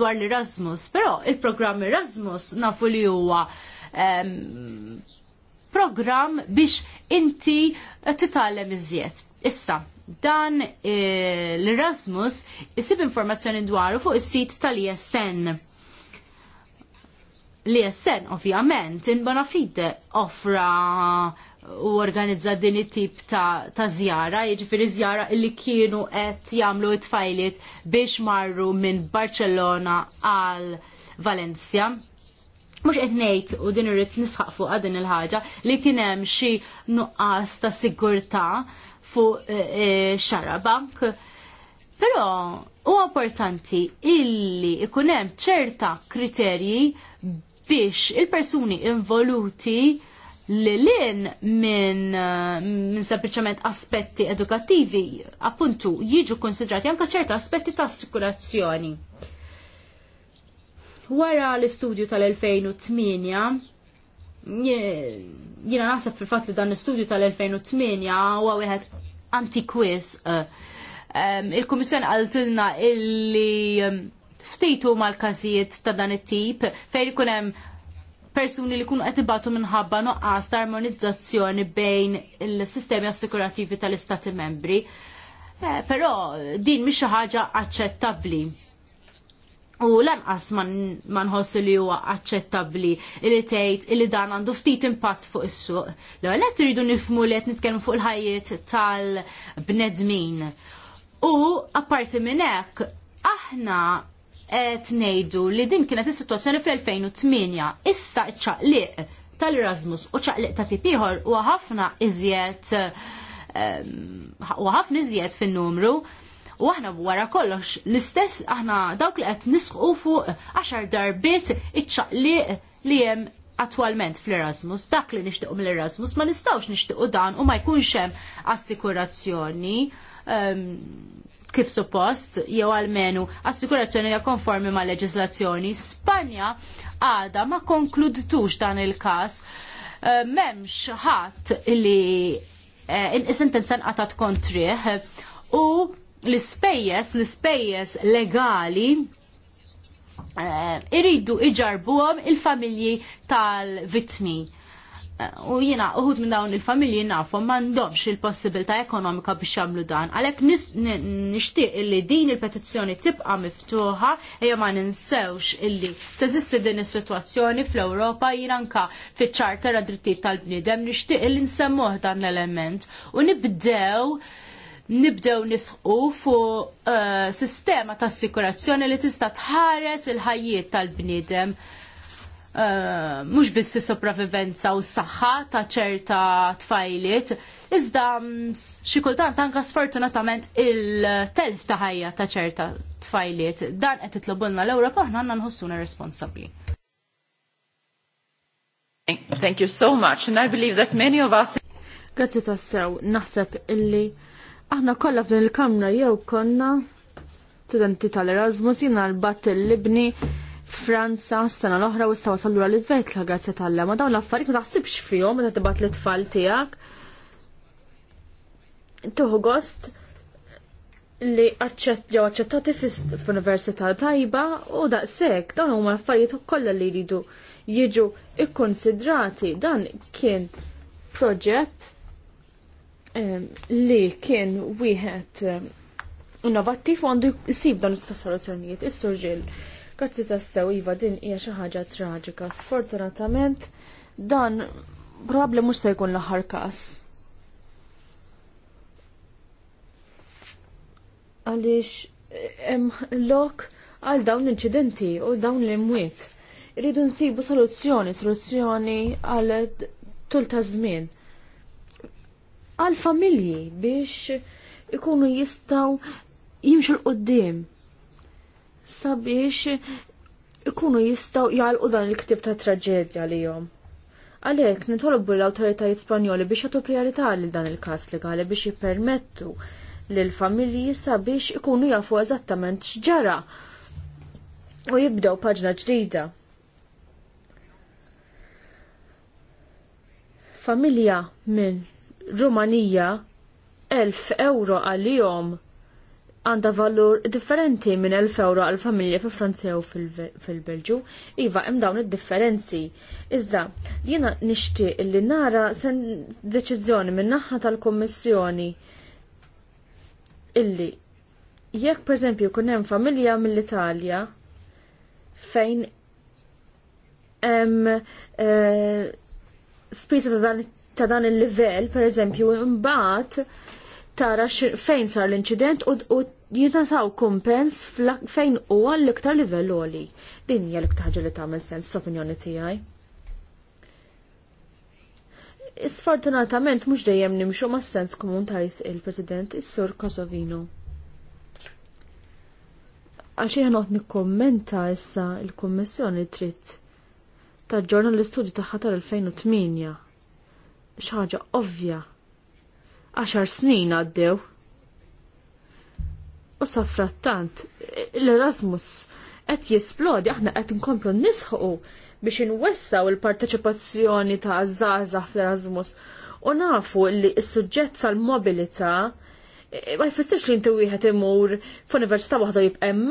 dwar l-Erasmus, però il-programm Erasmus nafu li huwa programm program biex inti titgħallem iżjed. Issa, dan eh, l-Erasmus isib informazzjoni dwaru fuq is-sit tal-ISN li jessen ovvjament in fide offra u organizza din it-tip ta', ta zjara, jiġifieri zjara li kienu qed jagħmlu t-tfajliet biex marru minn Barcellona għal Valencia. Mhux qed ngħid u din irrid nisħaq fuq din il-ħaġa li kien hemm xi nuqqas ta' sigurtà fuq e, e Però huwa importanti illi ikun hemm ċerta kriterji biex il-persuni involuti li l-in minn min sempliciment aspetti edukattivi appuntu jiġu konsidrati anka ċerta aspetti ta' assikurazzjoni. Wara l-istudju tal-2008 jina naħseb fil fatt li dan l-istudju tal-2008 u wieħed antikwis, uh, um, il-Kummissjoni għaltilna illi um, ftitu mal-każijiet ta' dan it-tip fejn ikun hemm persuni li kunu għetibatu minħabba nuqqas ta' armonizzazzjoni bejn il-sistemi assikurativi tal-istati membri. Eh, din mhix xi ħaġa aċċettabbli. U lanqas ma nħossu li huwa aċċettabbli li tgħid li dan għandu ftit impatt fuq is-suq. L-ewwel qed iridu nifhmu li qed nitkellmu fuq il-ħajjiet tal-bnedmin. U apparti minn hekk aħna qed ngħidu li din kienet is-sitwazzjoni fl-2008 issa ċaqliq tal-Erasmus u ċaqliq ta' tipiħor u ħafna iżjed u ħafna iżjed fin-numru u aħna wara kollox l-istess aħna dawk li qed nisqu fuq għaxar darbiet iċċaqliq li hemm attwalment fl-Erasmus, dak li nixtiequ mill-Erasmus ma nistgħux nixtiequ dan u ma jkunx hemm assikurazzjoni kif suppost, jew għalmenu assikurazzjoni li konformi ma' leġislazzjoni. Spanja għada ma konkluditux dan il-kas eh, memx ħadd li eh, in-sentenza nqatat kontriħ u l spejjes l spejjes legali eh, iridu iġarbuhom il-familji tal-vitmi Eh, u jina uħut minn dawn il-familji nafhom m'għandhomx il-possibilità ekonomika biex jagħmlu dan. Għalhekk nixtieq illi din il-petizzjoni tibqa' miftuħa ejja ma ninsewx illi teżisti din is-sitwazzjoni fl-Ewropa jien anka fiċ-ċarter għad-drittijiet tal-bniedem nixtieq illi nsemmuh dan l-element u nibdew nibdew nisqu fuq eh, sistema ta' assikurazzjoni li tista' tħares il-ħajjiet tal-bniedem. Eh, mhux mux biss sopravivenza u s-saxħa ta' ċerta tfajliet, iżda mm, xi kultant anke sfortunatament il-telf ta' ħajja ta' ċerta tfajliet. Dan qed titlobulna l-Ewropa aħna għandna nħossuna responsabbli. Thank you so much, and I believe that many of us... Grazzi tassew, naħseb illi aħna kollha f'din il-kamra jew konna studenti tal-Erasmus jina l-bat il-libni Franza s-sena l-oħra u s-sawa sallura l-Izvezja grazzi tal Ma dawn l-affarijiet ma taħsibx fihom meta tibgħat l itfal tiegħek. Tuħu gost li ġew aċċettati f'università tajba u daqshekk dawn huma l-affarijiet kollha li jridu jiġu ikkonsidrati. Dan kien proġett ehm, li kien wieħed ehm, innovattiv u għandu jsib dan l-istassoluzzjonijiet. Is-surġil ta' sew iva din hija xi ħaġa traġika. Sfortunatament dan probabbli mhux se jkun l-aħħar każ. Għaliex hemm lok għal dawn l-inċidenti u dawn l-imwiet. Irridu nsibu soluzzjoni, soluzzjoni għal tul ta' żmien. Għal familji biex ikunu jistaw jimxu l-qoddim sabiex ikunu jistaw jgħalqu dan il-ktib ta' traġedja li jom. Għalek, nitolbu l-autoritajiet Spanjoli biex jatu priorità li dan il-kas legali biex jippermettu l familji sabiex ikunu jafu eżattament x'ġara u jibdew paġna ġdida. Familja minn Rumanija 1000 euro għal-jom għanda valur differenti minn 1000 euro għal familja fi Franza u fil-Belġu. Iva, hemm dawn id-differenzi. Iżda, jiena nixtieq li nara sen deċiżjoni minn naħa tal-Kommissjoni illi jekk pereżempju kun hemm familja mill-Italja fejn hemm eh, spisa ta' dan il-livell, pereżempju, imbagħad tara fejn sar l-inċident u jitataw kumpens fejn huwa l-iktar livell għalli. Din hija l-iktar ħaġa li tagħmel sens fl-opinjoni tiegħi. Isfortunatament mhux dejjem nimxu ma' sens komun ta' il-President is-Sur Kosovino. Għax jien nikkommenta issa il-Kummissjoni trid taġġorna l-istudju tagħha tal-2008. Xaġa ħaġa ovvja. Għaxar snin għaddew. U safrattant, l-Erasmus qed jisplodi, aħna qed inkomplu nisħu biex inwessaw il-parteċipazzjoni ta' żgħażagħ fl-Erasmus. U nafu li s-suġġett tal-mobilità eh, ma jfissirx li inti wieħed imur f'università waħda jibqem.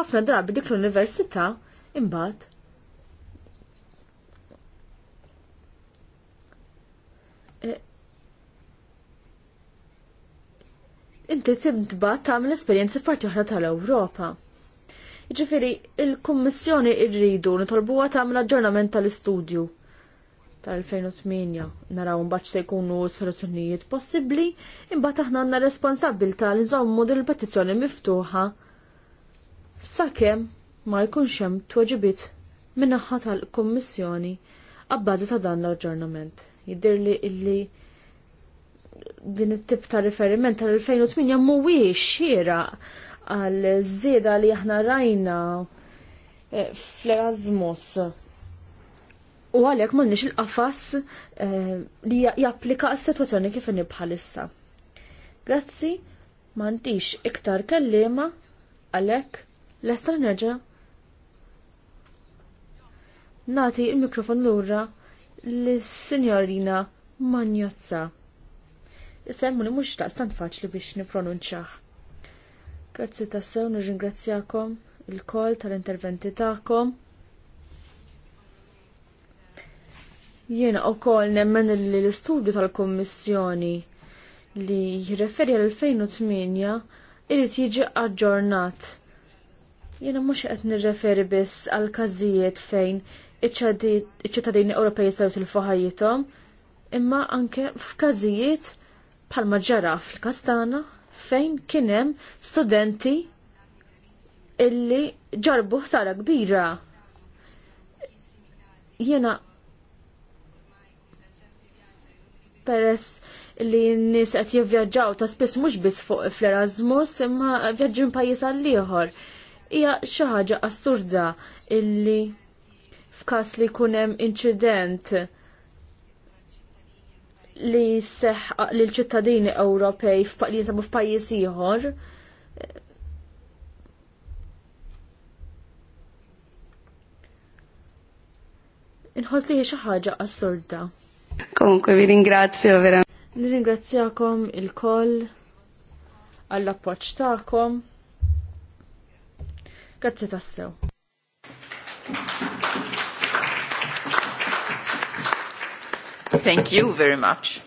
Ħafna drabi dik l-università imbagħad inti tibdba tagħmel esperjenzi f'parti oħra tal-Ewropa. Jiġifieri il-Kummissjoni rridu nitolbuha tagħmel aġġornament tal-istudju tal-2008 naraw mbagħad se jkunu soluzzjonijiet possibbli, imbagħad aħna għandna responsabbilta li nżommu din il-petizzjoni miftuħa sakemm ma jkunx hemm tweġibiet min-naħa tal-Kummissjoni għabbażi ta' dan l-aġġornament. Jidhirli illi din it-tip ta' riferiment tal-2008 mhuwiex xiera għal żieda li aħna rajna eh, fl-Erasmus. U għalhekk m'għandniex il-qafas eh, li japplika s-sitwazzjoni kif inni bħalissa. Grazzi, m'għandix iktar kellima għalhekk lesta nerġa' nagħti il-mikrofon lura lis-Sinjorina Magnozza semmu li mhux taqstant faċli biex nippronunċjah. Grazzi tassew nirringrazzjakom il-kol tal-interventi tagħkom. Jiena wkoll nemmen li l-istudju tal-Kummissjoni li jirreferi għal-2008 irid jiġi aġġornat. Jiena mhux qed nirreferi biss għal każijiet fejn iċ-ċittadini Ewropej sew tilfu ħajjithom, imma anke f'każijiet palma ġara fil-Kastana fejn kienem studenti illi ġarbu ħsara kbira. Jena peress li n-nis qed jivvjaġġaw ta' spiss mhux biss fuq fl-Erasmus imma vjaġġu minn pajjiż għal ieħor. Hija xi ħaġa assurda illi f'każ li jkun hemm incident li seħ li l-ċittadini Ewropej li jinsabu f'pajjiż ieħor inħoss li xi ħaġa assurda. Komunque vi ringrazio vera. Nirringrazzjakom il-koll għall-appoġġ tagħkom. Grazzi tassew. Thank you very much.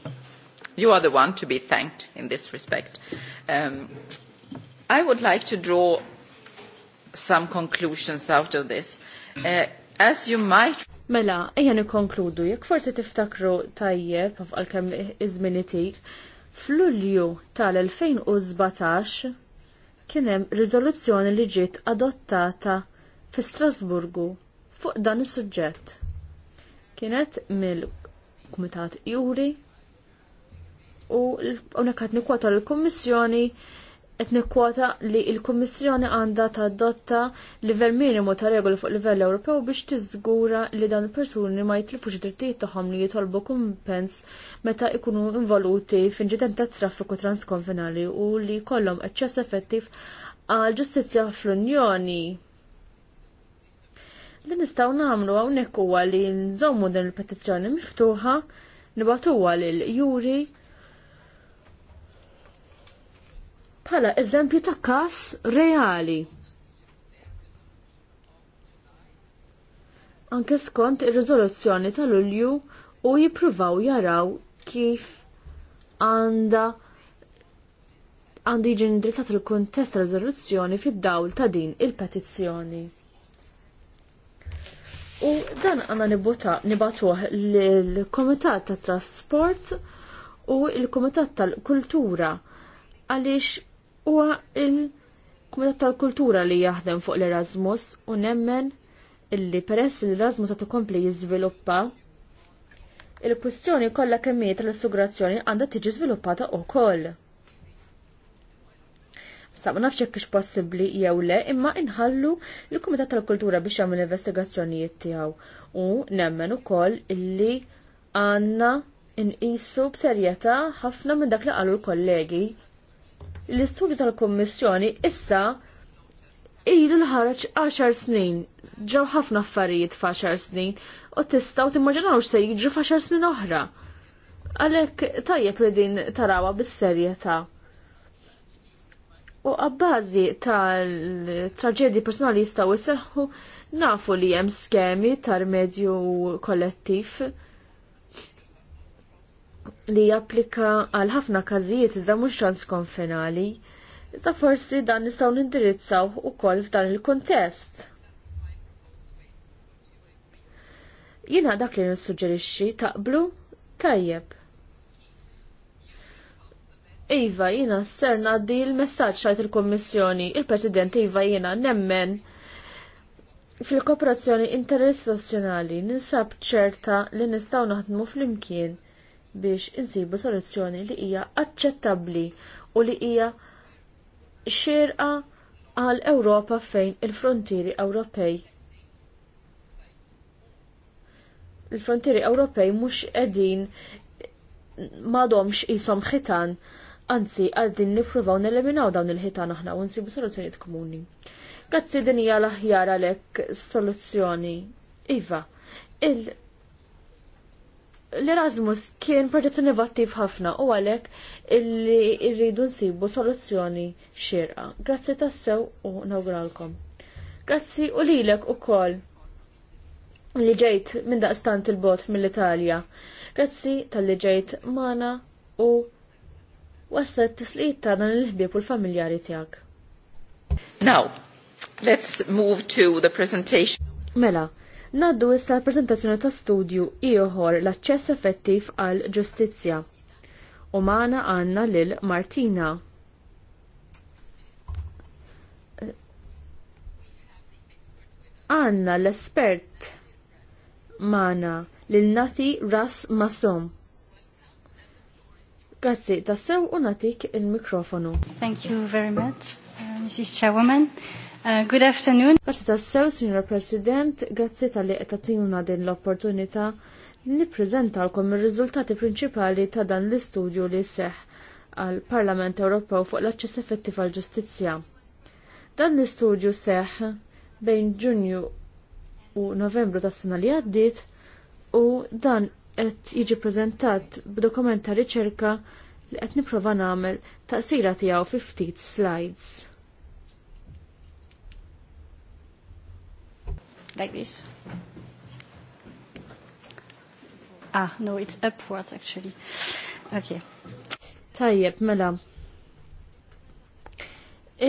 You are the one to be thanked in this respect. Um, I would like to draw some conclusions out of this. Uh, as you might Mela, ejja nikkonkludu, jekk forsi tiftakru tajjeb għalkemm iż-żmien fl-Ulju tal-2017 kien hemm riżoluzzjoni li ġiet adottata fi Strasburgu fuq dan is-suġġett. Kienet mill kumitat juri u unek għad nikwota l-Kommissjoni qed nikkwota li l-Kummissjoni għandha dotta livell minimu ta' regoli fuq livell Ewropew biex tiżgura li dan il-persuni ma jitlifux drittijiet tagħhom li jitolbu kumpens meta jkunu involuti f'inċident ta' traffiku transkonfinali u li jkollhom aċċess effettiv għal ġustizzja fl-Unjoni. Li nistgħu nagħmlu hawnhekk huwa li nżommu din il-petizzjoni miftuħa, għalli l juri bħala eżempju ta' każ reali. Anke skont ir-riżoluzzjoni tal-Ulju u jippruvaw jaraw kif għanda għandi jiġi indirizzat il-kuntest rezoluzzjoni fid-dawl ta' din il-petizzjoni. U dan għanna nibuta nibatuħ l-Komitat ta' Trasport u l-Komitat tal-Kultura għaliex huwa il-Komitat tal-Kultura li jaħdem fuq l-Erasmus u nemmen illi peress l-Erasmus ta' tkompli jiżviluppa il-kwistjoni kollha kemm tal-assigurazzjoni għandha tiġi żviluppata wkoll issa. Ma nafx jekk possibbli jew le, imma inħallu l-Kumitat tal-Kultura biex jagħmel investigazzjonijiet tiegħu u nemmen ukoll illi għandna inqisu b'serjetà ħafna minn dak li qalu l-kollegi. L-istudju tal-Kummissjoni issa ilu l ħarġ 10 snin, ġew ħafna affarijiet f'10 snin, u tistgħu timmaġinaw se jiġu f'10 snin oħra. Għalhekk tajjeb li din tarawha bis-serjetà. U għabbażi tal traġedi personali jistaw jisserħu nafu li hemm skemi tal-medju kollettiv li japplika għal ħafna każijiet iżda mhux konfinali, iżda forsi dan nistgħu nindirizzaw ukoll f'dan il-kuntest. Jiena dak li nissuġġerixxi taqblu tajjeb. Iva, jina s-serna di il-messagġ għajt il-Kommissjoni, il-President Iva jina nemmen fil-kooperazzjoni interistituzzjonali ninsab ċerta li nistaw naħdmu fl-imkien biex insibu soluzzjoni li hija aċċettabbli u li hija xirqa għal Ewropa fejn il-frontieri Ewropej. Il-frontieri Ewropej mhux qegħdin m'għadhomx qishom ħitan Anzi, għal din nipruvaw neliminaw dawn il-ħitan aħna u nsibu soluzzjonijiet komuni. Grazzi din hija l-aħjar għalhekk soluzzjoni. Iva, il l-Erasmus kien proġett innovattiv ħafna u għalhekk illi rridu nsibu soluzzjoni xierqa. Grazzi tassew u nawguralkom. Grazzi u lilek ukoll li ġejt minn daqstant il-bot mill-Italja. Grazzi tal-li ġejt mana u t tisliq ta' dan il-ħbieb u l-familjari tiegħek. Now, let's move to the presentation. Mela, naddu issa l-prezentazzjoni ta' studju ieħor l-aċċess effettiv għal ġustizzja. U maħna għandna lil Martina. Għanna l-espert magħna lil Nati Ras Masom. Grazzi, tassew u natik il-mikrofonu. Thank you very much, uh, Mrs. Chairwoman. Uh, good afternoon. Grazzi tassew, Signora President, grazzi tal-li għetatijuna din l-opportunita li prezentalkom il-rizultati prinċipali ta' dan l-istudju li seħ għal-Parlament Ewropew fuq l-aċċess effettiv għal-ġustizzja. Dan l-istudju seħ bejn ġunju u novembru tas sena li għaddit u dan qed jiġi prezentat b'dokument ta' riċerka li qed nipprova nagħmel taqsira tiegħu fi ftit slides. Like this. Ah, no, it's upwards actually. Okay. Tajjeb, mela.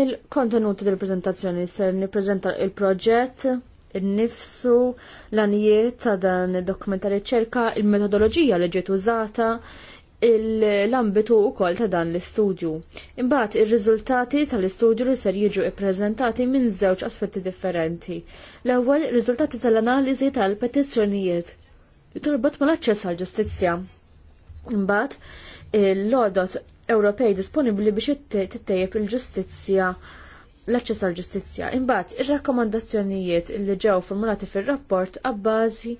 Il-kontenut del-prezentazzjoni ser nippreżenta il-proġett, innifsu l-anijiet ta' dan id-dokument riċerka, il-metodoloġija li ġiet użata, l-ambitu wkoll ta' dan l-istudju. Imbagħad ir-riżultati tal-istudju li ser jiġu i-prezentati minn żewġ aspetti differenti. L-ewwel riżultati tal-analiżi tal-petizzjonijiet li ma mal-aċċess għall-ġustizzja. Imbagħad l-lodot Ewropej disponibbli biex tittejjeb il-ġustizzja l-aċċess għall ġustizzja Imbagħad ir-rakkomandazzjonijiet li ġew formulati fir-rapport abbażi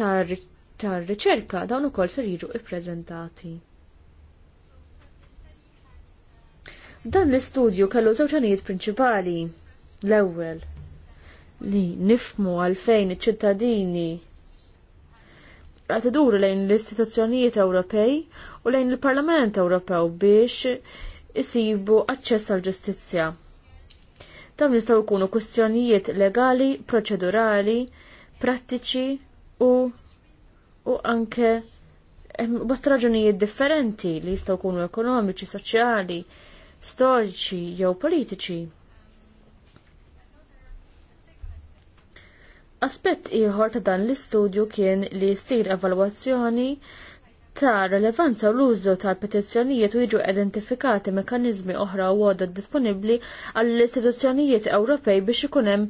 tar-riċerka dawn ukoll ser jiġu ippreżentati. Dan l-istudju kellu żewġ prinċipali. L-ewwel li nifmu għalfejn iċ-ċittadini għatiduru lejn l-istituzzjonijiet Ewropej u lejn il-Parlament Ewropew biex isibu aċċess għall ġustizzja Dawn jistgħu jkunu kwistjonijiet legali, proċedurali, prattiċi u u anke bost raġunijiet differenti li jistgħu jkunu ekonomiċi, soċjali, storiċi jew politiċi. Aspett ieħor ta' dan l-istudju kien li jsir evalwazzjoni ta' relevanza u l-użu tal-petizzjonijiet u jiġu identifikati mekanizmi oħra u għoda disponibli għall-istituzzjonijiet Ewropej biex ikun hemm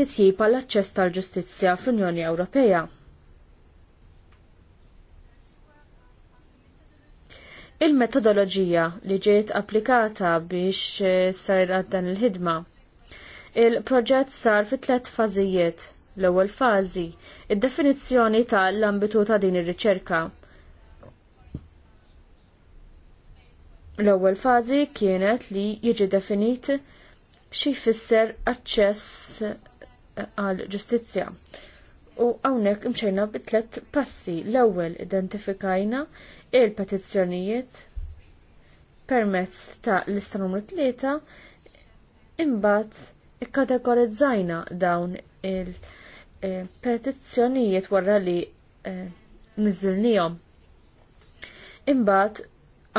titjib għall aċċess tal-ġustizzja fl-Unjoni Ewropea. Il-metodoloġija li ġiet applikata biex eh, sar dan il-ħidma. Il-proġett sar fi tliet fażijiet. L-ewwel fażi, id-definizzjoni tal-ambitu ta' din ir-riċerka L-ewwel fażi kienet li jiġi definit xi jfisser aċċess eh, għal ġustizzja. U hawnhekk imxejna bit tliet passi. L-ewwel identifikajna il-petizzjonijiet permezz ta' lista numru tlieta imbagħad ikkategorizzajna dawn il-petizzjonijiet eh, wara li eh, niżilnihom. Imbagħad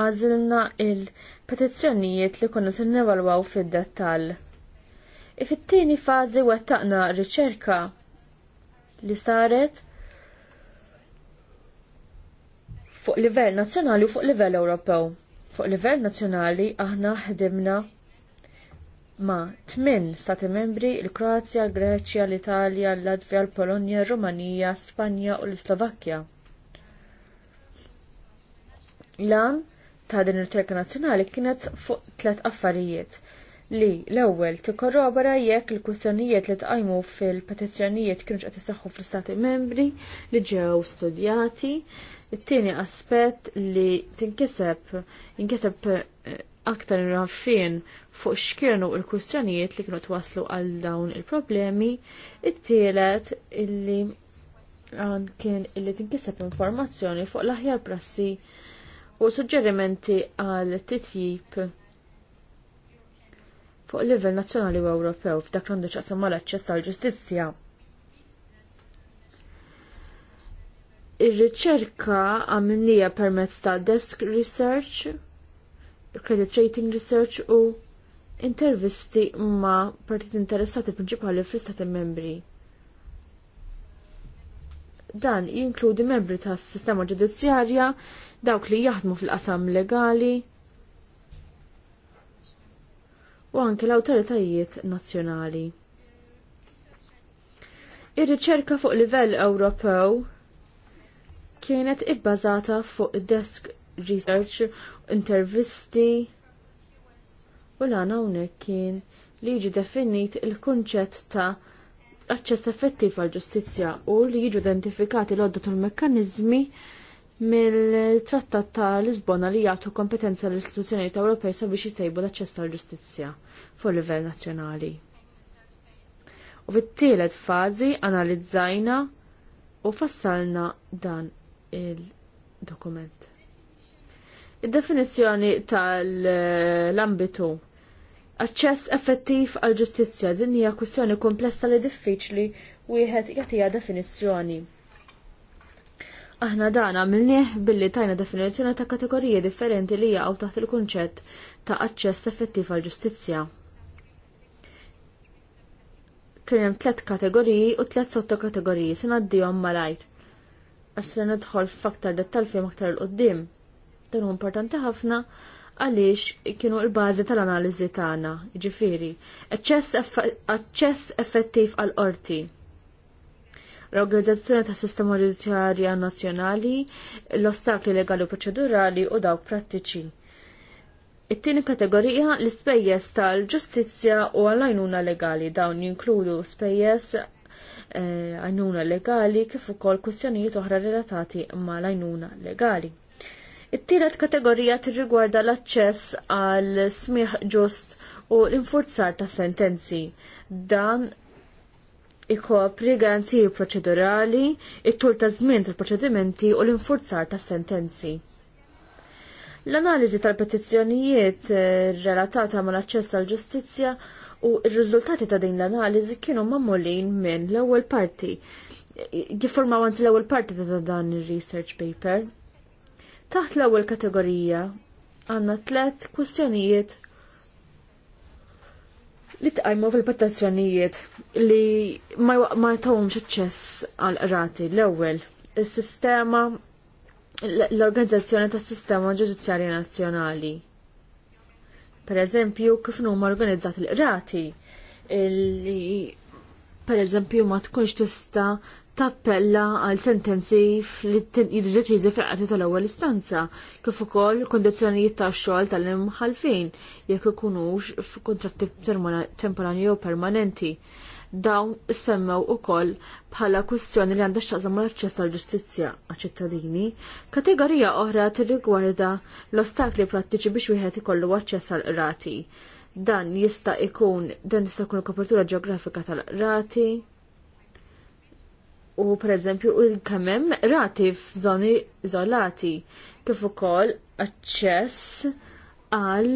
għażilna il-petizzjonijiet li konnu se nevalwaw fid-dettall. Ifittini tieni fażi wettaqna riċerka li saret fuq livell nazzjonali u fuq livell Ewropew. Fuq livell nazzjonali aħna ħdimna ma tmien stati membri il-Kroazja, l-Greċja, l-Italja, l-Latvja, l-Polonja, l rumanija Spanja u l-Slovakkja. Lan ta' din il-Ċerka Nazzjonali kienet fuq tliet affarijiet li l-ewwel tikkorrobora jekk il-kwistjonijiet li tqajmu fil-petizzjonijiet kienu qed isaħħu fl-Istati Membri li ġew studjati. It-tieni aspett li tinkiseb jinkiseb eh, aktar irraffin fuq x'kienu l-kwistjonijiet li kienu twaslu għal dawn il-problemi. It-tielet illi kien illi tinkiseb informazzjoni fuq l-aħjar prassi u suġġerimenti għal titjib fuq livell nazzjonali u Ewropew f'dak l-għandu ċaqsam mal-aċċess tal-ġustizzja. Ir-riċerka għamilnija permezz ta' desk research, credit rating research u intervisti ma' partit interessati principali fl-istati membri. Dan jinkludi membri tas sistema ġudizzjarja, dawk li jaħdmu fil-qasam legali u anke l-awtoritajiet nazzjonali. Ir-riċerka fuq livell Ewropew kienet ibbażata fuq desk research, intervisti, u l-għana kien li jiġi definit il-kunċett ta' aċċess effettiv għal ġustizzja u li jiġu identifikati l għodda tal-mekkanizmi mill-trattat ta' Lisbona li jagħtu kompetenza l-istituzzjonijiet Ewropej sabiex jitejbu l-aċċess tal-ġustizzja fuq livell nazzjonali. U fit-tielet fażi analizzajna u fassalna dan il-dokument. Id-definizzjoni tal-ambitu aċċess effettiv għal ġustizzja din hija kwistjoni komplessa li diffiċli wieħed jagħtiha definizzjoni. Aħna dan għamilnieh billi tajna definizzjoni ta' kategoriji differenti li jaqgħu taħt il-kunċett ta' aċċess effettiv għal ġustizzja. Kien hemm tliet kategoriji u tliet sottokategoriji se ngħaddihom malajr. Għax se nidħol f'aktar dettal fejn aktar il qudiem Dan hu importanti ħafna għaliex kienu l-bażi tal-analiżi tagħna, jiġifieri aċċess effettiv għal qorti. L-Organizzazzjoni tas Sistema Ġudizzjarja Nazzjonali, l-ostakli legali u proċedurali u dawk prattiċi. It-tieni kategorija l-ispejjeż tal-ġustizzja u għall-għajnuna legali dawn jinkludu spejjeż eh, għajnuna legali kif ukoll kwistjonijiet oħra relatati ma' l-għajnuna legali. It-tielet kategorija tirrigwarda l-aċċess għal smieħ ġust u l-infurzar ta' sentenzi. Dan ikopri garanziji proċedurali, it-tul ta' żmien tal-proċedimenti u l-infurzar ta' sentenzi. L-analiżi tal-petizzjonijiet eh, relatata mal aċċess tal ġustizzja u r-riżultati ta' din l-analiżi kienu mammolin minn l-ewwel parti. Jiffurmaw l-ewwel parti ta' dan ir-research paper Taħt l-ewwel kategorija għandna tlet kwistjonijiet li tqajmu fil petazzjonijiet li ma jtawhomx aċċess għal qrati l-ewwel is-sistema l-organizzazzjoni tas-sistema ġudizzjarji nazzjonali. Per eżempju, kif huma organizzati l-qrati li per eżempju ma tkunx tista' tappella għal sentenzi jiġu ġeċiżi fil-qati tal-ewwel istanza, kif ukoll kondizzjonijiet tax-xogħol tal-imħalfin jekk ikunux f'kuntratti temporanji jew permanenti. Dawn semmew ukoll bħala kwistjoni li għandha x'taqsam l-aċċess tal-ġustizzja għaċ-ċittadini. Kategorija oħra tirrigwarda l-ostakli prattiċi biex wieħed ikollu aċċess għall qrati. Dan jista' ikun dan jista' jkun kopertura ġeografika tal-qrati, u pereżempju kemm hemm rati f'żoni iżolati kif ukoll aċċess għal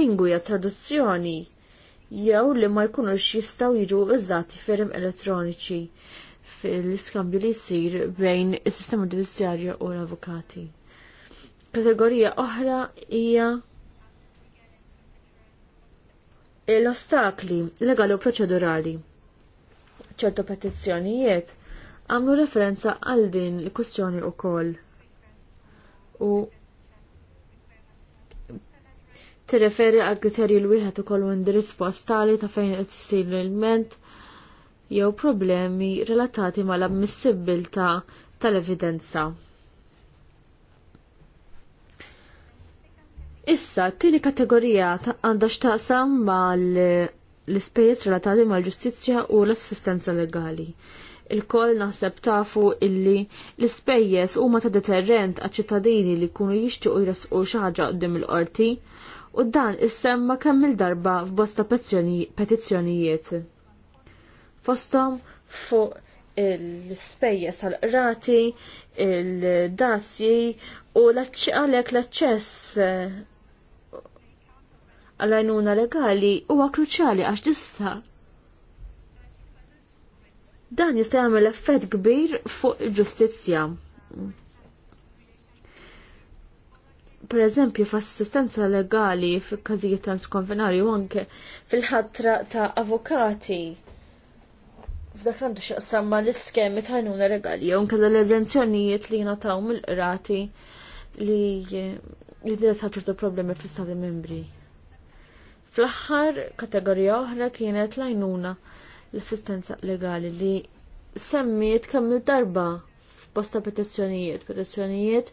lingwi għat traduzzjoni jew li ma jkunux jistgħu jiġu użati ferm elettroniċi fil-iskambju li jsir bejn is-sistema ġudizzjarja u l-avukati. Kategorija oħra hija l-ostakli legali u proċedurali. ċertu petizzjonijiet għamlu referenza għal din il-kustjoni u koll. U tirreferi għal kriterji l wieħed u koll għandi rispostali ta' fejn qed isir l-ilment jew problemi relatati mal-ammissibilta tal-evidenza. Issa, t-tini kategorija għandha xtaqsam mal l-ispejjeż relatati mal-ġustizzja u l-assistenza legali il-koll naħseb tafu illi l-ispejjeż huma ta' deterrent għal ċittadini li jkunu jixtiequ jresqu xi ħaġa qudiem il-qorti u dan issemma kemm il-darba f'bosta petizzjonijiet. Fosthom fuq l-ispejjeż tal-qrati, il-dazji u għalhekk l-aċċess eh, għal-għajnuna legali huwa kruċjali għax tista' Dan jista' jagħmel effett kbir fuq il-ġustizzja. Per eżempju, f'assistenza legali f'każijiet transkonvenari u anke fil-ħatra ta' avukati. F'dak għandu xaqsamma l-iskemi ta' jnuna legali, u anke l-eżenzjonijiet li jingħataw mill-qrati li jidra ċertu problemi fl stati membri. Fl-aħħar kategorija oħra kienet l-għajnuna l-assistenza legali li semmiet kemm il-darba f'posta petizzjonijiet, petizzjonijiet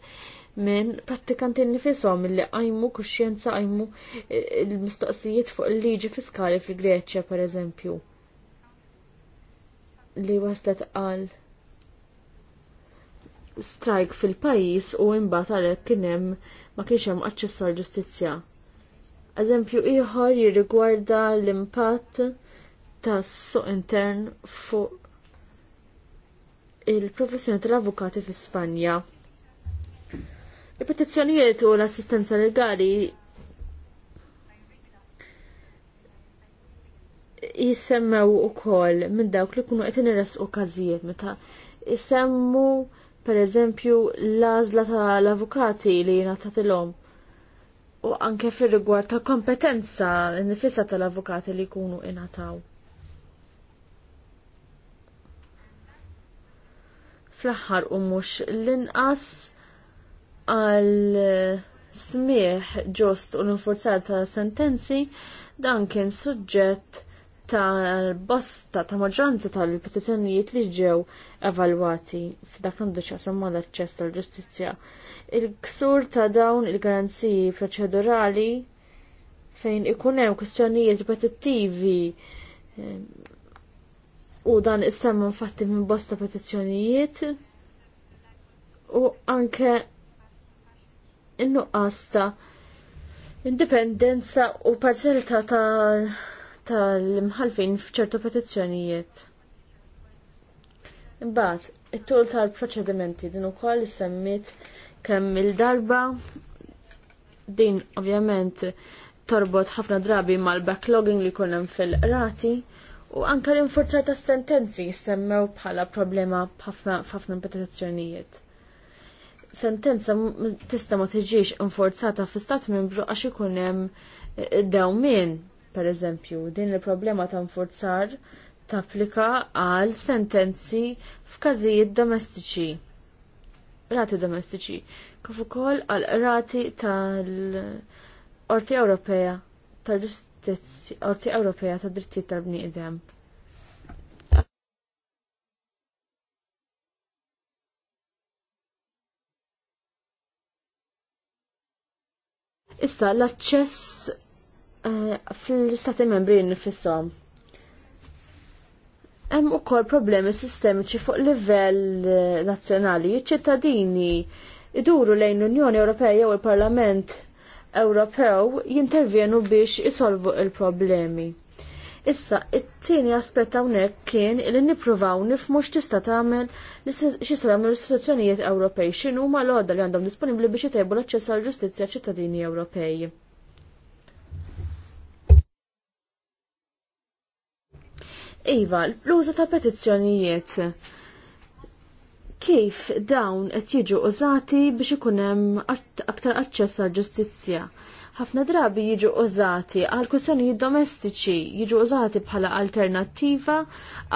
minn prattikanti nifisom li għajmu kuxjenza għajmu eh, l-mistoqsijiet fuq il-liġi fiskali fil-Greċja per eżempju. Li waslet għal strajk fil-pajis u imbat għalek kien hemm ma kienx hemm aċċess ġustizzja. Eżempju ieħor jirrigwarda l-impatt tas-suq intern fuq il-professjoni tal-avukati fi Spanja. Il-petizzjonijiet u l-assistenza legali jisemmew ukoll minn dawk li kunu qed inresqu każijiet meta jisemmu pereżempju l-għażla tal-avukati li jingħatatilhom u anke fir-rigward ta' kompetenza nifisa tal-avukati li jkunu ingħataw. fl-aħħar u mhux l-inqas għal smieħ ġost u l-infurzar ta' sentenzi dan kien suġġett tal-bosta ta' maġranza tal-petizzjonijiet li ġew evalwati f'dak għandu ċasam mal aċċess tal-ġustizzja. Il-ksur ta' dawn il-garanziji proċedurali fejn ikun hemm kwistjonijiet ripetittivi u dan issemma fatti minn bosta petizzjonijiet u anke in ta' indipendenza u parzialità tal-mħalfin ta f'ċertu petizzjonijiet. Imbagħad, it-tul tal-proċedimenti din ukoll semmit kemm il-darba din ovvjament torbot ħafna drabi mal-backlogging li kunem fil rati U anka l-infurzar ta' sentenzi jissemmew bħala problema f'ħafna impetizzjonijiet. Sentenza tista ma tiġix infurzata f'istat membru għax ikun hemm eh, dewmien, per eżempju, din il-problema ta' infurzar tapplika għal sentenzi f'każijiet domestiċi. Rati domestiċi, kif ukoll għal rati tal-Qorti Ewropea tal Qorti Ewropea ta' Drittijiet tal-Bniedem. Issa, l aċċess eh, fil-istati membri nifissom. Hemm ukoll problemi sistemiċi fuq livell eh, nazzjonali. ċittadini iduru lejn l-Unjoni Ewropea jew il-Parlament Ewropew jintervjenu biex isolvu il-problemi. Issa, it-tieni aspetta hawnhekk kien li nippruvaw nifmu x'tista' tagħmel x'jista' l-istituzzjonijiet Ewropej x'inhu ma l-għodda li għandhom disponibbli biex itejbu l-aċċess għall ġustizzja ċittadini Ewropej. Iva, l-bluża ta' petizzjonijiet kif dawn qed jiġu użati biex ikun hemm aktar aċċess għall ġustizzja. Ħafna drabi jiġu użati għal kwistjonijiet domestiċi, jiġu użati bħala alternattiva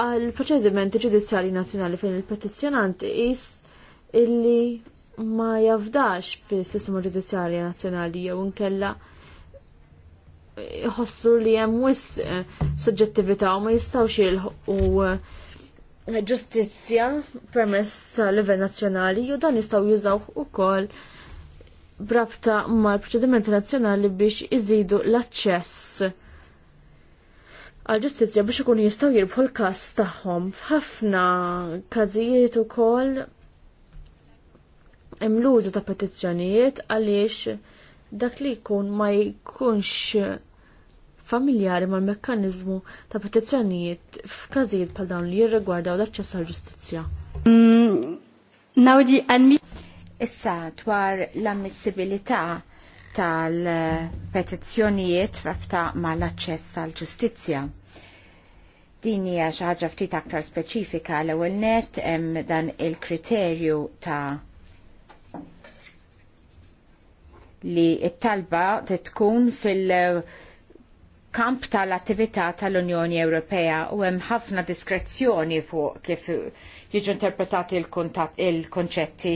għal proċedimenti ġudizzjali nazzjonali fejn il-petizzjonant is illi ma jafdax fis-sistema ġudizzjali nazzjonali jew inkella jħossu li hemm wisq eh, soġġettività u ma jistgħux jilħu eh, ġustizzja permess tal livell nazzjonali u dan jistgħu jużaw ukoll brabta mal-proċedimenti nazzjonali biex iżidu l-aċċess għal ġustizzja biex ikunu jistgħu jirbħu l-każ tagħhom. F'ħafna każijiet ukoll hemm l-użu ta' petizzjonijiet għaliex dak li jkun ma jkunx familjari mal-mekkanizmu ta' petizzjonijiet f'każijiet bħal dawn li jirrigwardaw l-aċċess għall ġustizzja mm, Nawdi għanmi. Issa dwar l-ammissibilità tal-petizzjonijiet frabta mal-aċċess għall ġustizzja Din hija xi ħaġa ftit aktar speċifika l-ewwel net hemm dan il-kriterju ta' li t talba tkun fil- kamp tal-attività tal-Unjoni Ewropea u hemm ħafna diskrezzjoni fuq kif jiġu interpretati il-konċetti.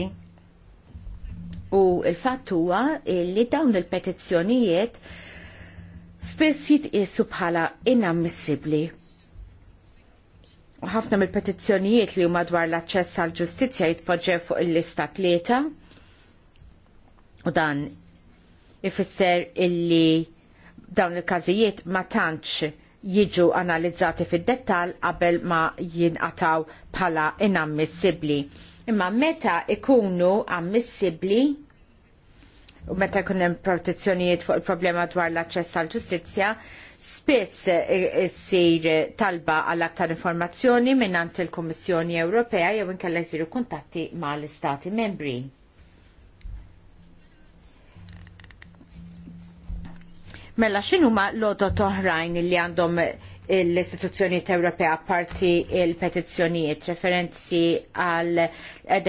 u il-fatt huwa li dawn il-petizzjonijiet spiss jitqisu bħala inammissibbli. U ħafna mill-petizzjonijiet li huma dwar l-aċċess għall ġustizzja jitpoġġew fuq il-lista tlieta u dan ifisser illi dawn il-każijiet ma tantx jiġu analizzati fid-dettal qabel ma jinqataw bħala inammissibbli. Imma meta ikunu ammissibbli u meta jkun hemm protezzjonijiet fuq il-problema dwar l-aċċess għall ġustizzja spiss issir talba għal aktar informazzjoni minn il-Kummissjoni Ewropea jew inkella jsiru kuntatti mal istati membri. Mela x'inhuma lodot oħrajn li għandhom l-istituzzjonijiet Ewropea parti il-petizzjonijiet referenzi għal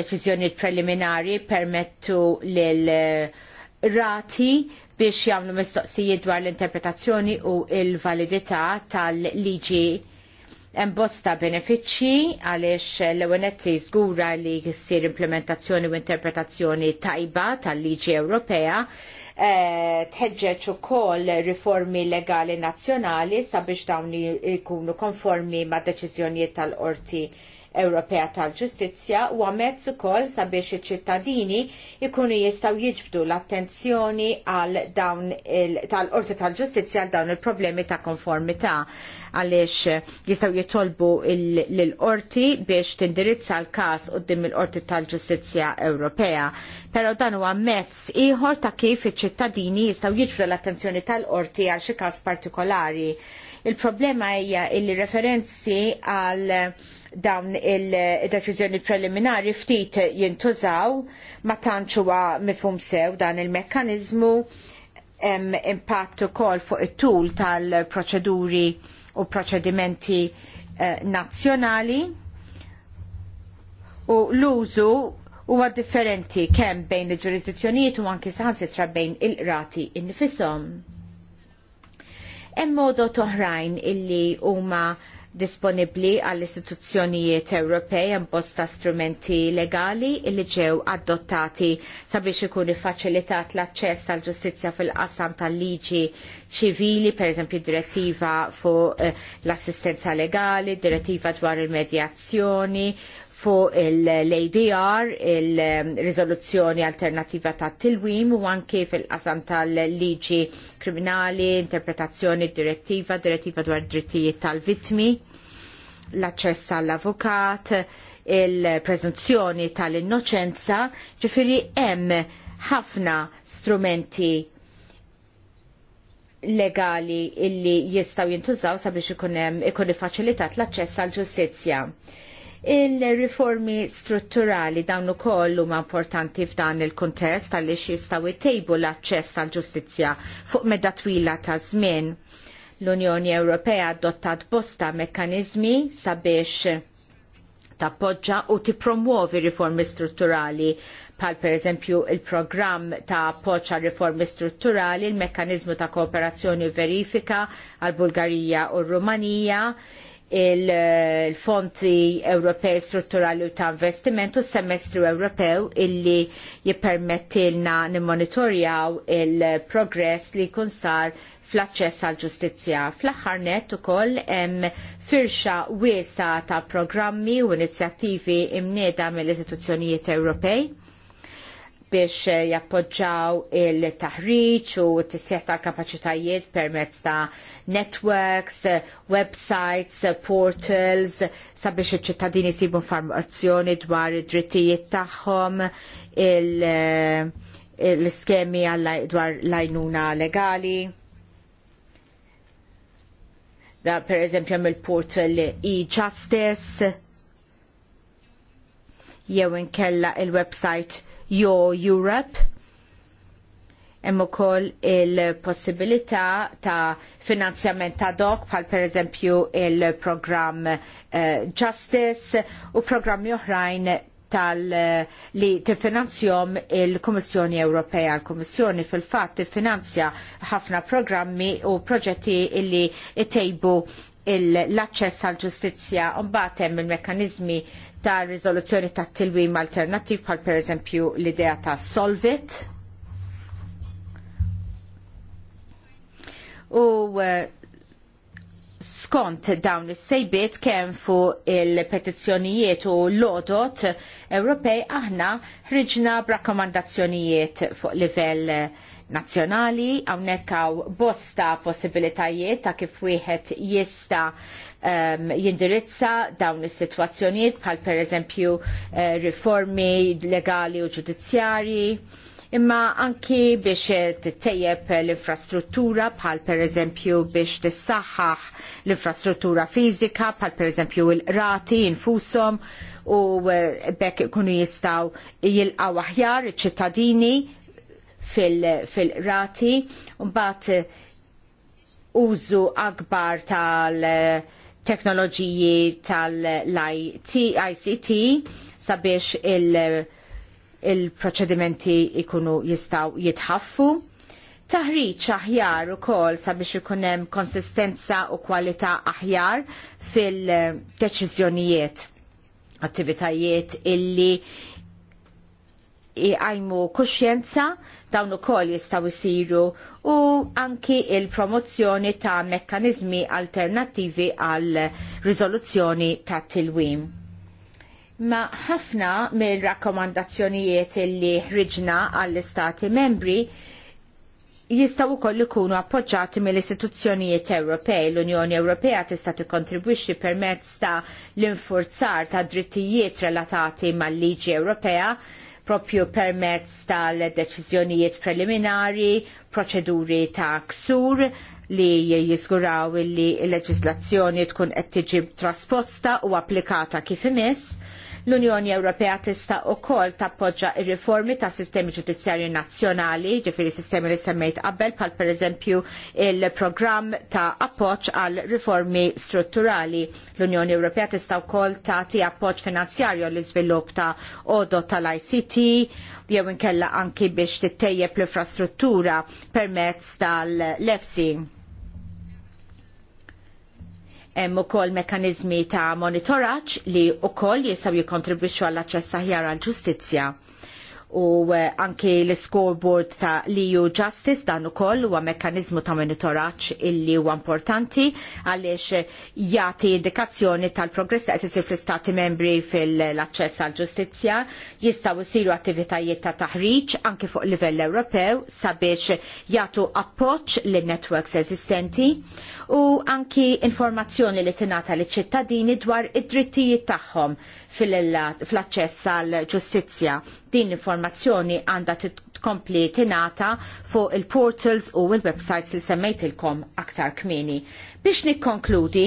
deċiżjonijiet preliminari permettu l rati biex jagħmlu mistoqsijiet dwar l-interpretazzjoni u l validità tal-liġi hemm bosta benefiċċji għaliex l-ewenetti żgura li jsir implementazzjoni u interpretazzjoni tajba tal-liġi Ewropea eh, tħeġġeġ ukoll riformi legali nazzjonali sabiex dawn ikunu konformi ma' deċiżjonijiet tal-qorti Ewropea tal-Ġustizzja u għamezz ukoll sabiex iċ-ċittadini ikunu jistgħu jiġbdu l-attenzjoni għal dawn tal-Qorti tal-Ġustizzja għal dawn il-problemi ta' konformità għaliex eh, jistgħu jitolbu l-qorti biex tindirizza l-każ dim il-Qorti tal-Ġustizzja Ewropea. Però dan huwa mezz ieħor ta' kif iċ-ċittadini jistgħu jiġbru l-attenzjoni tal-qorti għal xi każ partikolari. Il-problema hija li referenzi għal eh, dawn il-deċiżjoni preliminari ftit jintużaw ma tantx huwa mifhum sew dan il-mekkaniżmu impatt ukoll fuq it-tul tal-proċeduri u proċedimenti eh, nazzjonali u l-użu huwa differenti kemm bejn il-ġurisdizzjonijiet u anki saħansitra bejn il-qrati innifisom. Hemm modot oħrajn illi huma disponibbli għall istituzzjonijiet Ewropej imposta strumenti legali li ġew adottati sabiex ikun iffaċilitat l-aċċess għall ġustizzja fil-qasam tal-liġi ċivili, pereżempju direttiva fuq eh, l-assistenza legali, direttiva dwar il-medjazzjoni, fuq l-ADR, il medjazzjoni fuq l adr il rizoluzzjoni alternativa ta' tilwim u anke fil-qasam tal-liġi kriminali, interpretazzjoni direttiva, direttiva dwar drittijiet tal-vitmi l-aċċess għall-avukat, il-prezunzjoni tal-innoċenza, ġifiri hemm ħafna strumenti legali illi jistaw jintużaw sabiex ikun ikun ifaċilitat l-aċċess għall ġustizzja Il-riformi strutturali dawn ukoll huma importanti f'dan il-kuntest għaliex jistgħu jtejbu l-aċċess għall ġustizzja fuq medda twila ta' żmien L-Unjoni Ewropea adottat bosta mekkanizmi sabiex tappoġġa u tippromuovi riformi strutturali pal per eżempju il-programm ta' appoġġa riformi strutturali, il-mekkanizmu ta' kooperazzjoni u verifika għal Bulgarija u Rumanija, eh, il-fonti Ewropej strutturali u ta' investiment u semestru Ewropew illi jippermettilna nimmonitorjaw il-progress li kunsar fl-aċċess għal ġustizzja. Fl-aħħar nett ukoll hemm firxa wiesa ta' programmi u inizjattivi imnieda mill-istituzzjonijiet Ewropej biex eh, jappoġġaw il-taħriġ u t-tisjeħ tal-kapacitajiet permezz ta' networks, websites, portals, sabiex iċ-ċittadini sibu informazzjoni dwar id-drittijiet tagħhom, eh, l-iskemi dwar l-għajnuna legali da per eżempju port portal e-justice jew inkella il-website Your Europe hemm ukoll il-possibilità ta' finanzjament ta' dok bħal pereżempju il-programm uh, eh, Justice u programmi oħrajn tal eh, li tifinanzjom il-Kummissjoni Ewropea. Il-Kummissjoni fil-fatt tiffinanzja ħafna programmi u proġetti illi tejbu l-aċċess għal ġustizzja mbagħad hemm il-mekkaniżmi ta' riżoluzzjoni ta' tilwim alternattiv bħal pereżempju l-idea ta' Solvit. U eh, skont dawn is-sejbiet kemm fuq il-petizzjonijiet u l odot Ewropej aħna ħriġna b'rakkomandazzjonijiet fuq livell nazzjonali hawnhekk hawn bosta possibilitajiet ta' kif wieħed jista' um, jindirizza dawn is-sitwazzjonijiet bħal pereżempju uh, riformi legali u ġudizzjarji imma anki biex tittejjeb l-infrastruttura bħal pereżempju biex tissaħħaħ l-infrastruttura fiżika bħal pereżempju l rati infushom u eh, bekk ikunu jistgħu jilqaw aħjar ċittadini fil-rati u mbagħad eh, użu akbar tal-teknoloġiji eh, tal-ICT sabiex il- il-proċedimenti ikunu jistaw jitħaffu. Taħriċ aħjar u kol sabiex ikunem konsistenza u kwalità aħjar fil-deċizjonijiet attivitajiet illi jgħajmu kuxjenza dawn ukoll jistgħu jsiru u anki il-promozzjoni ta' mekkaniżmi alternattivi għal riżoluzzjoni ta' tilwim ma ħafna mill-rakkomandazzjonijiet li ħriġna għall-Istati membri jistaw ukoll ikunu appoġġati mill-istituzzjonijiet Ewropej. L-Unjoni Ewropea tista' tikkontribwixxi permezz ta' l-infurzar ta' drittijiet relatati mal-liġi Ewropea propju permezz tal-deċiżjonijiet preliminari, proċeduri ta' ksur, li jiżguraw li l leġislazzjoni tkun qed tiġi trasposta u applikata kif imiss L-Unjoni Ewropea tista' ukoll tappoġġa r riformi ta' sistemi ġudizzjarju nazzjonali, ġifieri sistemi li semmejt qabel bħal pereżempju il-programm ta' appoġġ għal riformi strutturali. L-Unjoni Ewropea tista' wkoll tagħti appoġġ finanzjarju l iżvilupp ta' odo tal-ICT jew inkella anki biex tittejjeb l-infrastruttura permezz tal lefsi Hemm ukoll mekkaniżmi ta' monitoraġġ li wkoll jistgħu jikkontribwixxu għall-aċċess aħjar għall-ġustizzja u eh, anke l-scoreboard ta' l-EU Justice dan ukoll huwa mekkaniżmu ta' monitoraġġ illi huwa importanti għaliex eh, jagħti indikazzjoni tal-progress li qed isir fl-istati membri fil-aċċess għall ġustizzja jistgħu jsiru attivitajiet ta' taħriġ anke fuq livell Ewropew sabiex jagħtu appoġġ lin networks eżistenti u anki informazzjoni li tingħata liċ ċittadini dwar id-drittijiet tagħhom fl-aċċess għall ġustizzja. Din informazzjoni informazzjoni għandha tkompli tingħata fuq il-portals u il-websites li semmejtilkom aktar kmieni. Biex nikkonkludi,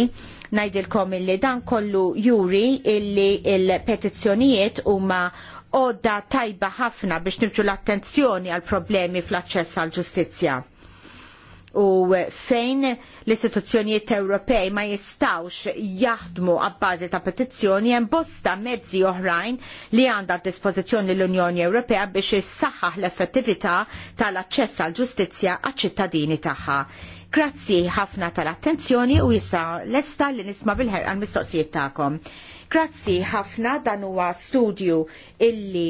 ngħidilkom illi dan kollu juri illi il-petizzjonijiet huma għodda tajba ħafna biex nimxu l-attenzjoni għal problemi fl-aċċess għal ġustizzja u fejn l-istituzzjonijiet Ewropej ma jistawx jaħdmu għabbażi ta' petizzjoni hemm bosta mezzi oħrajn li għandha dispożizzjoni l-Unjoni Ewropea biex issaħħaħ l-effettività tal-aċċess għall ġustizzja għaċ-ċittadini tagħha. Grazzi ħafna tal-attenzjoni u jista lesta li nisma' bil ħer għal mistoqsijiet tagħkom. Grazzi ħafna dan huwa studju illi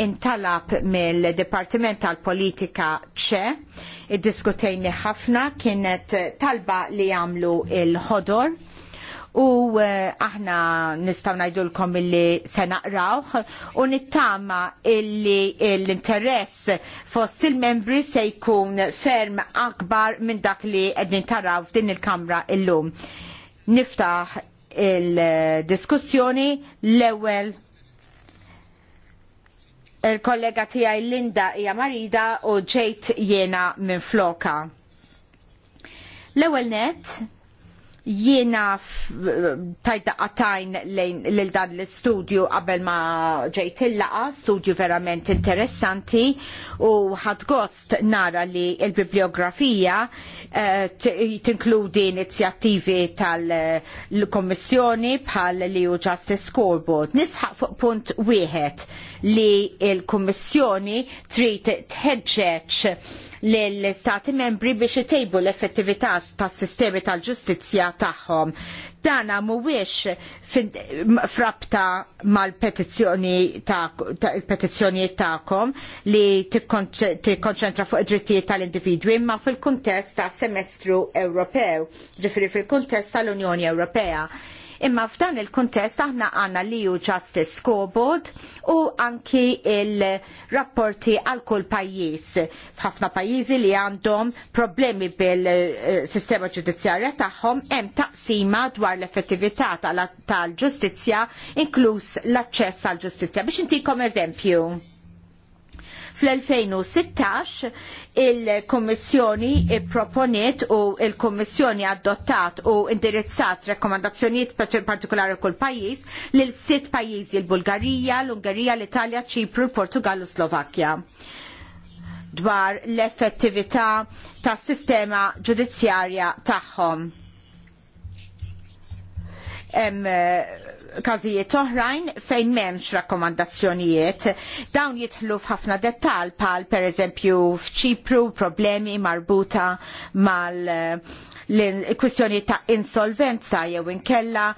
intalab mill-Dipartiment tal-Politika ċe, id-diskutejni ħafna kienet talba li jamlu il-ħodor u eh, aħna nistgħu ngħidulkom illi se naqrawh u nittama illi l-interess fost il-membri se jkun ferm akbar minn dak li qegħdin taraw f'din il-kamra illum. Niftaħ il-diskussjoni l-ewwel il-kollega tiegħi Linda hija marida u ġejt jiena minn floka. L-ewwel nett jiena eh, tajta qatajn lil dan l-istudju qabel ma ġejt il-laqa, studju verament interessanti u ħad gost nara li l-bibliografija eh, tinkludi inizjattivi tal-Kommissjoni bħal li u Justice Scoreboard. Nisħaq fuq punt wieħed li l-Kommissjoni trid tħeġġeġ l-Stati membri biex itejbu l-effettività tas sistemi tal-ġustizja tagħhom. Dana mhuwiex frabta mal-petizzjoni petizzjonijiet tagħkom li tikkonċentra fuq id-drittijiet tal-individwi imma fil-kuntest ta' semestru Ewropew, ġifieri fil-kuntest tal-Unjoni Ewropea. Imma f'dan il-kuntest aħna għandna l EU Justice Scoreboard u anki il-rapporti għal kull pajjiż. F'ħafna pajjiżi li għandhom problemi bil-sistema ġudizzjarja tagħhom hemm taqsima dwar l-effettività tal-ġustizzja inkluż l-aċċess għall ġustizzja Biex intikom eżempju. Fl-2016 il-Kommissjoni proponiet u il-Kommissjoni adottat u indirizzat rekkomandazzjonijiet partikolari kull pajjiż lil sitt pajjiżi il bulgarija l-Ungerija, l-Italja, Ċipru, Portugal u Slovakkja dwar l-effettività tas sistema ġudizzjarja tagħhom. Hemm każijiet oħrajn fejn m'hemmx rakkomandazzjonijiet. Dawn jidħlu f'ħafna dettal bħal pereżempju f'ċipru problemi marbuta mal l-kwistjoni ta' insolvenza jew inkella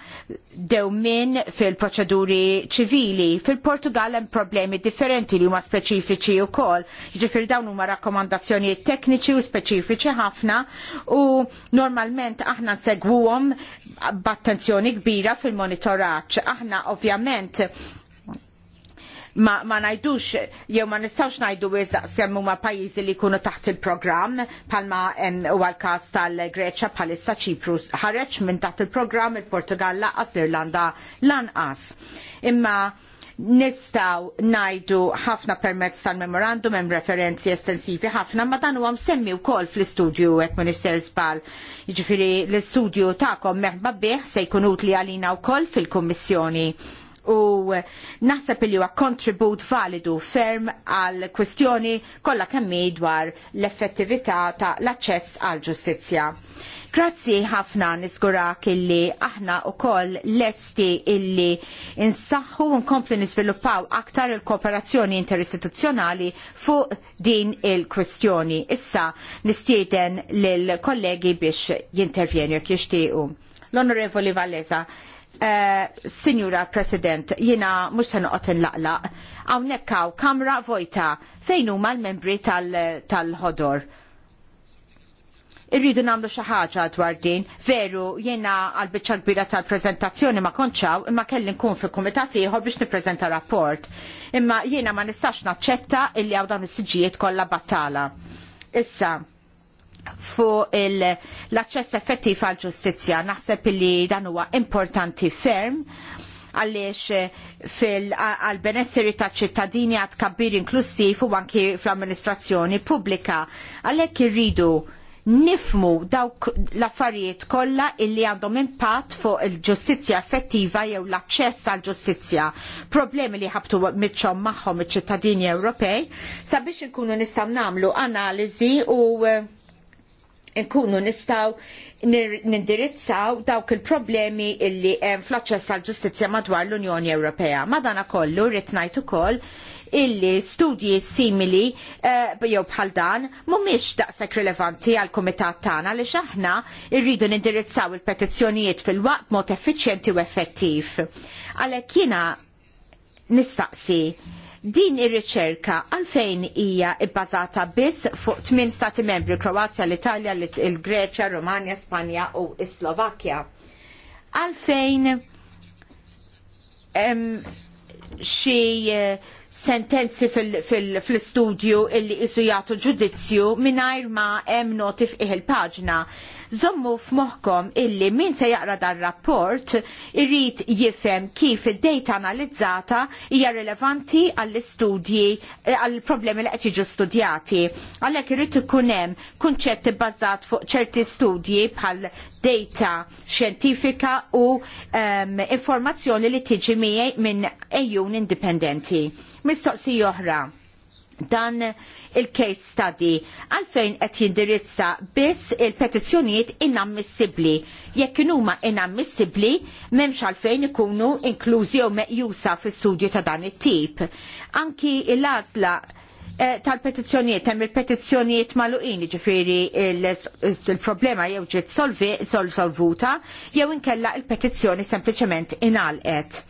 dewmien fil-proċeduri ċivili. Fil-Portugal hemm problemi differenti li huma speċifiċi wkoll. Jiġifieri dawn huma rakkomandazzjonijiet tekniċi u speċifiċi ħafna u normalment aħna segwuhom b'attenzjoni kbira fil-monitoraġġ. Aħna ovvjament ma, ma najdux jew ma nistawx najdu iżdaq semmu ma pajjiżi li jkunu taħt il-programm palma huwa l-każ tal-Greċja bħalissa Ċipru ħareġ minn taħt il-programm il-Portugal laqas l-Irlanda lanqas. Imma nistaw najdu ħafna permezz tal-memorandum hemm referenzi estensivi ħafna ma dan huwa msemmi wkoll fl-istudju hekk Minister Żball. Jiġifieri l-istudju tagħkom meħba bih se jkun utli għalina wkoll fil-Kummissjoni u naħseb li huwa kontribut validu ferm għal kwestjoni kollha kemm dwar l-effettività ta' l-aċċess għal ġustizzja. Grazzi ħafna nisgurak illi aħna u koll lesti illi insaħħu nkomplu nisviluppaw aktar il-kooperazzjoni interistituzzjonali fuq din il-kwestjoni. Issa nistieden lill kollegi biex jintervjenju kiex jixtiequ. L-Onorevoli Valleza, Eh, Signora President, jina mux se noqgħod inlaqlaq. Hawnhekk nekkaw kamra vojta fejn huma l-membri tal-ħodor. Irridu nagħmlu xi ħaġa dwar din. Veru jiena għal biċċa kbira tal prezentazzjoni ma konċaw imma kelli nkun fil kumitat ieħor biex nippreżenta rapport. Imma jiena ma nistax naċċetta illi hawn dawn is-siġijiet kollha battala. Issa, fuq l-aċċess effettiv għall ġustizzja Naħseb li dan huwa importanti ferm għaliex eh, fil-benesseri ta' ċittadini għad kabbir inklusiv u anki fl-amministrazzjoni pubblika. Għalhekk irridu nifmu dawk l-affarijiet kollha illi għandhom impatt fuq il-ġustizzja effettiva jew l-aċċess għall ġustizzja problemi li ħabtu mitxhom magħhom iċ-ċittadini Ewropej sabiex inkunu nistgħu nagħmlu analiżi u eh, nkunu nistaw nindirizzaw dawk il-problemi illi hemm fl-aċċess għal ġustizzja madwar l-Unjoni Ewropea. Madana kollu rrid ngħid ukoll illi studji simili eh, jew bħal dan mhumiex daqshekk rilevanti għal kumitat tagħna li aħna rridu nindirizzaw il-petizzjonijiet fil-waqt mod effiċjenti u effettiv. Għalhekk jiena nistaqsi Din ir-riċerka għalfejn hija bbażata biss fuq tmien stati membri Kroazja, l-Italja, il-Greċja, Rumanja, Spanja u Slovakkja. Għalfejn xi eh, sentenzi fil istudju illi jagħtu ġudizzju mingħajr ma hemm notif il paġna Zommu f'moħħkom illi min se jaqra dan rapport irrit jifhem kif id-data analizzata hija rilevanti għall-istudji eh, għall-problemi li qed jiġu studjati. Għalhekk irid ikun hemm kunċett ibbażat fuq ċerti studji bħal data xjentifika u um, informazzjoni li tiġi minn ejjun indipendenti. Mistoqsija oħra dan il-case study għalfejn qed jindirizza biss il-petizzjonijiet inammissibbli. Jekk huma inammissibbli m'hemmx għalfejn ikunu inklużi jew meqjusa fis-studju ta' dan it-tip. Anki l-għażla eh, tal-petizzjonijiet hemm il-petizzjonijiet magħluqin, jiġifieri il-problema jew ġiet sol solvuta jew inkella il-petizzjoni sempliċement inalqet.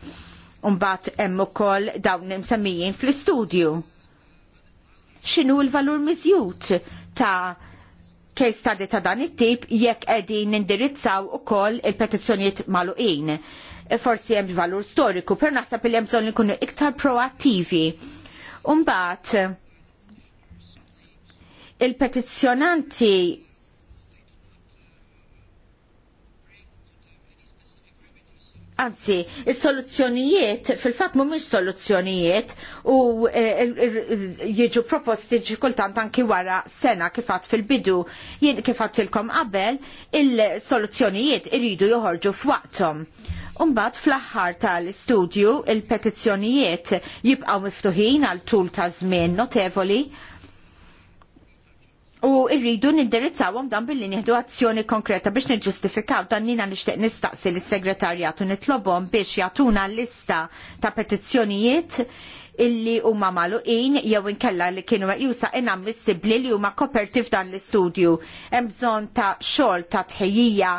Umbat hemm ukoll dawn msemmijin fl-istudju x'inhu l-valur miżjud ta' case study ta' dan it-tip jekk qegħdin nindirizzaw ukoll il-petizzjonijiet magħluqin. Forsi hemm valur storiku, per naħseb li hemm bżonn kunu iktar proattivi. Umbagħad il-petizzjonanti anzi, il-soluzzjonijiet fil-fat mhumiex soluzzjonijiet u eh, er, er, jiġu proposti ġikultant anki wara sena kifat fil-bidu jien kifat tilkom qabel il-soluzzjonijiet iridu joħorġu f'waqtom. Umbat fl-aħħar tal-istudju il-petizzjonijiet jibqaw miftuħin għal tul ta' żmien notevoli U irridu nindirizzawhom dan billi nieħdu azzjoni konkreta biex niġġustifikaw dan nina nixtieq nistaqsi lis-segretarjat u nitlobhom biex jagħtuna lista ta' petizzjonijiet illi huma magħluqin jew inkella li kienu meqjusa inammissibbli li huma koperti f'dan l-istudju. Hemm bżonn ta' xogħol ta' tħejjija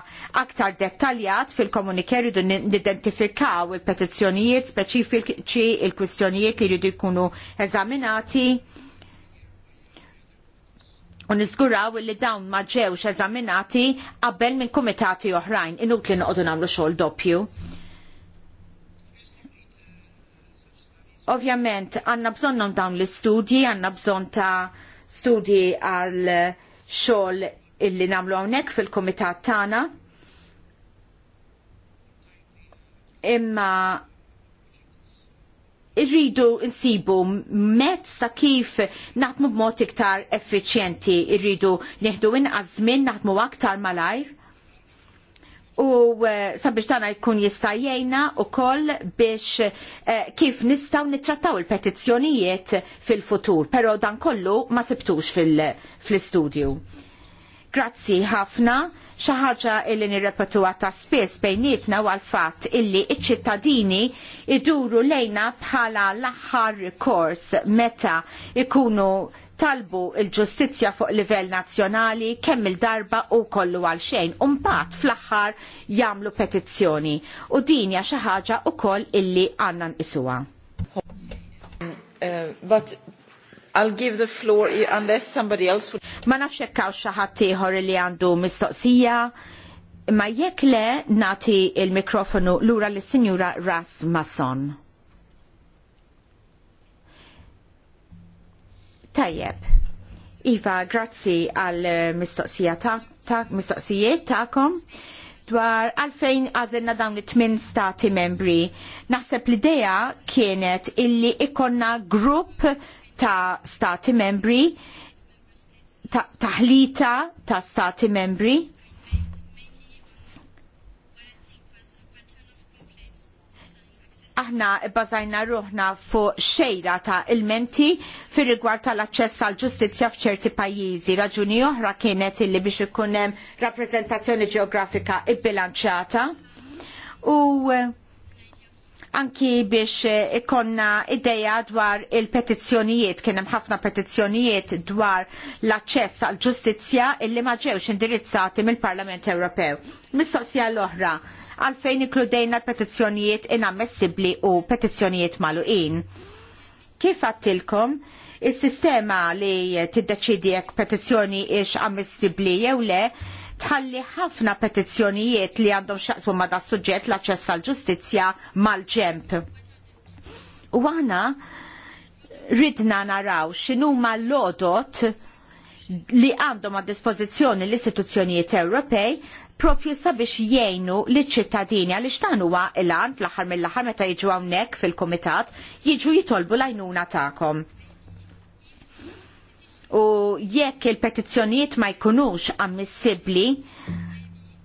aktar dettaljat fil-komuniker jridu nidentifikaw il-petizzjonijiet speċifiċi il-kwistjonijiet li jridu jkunu eżaminati u niżguraw li dawn ma ġewx eżaminati qabel minn kumitati oħrajn inutli noqogħdu nagħmlu xogħol doppju. Ovvjament għandna bżonnhom dawn l-istudji, għandna bżonn ta' studji għal xogħol illi nagħmlu hawnhekk fil-kumitat tagħna. Imma irridu nsibu mezz sa kif naħdmu b'mod iktar effiċjenti, irridu neħdu inqas żmien naħdmu aktar malajr. U eh, sabiex tagħna jkun jista' jgħinna wkoll biex eh, kif nistgħu nittrattaw il-petizzjonijiet fil-futur, però dan kollu ma sibtux fil-istudju. fil, istudju Grazzi ħafna, xi ħaġa illi nirrepetuha ta' spiss bejnietna għal fatt illi ċ ċittadini iduru lejna bħala l-aħħar rikors meta ikunu talbu il-ġustizzja fuq livell nazzjonali kemm il-darba u kollu għal xejn u mbagħad fl-aħħar jagħmlu petizzjoni u din hija xi ħaġa wkoll illi għandna nqisuha. Uh, but I'll give the floor unless somebody else would... Ma nafx hekk hawn xi ħadd ieħor li għandu mistoqsija. Ma jekk le nagħti l mikrofonu lura lis-Sinjura Ras Mason. Tajjeb. Iva, grazzi għal eh, mistoqsija ta', ta mistoqsijiet ta'kom dwar għalfejn għazenna dawn it tmin stati membri. Naħseb l-ideja kienet illi ikonna grupp ta' stati membri, ta' taħlita ta' stati membri. aħna bazajna ruħna fuq xejra ta' ilmenti fir rigward tal-aċċess għal ġustizzja f'ċerti pajjiżi. Raġuni oħra kienet illi biex ikun hemm rappreżentazzjoni ġeografika bbilanċjata. U eh, anki biex eh, ikonna ideja dwar il-petizzjonijiet, kien hemm ħafna petizzjonijiet dwar l-aċċess għall ġustizzja illi ma ġewx indirizzati mill-Parlament Ewropew. Mistoqsija l-oħra, għalfejn inkludejna l-petizzjonijiet inammissibbli u petizzjonijiet magħluqin. Kif għattilkom, is sistema li tiddeċiedi jekk petizzjoni ix ammissibbli jew le, tħalli ħafna petizzjonijiet li għandhom xaqsmu ma' da' suġġett l-aċċess għall ġustizzja mal-ġemp. U għana ridna naraw x'inhuma l-lodot li għandhom għad dispozizjoni l-istituzzjonijiet Ewropej propju sabiex jgħinu li ċittadini għaliex dan huwa il-għan fl-aħħar mill-aħħar meta jiġu hawnhekk fil-kumitat jiġu jitolbu l-għajnuna tagħkom u jekk il-petizzjonijiet ma jkunux ammissibbli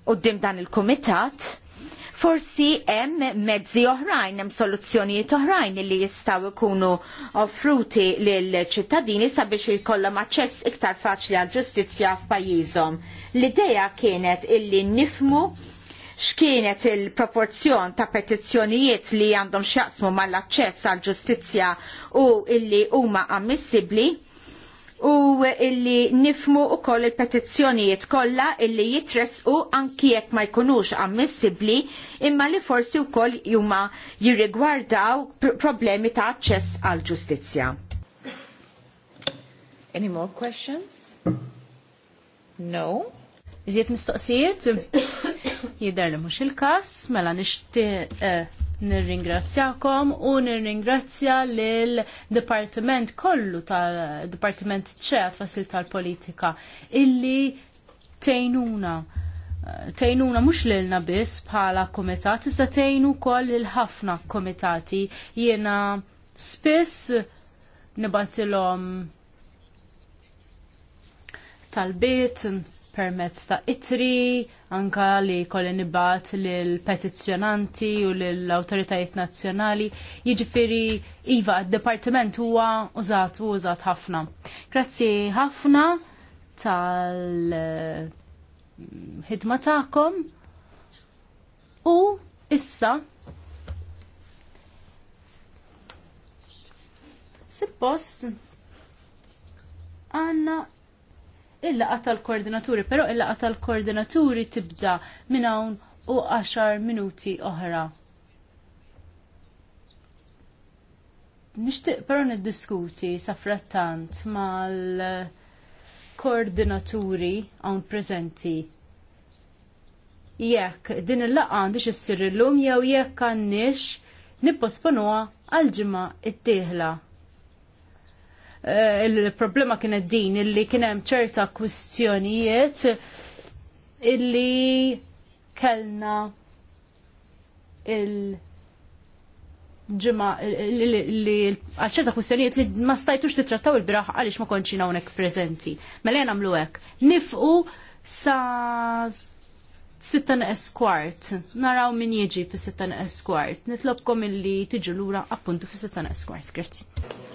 quddiem dan il-kumitat, forsi hemm mezzi oħrajn, hemm soluzzjonijiet oħrajn li jistgħu jkunu offruti lil ċittadini sabiex jkollhom aċċess iktar faċli għall ġustizzja f'pajjiżhom. L-idea kienet illi nifmu x'kienet il-proporzjon ta' petizzjonijiet li għandhom x'jaqsmu mal-aċċess għall ġustizzja u illi huma ammissibbli u illi nifmu u koll il-petizzjonijiet kollha illi jitresqu anki jekk ma jkunux ammissibbli imma li forsi u koll juma jirrigwardaw problemi ta' aċċess għal ġustizzja. Any more questions? No? Iżiet mistoqsijiet? [COUGHS] Jider li mux il-kas, mela nishti uh, eh, Nirringrazzjakom u nirringrazzja lil dipartiment kollu tal-Dipartiment ċef fasil tal-politika illi tejnuna. Tejnuna mux lilna biss bħala komitat, iżda tejnu koll il-ħafna komitati jiena spiss nibatilom tal-bit permezz ta' itri, anka li kolli nibat l-petizjonanti u l-autoritajiet nazzjonali, jiġifiri Iva, d-departiment huwa użat u użat ħafna. Grazzi ħafna tal-ħidma ta'kom u issa Suppost, għanna il-laqa tal-koordinaturi, pero il-laqa tal-koordinaturi tibda minn hawn u 10 minuti oħra. Nishtiq pero niddiskuti safrattant mal-koordinaturi għawn prezenti jekk din il-laqqa għandix issir illum jew jekk għandix nipposponuha għal ġimgħa t tieħla Eh, il-problema kienet din illi kien hemm ċerta kwistjonijiet illi kellna il- ġimma li għalċerta kwistjonijiet li ma stajtux titrattaw il-biraħ għalix ma konċina hawnhekk preżenti. Mela jena mluwek. hekk. Nifqu sa sittan esquart. Naraw min jiġi fis sittan esquart. Nitlobkom illi tiġu lura appuntu fis sittan esquart. Grazzi.